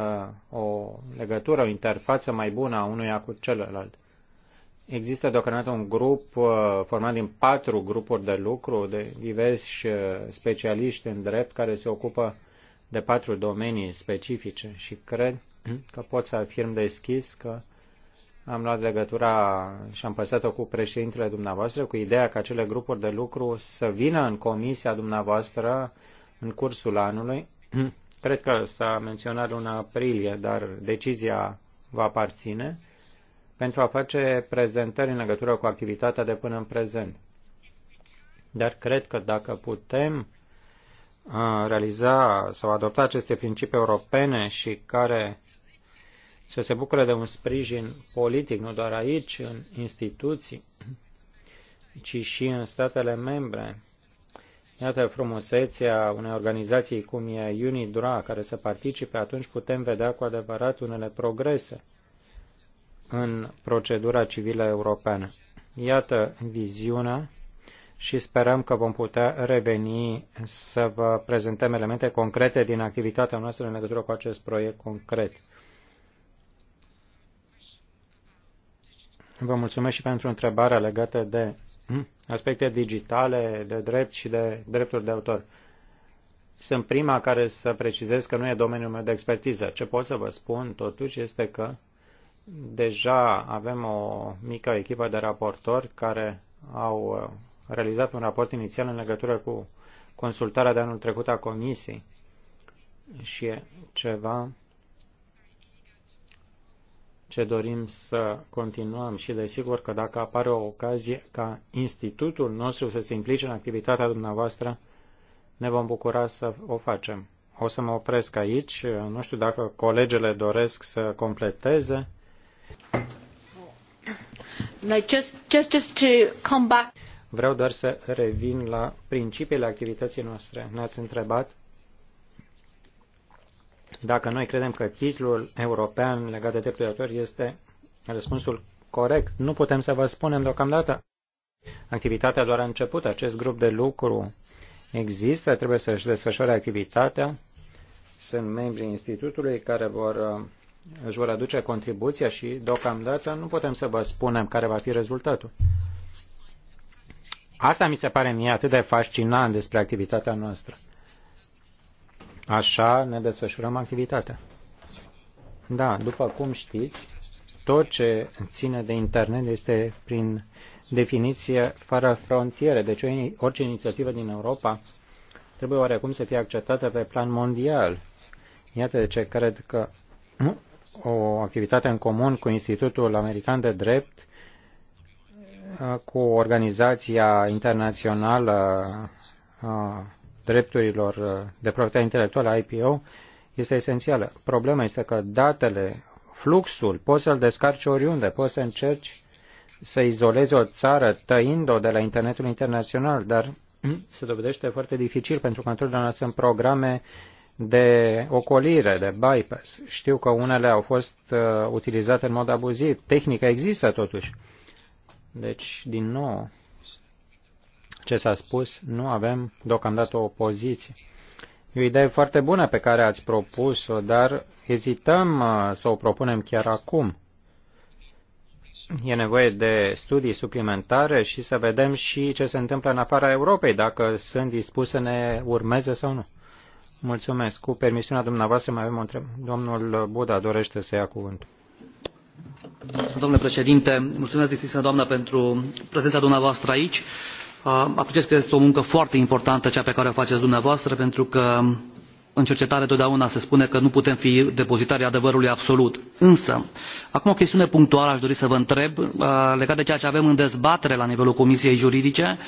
o legătură, o interfață mai bună a unuia cu celălalt. Există deocamdată un grup uh, format din patru grupuri de lucru, de diversi uh, specialiști în drept care se ocupă de patru domenii specifice și cred că pot să afirm deschis că am luat legătura și am păsat-o cu președintele dumneavoastră cu ideea ca acele grupuri de lucru să vină în comisia dumneavoastră în cursul anului. Cred că s-a menționat luna aprilie, dar decizia va aparține pentru a face prezentări în legătură cu activitatea de până în prezent. Dar cred că dacă putem uh, realiza sau adopta aceste principii europene și care să se bucure de un sprijin politic, nu doar aici, în instituții, ci și în statele membre. Iată frumusețea unei organizații cum e UNIDRA, care să participe, atunci putem vedea cu adevărat unele progrese în procedura civilă europeană. Iată viziunea și sperăm că vom putea reveni să vă prezentăm elemente concrete din activitatea noastră în legătură cu acest proiect concret. Vă mulțumesc și pentru întrebarea legată de hm, aspecte digitale, de drept și de drepturi de autor. Sunt prima care să precizez că nu e domeniul meu de expertiză. Ce pot să vă spun totuși este că deja avem o mică echipă de raportori care au uh, realizat un raport inițial în legătură cu consultarea de anul trecut a comisiei și e ceva ce dorim să continuăm și desigur că dacă apare o ocazie ca institutul nostru să se implice în activitatea dumneavoastră, ne vom bucura să o facem. O să mă opresc aici, nu știu dacă colegele doresc să completeze. No, just, just, just to come back. Vreau doar să revin la principiile activității noastre. Ne-ați întrebat dacă noi credem că titlul european legat de dreptul de autor este răspunsul corect, nu putem să vă spunem deocamdată. Activitatea doar a început, acest grup de lucru există, trebuie să-și desfășoare activitatea. Sunt membrii institutului care vor, uh, își vor aduce contribuția și deocamdată nu putem să vă spunem care va fi rezultatul. Asta mi se pare mie atât de fascinant despre activitatea noastră. Așa ne desfășurăm activitatea. Da, după cum știți, tot ce ține de internet este prin definiție fără frontiere. Deci orice inițiativă din Europa trebuie oarecum să fie acceptată pe plan mondial. Iată de ce cred că o activitate în comun cu Institutul American de Drept, cu Organizația Internațională uh, drepturilor uh, de proprietate intelectuală IPO este esențială. Problema este că datele, fluxul, poți să-l descarci oriunde, poți să încerci să izolezi o țară tăind-o de la internetul internațional, dar se dovedește foarte dificil pentru că întotdeauna sunt programe de ocolire, de bypass. Știu că unele au fost uh, utilizate în mod abuziv. Tehnica există totuși. Deci, din nou, ce s-a spus, nu avem deocamdată o poziție. E o idee foarte bună pe care ați propus-o, dar ezităm uh, să o propunem chiar acum. E nevoie de studii suplimentare și să vedem și ce se întâmplă în afara Europei, dacă sunt dispuse să ne urmeze sau nu. Mulțumesc. Cu permisiunea dumneavoastră mai avem o întrebare. Domnul Buda dorește să ia cuvântul. Domnule președinte, mulțumesc, distinsă doamnă, pentru prezența dumneavoastră aici. Uh, apreciez că este o muncă foarte importantă cea pe care o faceți dumneavoastră pentru că um, în cercetare totdeauna se spune că nu putem fi depozitarii adevărului absolut însă acum o chestiune punctuală aș dori să vă întreb uh, legat de ceea ce avem în dezbatere la nivelul comisiei juridice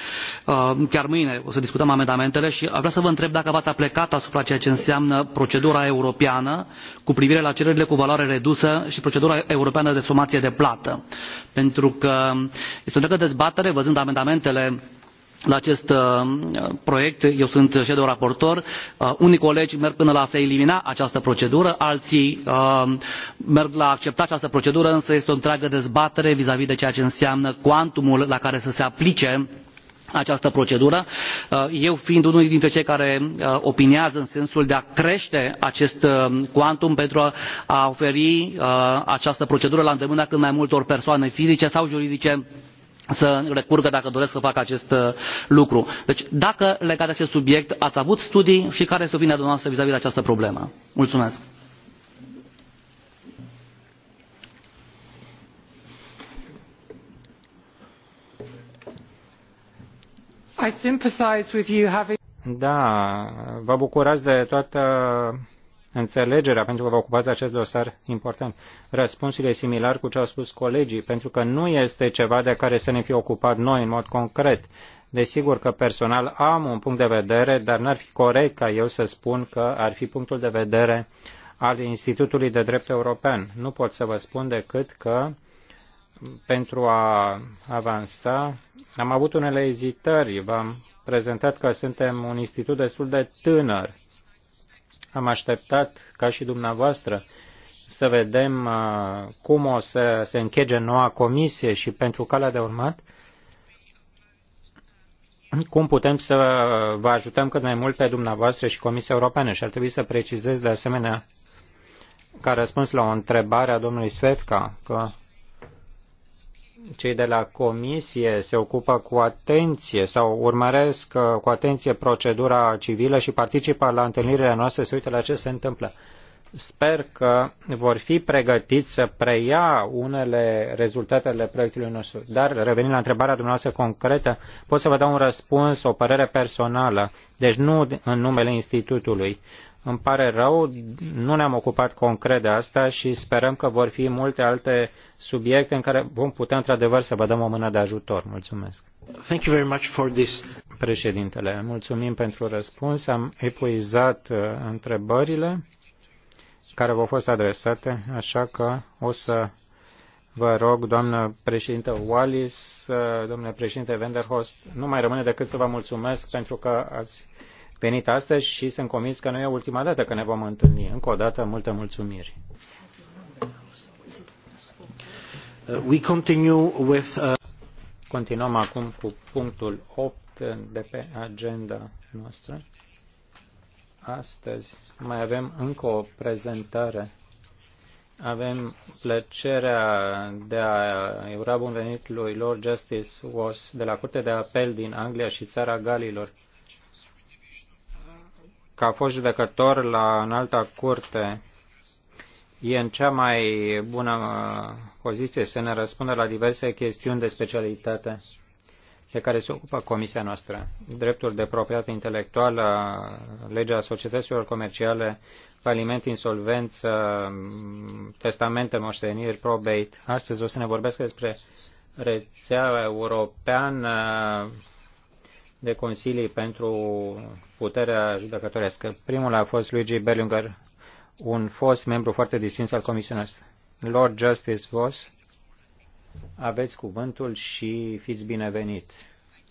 uh, chiar mâine o să discutăm amendamentele și aș vrea să vă întreb dacă v ați aplecat asupra ceea ce înseamnă procedura europeană cu privire la cererile cu valoare redusă și procedura europeană de somație de plată pentru că este o întreagă dezbatere văzând amendamentele la acest uh, proiect eu sunt shadow raportor uh, unii colegi merg până la a se elimina această procedură alții uh, merg la a accepta această procedură însă este o întreagă dezbatere vizavi de ceea ce înseamnă cuantumul la care să se aplice această procedură eu fiind unul dintre cei care opinează în sensul de a crește acest cuantum pentru a oferi această procedură la îndemâna cât mai multor persoane fizice sau juridice să recurgă dacă doresc să facă acest uh, lucru. deci dacă legat de acest subiect ați avut studii și care este opinia dumneavoastră vizavi de această problemă? mulțumesc. Da, vă bucurați de toată înțelegerea pentru că vă ocupați de acest dosar important. Răspunsul e similar cu ce au spus colegii, pentru că nu este ceva de care să ne fi ocupat noi în mod concret. Desigur că personal am un punct de vedere, dar n-ar fi corect ca eu să spun că ar fi punctul de vedere al Institutului de Drept European. Nu pot să vă spun decât că pentru a avansa, am avut unele ezitări. V-am prezentat că suntem un institut destul de tânăr am așteptat, ca și dumneavoastră, să vedem uh, cum o să se închege noua comisie și pentru calea de urmat, cum putem să vă ajutăm cât mai mult pe dumneavoastră și Comisia Europeană. Și ar trebui să precizez de asemenea ca răspuns la o întrebare a domnului Svefka că cei de la comisie se ocupă cu atenție sau urmăresc uh, cu atenție procedura civilă și participă la întâlnirile noastre, se uită la ce se întâmplă. Sper că vor fi pregătiți să preia unele rezultate ale proiectului nostru. Dar, revenind la întrebarea dumneavoastră concretă, pot să vă dau un răspuns, o părere personală, deci nu în numele Institutului. Îmi pare rău, nu ne-am ocupat concret de asta și sperăm că vor fi multe alte subiecte în care vom putea într-adevăr să vă dăm o mână de ajutor. Mulțumesc. Thank you very much for this. Președintele, mulțumim pentru răspuns. Am epuizat uh, întrebările care v-au fost adresate, așa că o să Vă rog, doamnă președintă Wallis, uh, domnule președinte Venderhost, nu mai rămâne decât să vă mulțumesc pentru că ați venit astăzi și sunt convins că nu e ultima dată că ne vom întâlni. Încă o dată, multe mulțumiri. Uh, we continue with, uh... Continuăm acum cu punctul 8 de pe agenda noastră. Astăzi mai avem încă o prezentare. Avem plăcerea de a ura bun venit lui Lord Justice Walsh de la Curtea de Apel din Anglia și Țara Galilor că a fost judecător la înalta curte, e în cea mai bună uh, poziție să ne răspundă la diverse chestiuni de specialitate de care se ocupă comisia noastră. Dreptul de proprietate intelectuală, legea societăților comerciale, faliment, insolvență, mm, testamente, moșteniri, probate. Astăzi o să ne vorbesc despre rețeaua europeană de consilii pentru puterea judecătorească. Primul a fost Luigi Berlinger, un fost membru foarte distins al comisiei noastre. Lord Justice Voss, aveți cuvântul și fiți binevenit.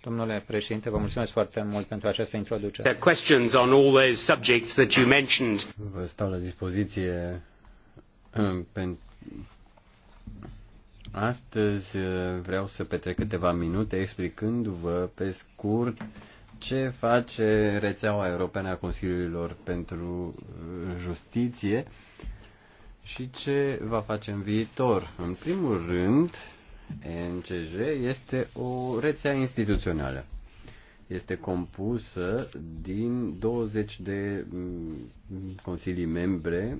Domnule președinte, vă mulțumesc foarte mult pentru această introducere. Vă stau la dispoziție Astăzi uh, vreau să petrec câteva minute explicându-vă pe scurt ce face rețeaua europeană a Consiliilor pentru uh, Justiție și ce va face în viitor. În primul rând, NCJ este o rețea instituțională este compusă din 20 de mm, consilii membre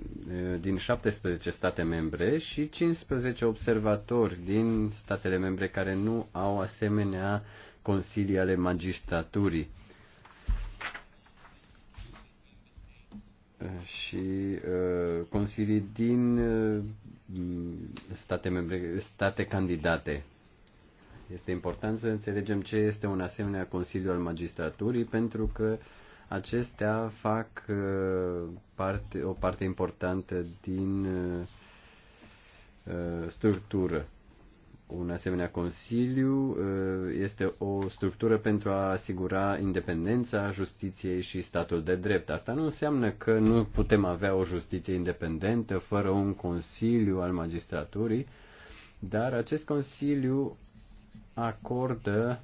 din 17 state membre și 15 observatori din statele membre care nu au asemenea consilii ale magistraturii. și uh, consilii din uh, state, membre, state candidate. Este important să înțelegem ce este un asemenea Consiliu al Magistraturii, pentru că acestea fac uh, parte, o parte importantă din uh, structură. Un asemenea consiliu uh, este o structură pentru a asigura independența justiției și statul de drept. Asta nu înseamnă că nu putem avea o justiție independentă fără un consiliu al magistraturii, dar acest consiliu acordă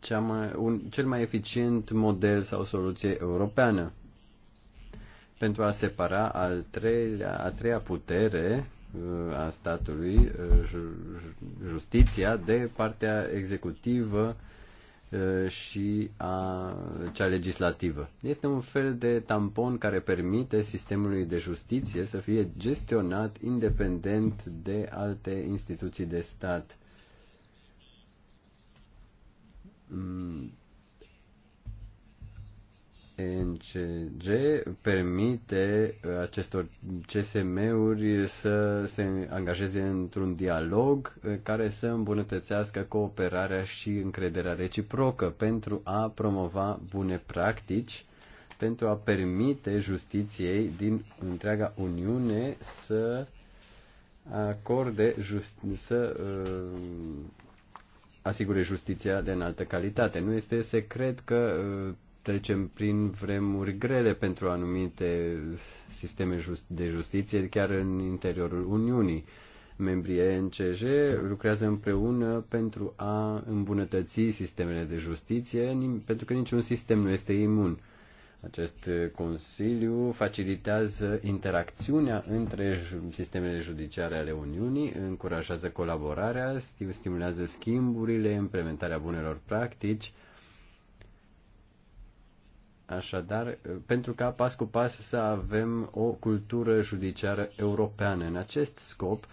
cea mai, un, cel mai eficient model sau soluție europeană pentru a separa al treilea, a treia putere uh, a statului, uh, justiția, de partea executivă uh, și a cea legislativă. Este un fel de tampon care permite sistemului de justiție să fie gestionat independent de alte instituții de stat. NCG permite acestor CSM-uri să se angajeze într-un dialog care să îmbunătățească cooperarea și încrederea reciprocă pentru a promova bune practici, pentru a permite justiției din întreaga Uniune să acorde just, să uh, asigure justiția de înaltă calitate. Nu este secret că uh, trecem prin vremuri grele pentru anumite sisteme de justiție, chiar în interiorul Uniunii. Membrii ENCJ lucrează împreună pentru a îmbunătăți sistemele de justiție, pentru că niciun sistem nu este imun acest Consiliu facilitează interacțiunea între sistemele judiciare ale Uniunii, încurajează colaborarea, stimulează schimburile, implementarea bunelor practici, Așadar, pentru ca pas cu pas să avem o cultură judiciară europeană. În acest scop,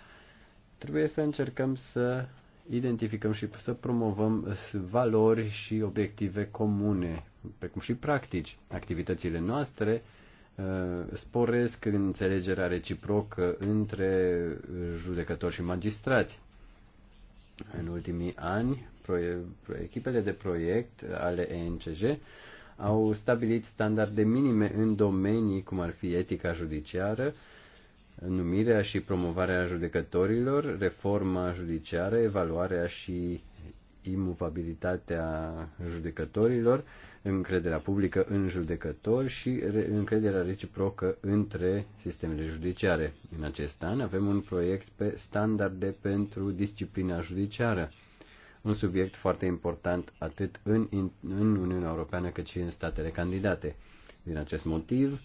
trebuie să încercăm să identificăm și să promovăm valori și obiective comune precum și practici. Activitățile noastre uh, sporesc înțelegerea reciprocă între judecători și magistrați. În ultimii ani, echipele de proiect ale ENCJ au stabilit standarde minime în domenii cum ar fi etica judiciară, numirea și promovarea judecătorilor, reforma judiciară, evaluarea și imovabilitatea judecătorilor, încrederea publică în judecători și încrederea reciprocă între sistemele judiciare. În acest an avem un proiect pe standarde pentru disciplina judiciară, un subiect foarte important atât în, în Uniunea Europeană cât și în statele candidate. Din acest motiv,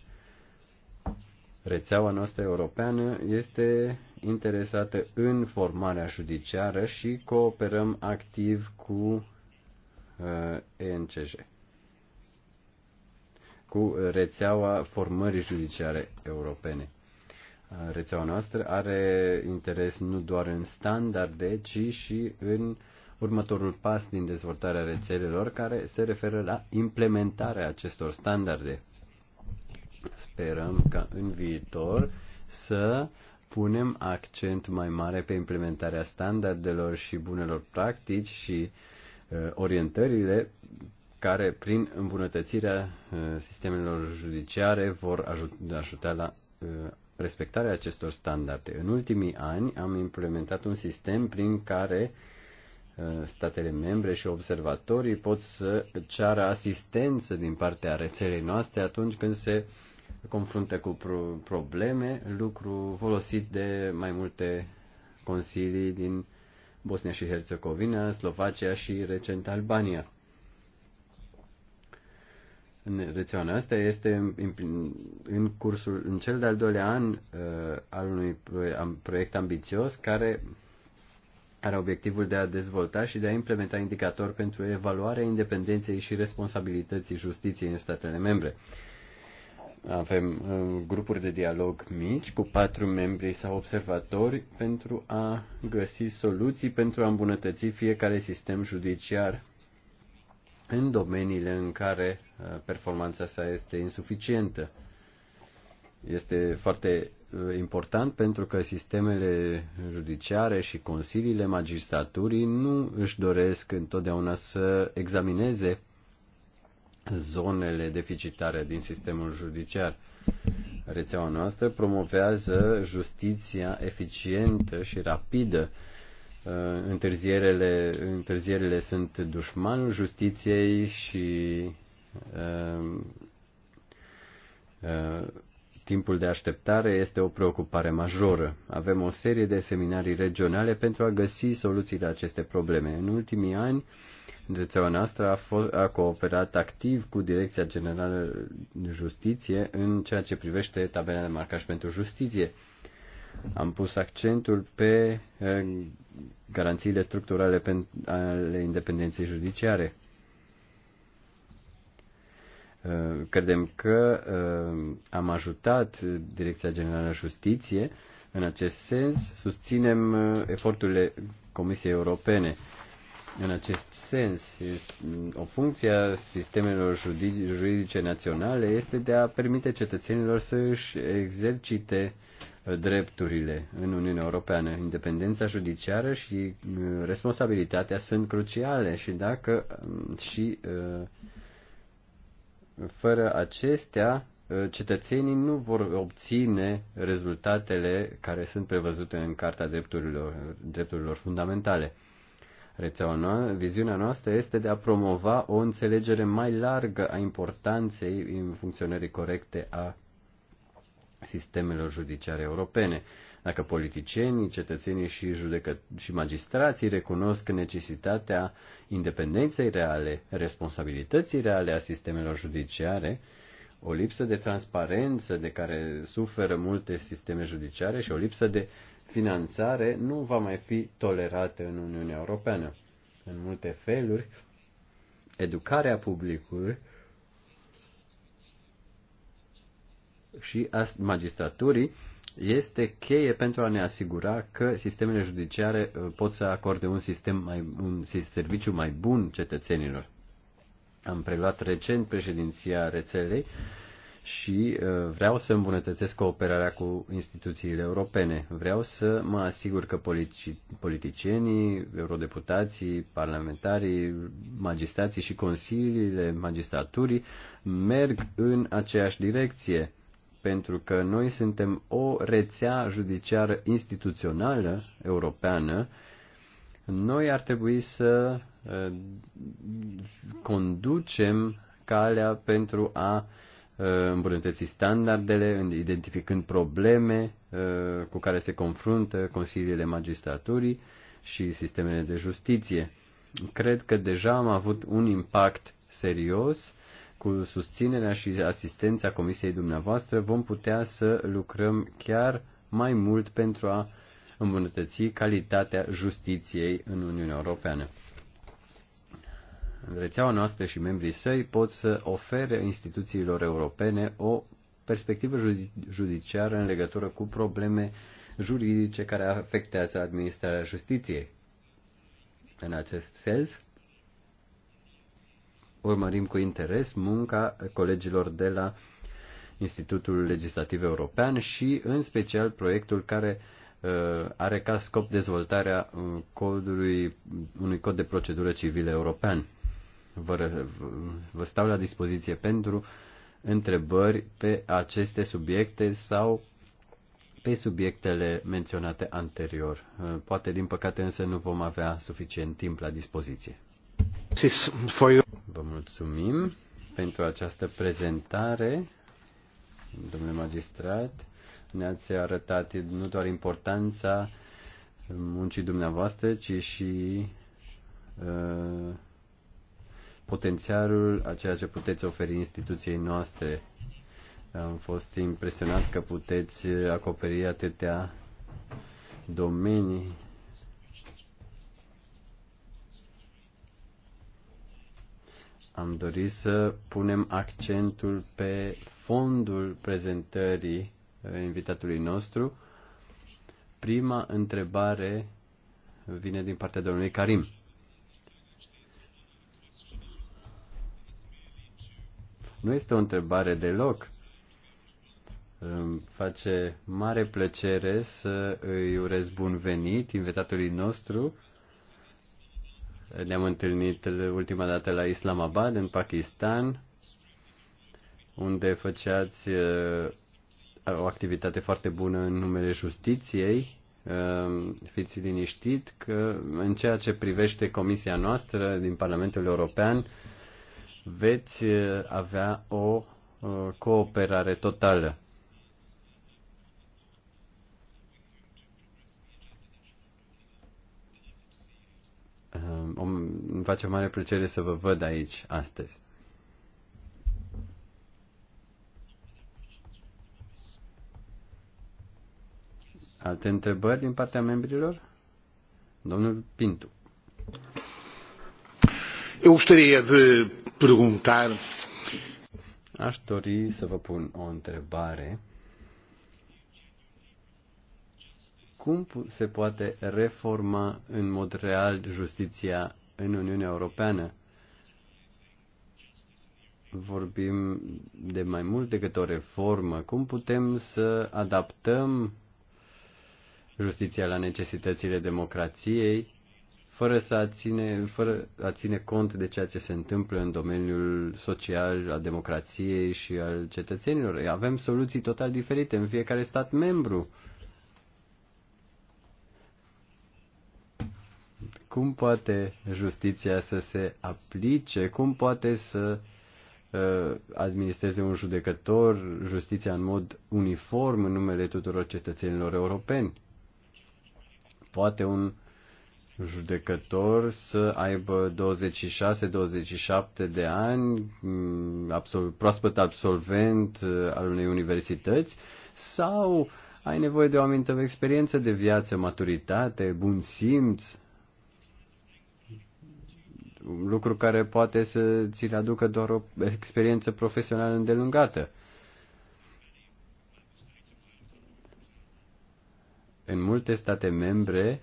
rețeaua noastră europeană este interesată în formarea judiciară și cooperăm activ cu uh, ENCJ cu rețeaua formării judiciare europene. Rețeaua noastră are interes nu doar în standarde, ci și în următorul pas din dezvoltarea rețelelor care se referă la implementarea acestor standarde. Sperăm ca în viitor să punem accent mai mare pe implementarea standardelor și bunelor practici și uh, orientările care, prin îmbunătățirea uh, sistemelor judiciare, vor ajuta la uh, respectarea acestor standarde. În ultimii ani am implementat un sistem prin care uh, statele membre și observatorii pot să ceară asistență din partea rețelei noastre atunci când se confruntă cu probleme, lucru folosit de mai multe consilii din Bosnia și Herțegovina, Slovacia și recent Albania în rețeaua noastră este în, în cursul, în cel de-al doilea an uh, al unui proiect ambițios care are obiectivul de a dezvolta și de a implementa indicatori pentru evaluarea independenței și responsabilității justiției în statele membre. Avem uh, grupuri de dialog mici cu patru membri sau observatori pentru a găsi soluții pentru a îmbunătăți fiecare sistem judiciar în domeniile în care uh, performanța sa este insuficientă. Este foarte uh, important pentru că sistemele judiciare și consiliile magistraturii nu își doresc întotdeauna să examineze zonele deficitare din sistemul judiciar. Rețeaua noastră promovează justiția eficientă și rapidă Uh, întârzierele, întârzierele sunt dușman justiției și uh, uh, timpul de așteptare este o preocupare majoră. Avem o serie de seminarii regionale pentru a găsi soluții la aceste probleme. În ultimii ani, rețeaua noastră a, fo- a cooperat activ cu Direcția Generală de Justiție în ceea ce privește tabela de marcaj pentru justiție. Am pus accentul pe eh, garanțiile structurale ale independenței judiciare. Eh, credem că eh, am ajutat Direcția Generală Justiție în acest sens. Susținem eforturile Comisiei Europene în acest sens, mm, o funcție a sistemelor juridice naționale este de a permite cetățenilor să își exercite drepturile în Uniunea Europeană. Independența judiciară și uh, responsabilitatea sunt cruciale și dacă um, și uh, fără acestea uh, cetățenii nu vor obține rezultatele care sunt prevăzute în Carta Drepturilor, Drepturilor Fundamentale. Rețeaua noastră, viziunea noastră este de a promova o înțelegere mai largă a importanței în funcționării corecte a sistemelor judiciare europene. Dacă politicienii, cetățenii și, judecă- și magistrații recunosc necesitatea independenței reale, responsabilității reale a sistemelor judiciare, o lipsă de transparență de care suferă multe sisteme judiciare și o lipsă de finanțare nu va mai fi tolerată în Uniunea Europeană. În multe feluri, educarea publicului și a magistraturii este cheie pentru a ne asigura că sistemele judiciare uh, pot să acorde un, sistem mai, un serviciu mai bun cetățenilor. Am preluat recent președinția rețelei și uh, vreau să îmbunătățesc cooperarea cu instituțiile europene. Vreau să mă asigur că politicienii, eurodeputații, parlamentarii, magistrații și consiliile magistraturii merg în aceeași direcție pentru că noi suntem o rețea judiciară instituțională europeană, noi ar trebui să uh, conducem calea pentru a uh, îmbunătăți standardele, identificând probleme uh, cu care se confruntă consiliile magistraturii și sistemele de justiție. Cred că deja am avut un impact serios cu susținerea și asistența comisiei dumneavoastră vom putea să lucrăm chiar mai mult pentru a îmbunătăți calitatea justiției în Uniunea Europeană. Rețeaua noastră și membrii săi pot să ofere instituțiilor europene o perspectivă judiciară în legătură cu probleme juridice care afectează administrarea justiției. În acest sens, urmărim cu interes munca colegilor de la Institutul Legislativ European și în special proiectul care uh, are ca scop dezvoltarea uh, codului, unui cod de procedură civilă european. Vă, vă stau la dispoziție pentru întrebări pe aceste subiecte sau pe subiectele menționate anterior. Uh, poate, din păcate, însă nu vom avea suficient timp la dispoziție mulțumim pentru această prezentare, domnule magistrat. Ne-ați arătat nu doar importanța muncii dumneavoastră, ci și uh, potențialul a ceea ce puteți oferi instituției noastre. Am fost impresionat că puteți acoperi atâtea domenii am dorit să punem accentul pe fondul prezentării uh, invitatului nostru. Prima întrebare vine din partea domnului Karim. Nu este o întrebare deloc. Îmi face mare plăcere să îi urez bun venit invitatului nostru ne-am întâlnit ultima dată la Islamabad, în Pakistan, unde făceați uh, o activitate foarte bună în numele justiției. Um, fiți liniștit că în ceea ce privește comisia noastră din Parlamentul European veți uh, avea o uh, cooperare totală. îmi face mare plăcere să vă văd aici astăzi. Alte întrebări din partea membrilor? Domnul Pintu. Eu de perguntar. Aș dori să vă pun o întrebare. cum se poate reforma în mod real justiția în Uniunea Europeană. Vorbim de mai mult decât o reformă. Cum putem să adaptăm justiția la necesitățile democrației fără să a ține, fără a ține cont de ceea ce se întâmplă în domeniul social, al democrației și al cetățenilor. Avem soluții total diferite în fiecare stat membru cum poate justiția să se aplice, cum poate să uh, administreze un judecător justiția în mod uniform în numele tuturor cetățenilor europeni. Poate un judecător să aibă 26-27 de ani, mm, absol, proaspăt absolvent uh, al unei universități sau ai nevoie de o anumită experiență de viață, maturitate, bun simț, lucru care poate să ți le aducă doar o experiență profesională îndelungată. În multe state membre,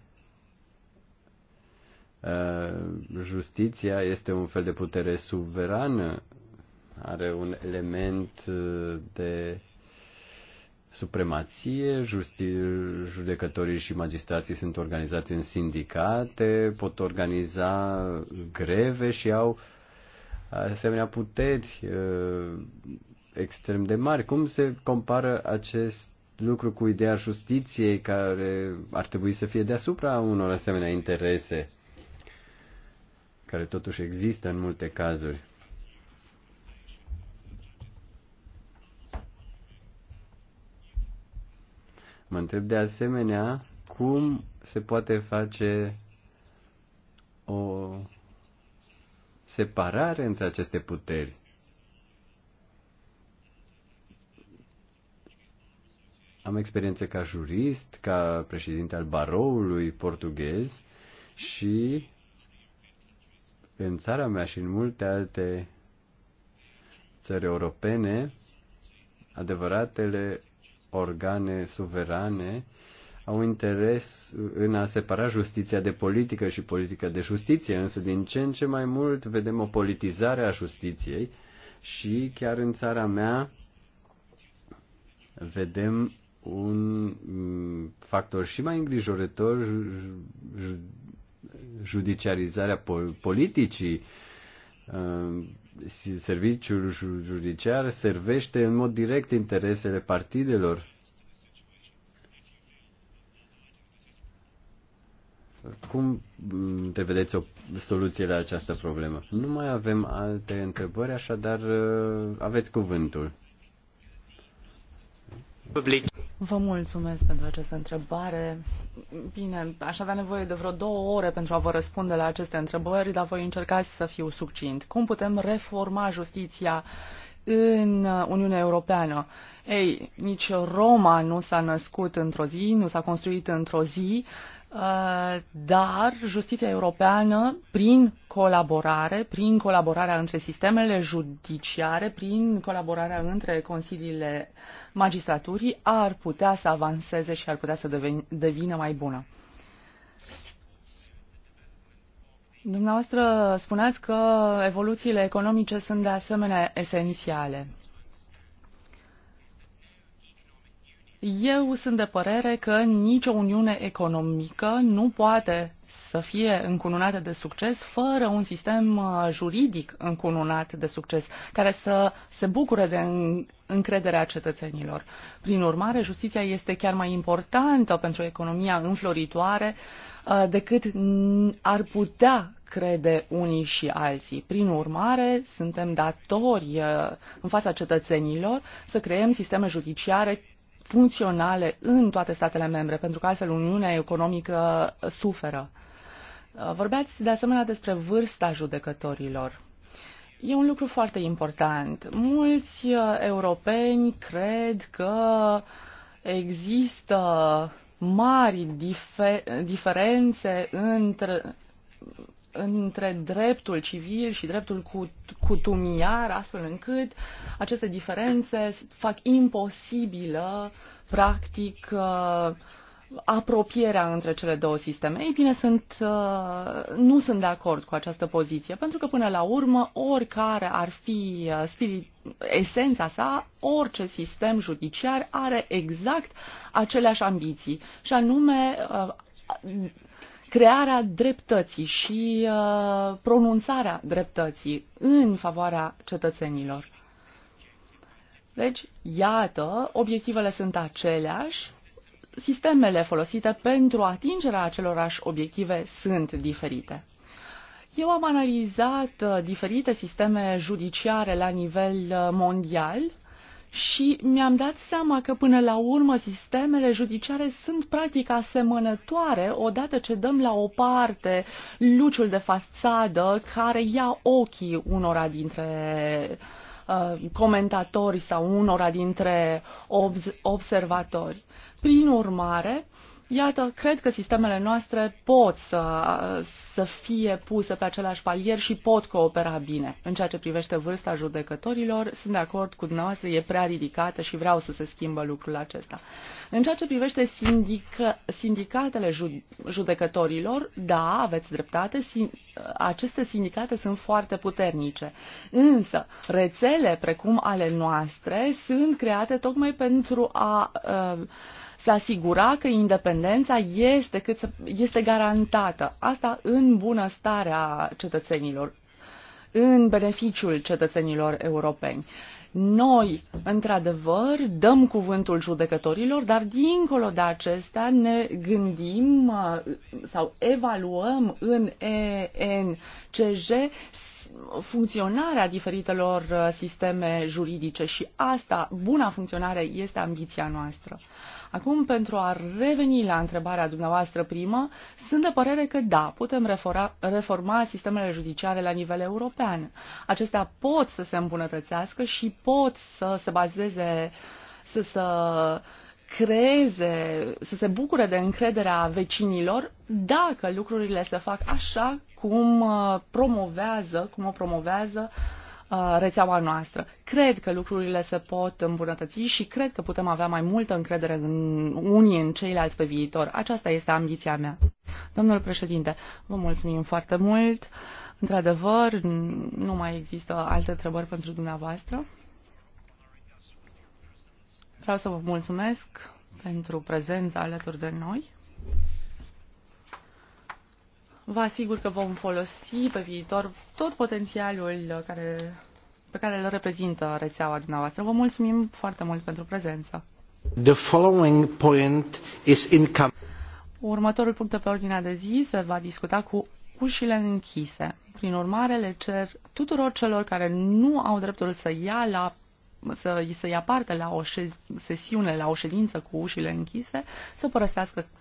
uh, justiția este un fel de putere suverană, are un element uh, de supremație, justi- judecătorii și magistrații sunt organizați în sindicate, pot organiza greve și au asemenea puteri uh, extrem de mari. Cum se compară acest lucru cu ideea justiției care ar trebui să fie deasupra unor asemenea interese care totuși există în multe cazuri? Mă întreb de asemenea cum se poate face o separare între aceste puteri. Am experiență ca jurist, ca președinte al baroului portughez și în țara mea și în multe alte țări europene, adevăratele organe suverane au interes în a separa justiția de politică și politică de justiție, însă din ce în ce mai mult vedem o politizare a justiției și chiar în țara mea vedem un factor și mai îngrijorător judiciarizarea politicii Ehm, serviciul judiciar servește în mod direct interesele partidelor. Cum mm, te vedeți o soluție la această problemă? Nu mai avem alte întrebări, așadar ehm, aveți cuvântul. Public. Vă mulțumesc pentru această întrebare. Bine, aș avea nevoie de vreo două ore pentru a vă răspunde la aceste întrebări, dar voi încerca să fiu succint. Cum putem reforma justiția în Uniunea Europeană? Ei, nici Roma nu s-a născut într-o zi, nu s-a construit într-o zi. Uh, dar justiția europeană, prin colaborare, prin colaborarea între sistemele judiciare, prin colaborarea între consiliile magistraturii, ar putea să avanseze și ar putea să devină mai bună. Dumneavoastră spuneați că evoluțiile economice sunt de asemenea esențiale. Eu sunt de părere că nicio uniune economică nu poate să fie încununată de succes fără un sistem uh, juridic încununat de succes, care să se bucure de încrederea cetățenilor. Prin urmare, justiția este chiar mai importantă pentru economia înfloritoare uh, decât ar putea crede unii și alții. Prin urmare, suntem datori uh, în fața cetățenilor să creăm sisteme judiciare funcționale în toate statele membre, pentru că altfel Uniunea Economică suferă. Uh, vorbeați de asemenea despre vârsta judecătorilor. E un lucru foarte important. Mulți uh, europeni cred că există mari dife- diferențe între între dreptul civil și dreptul cutumiar, astfel încât aceste diferențe fac imposibilă, practic, uh, apropierea între cele două sisteme. Ei bine, sunt, uh, nu sunt de acord cu această poziție, pentru că până la urmă, oricare ar fi uh, spirit, esența sa, orice sistem judiciar are exact aceleași ambiții, și anume crearea dreptății și uh, pronunțarea dreptății în favoarea cetățenilor. Deci, iată, obiectivele sunt aceleași, sistemele folosite pentru atingerea acelorași obiective sunt diferite. Eu am analizat uh, diferite sisteme judiciare la nivel uh, mondial și mi-am dat seama că până la urmă sistemele judiciare sunt practic asemănătoare odată ce dăm la o parte luciul de fațadă care ia ochii unora dintre uh, comentatori sau unora dintre obz- observatori. Prin urmare, uh, Iată, cred că sistemele noastre pot să, să fie puse pe același palier și pot coopera bine. În ceea ce privește vârsta judecătorilor, sunt de acord cu dumneavoastră, e prea ridicată și vreau să se schimbă lucrul acesta. În ceea ce privește sindică, sindicatele judecătorilor, da, aveți dreptate, sin, aceste sindicate sunt foarte puternice. Însă, rețele precum ale noastre sunt create tocmai pentru a. Uh, se asigura că independența este, cât se, este garantată. Asta în bunăstarea cetățenilor, în beneficiul cetățenilor europeni. Noi, într-adevăr, dăm cuvântul judecătorilor, dar dincolo de acestea ne gândim uh, sau evaluăm în ENCJ funcționarea diferitelor uh, sisteme juridice și asta, buna funcționare, este ambiția noastră. Acum, pentru a reveni la întrebarea dumneavoastră primă, sunt de părere că da, putem refora, reforma sistemele judiciare la nivel european. Acestea pot să se îmbunătățească și pot să se bazeze, să, să creeze, să se bucure de încrederea vecinilor dacă lucrurile se fac așa cum uh, promovează, cum o promovează uh, rețeaua noastră. Cred că lucrurile se pot îmbunătăți și cred că putem avea mai multă încredere în unii în ceilalți pe viitor. Aceasta este ambiția mea. Domnul președinte, vă mulțumim foarte mult. Într-adevăr, nu mai există alte întrebări pentru dumneavoastră. Vreau să vă mulțumesc pentru prezența alături de noi. Vă asigur că vom folosi pe viitor tot potențialul care, pe care îl reprezintă rețeaua dumneavoastră. Vă mulțumim foarte mult pentru prezență. The following point is income. Următorul punct de pe ordinea de zi se va discuta cu ușile închise. Prin urmare, le cer tuturor celor care nu au dreptul să ia la să i se ia parte la o sesiune, la o ședință cu ușile închise, să părăsească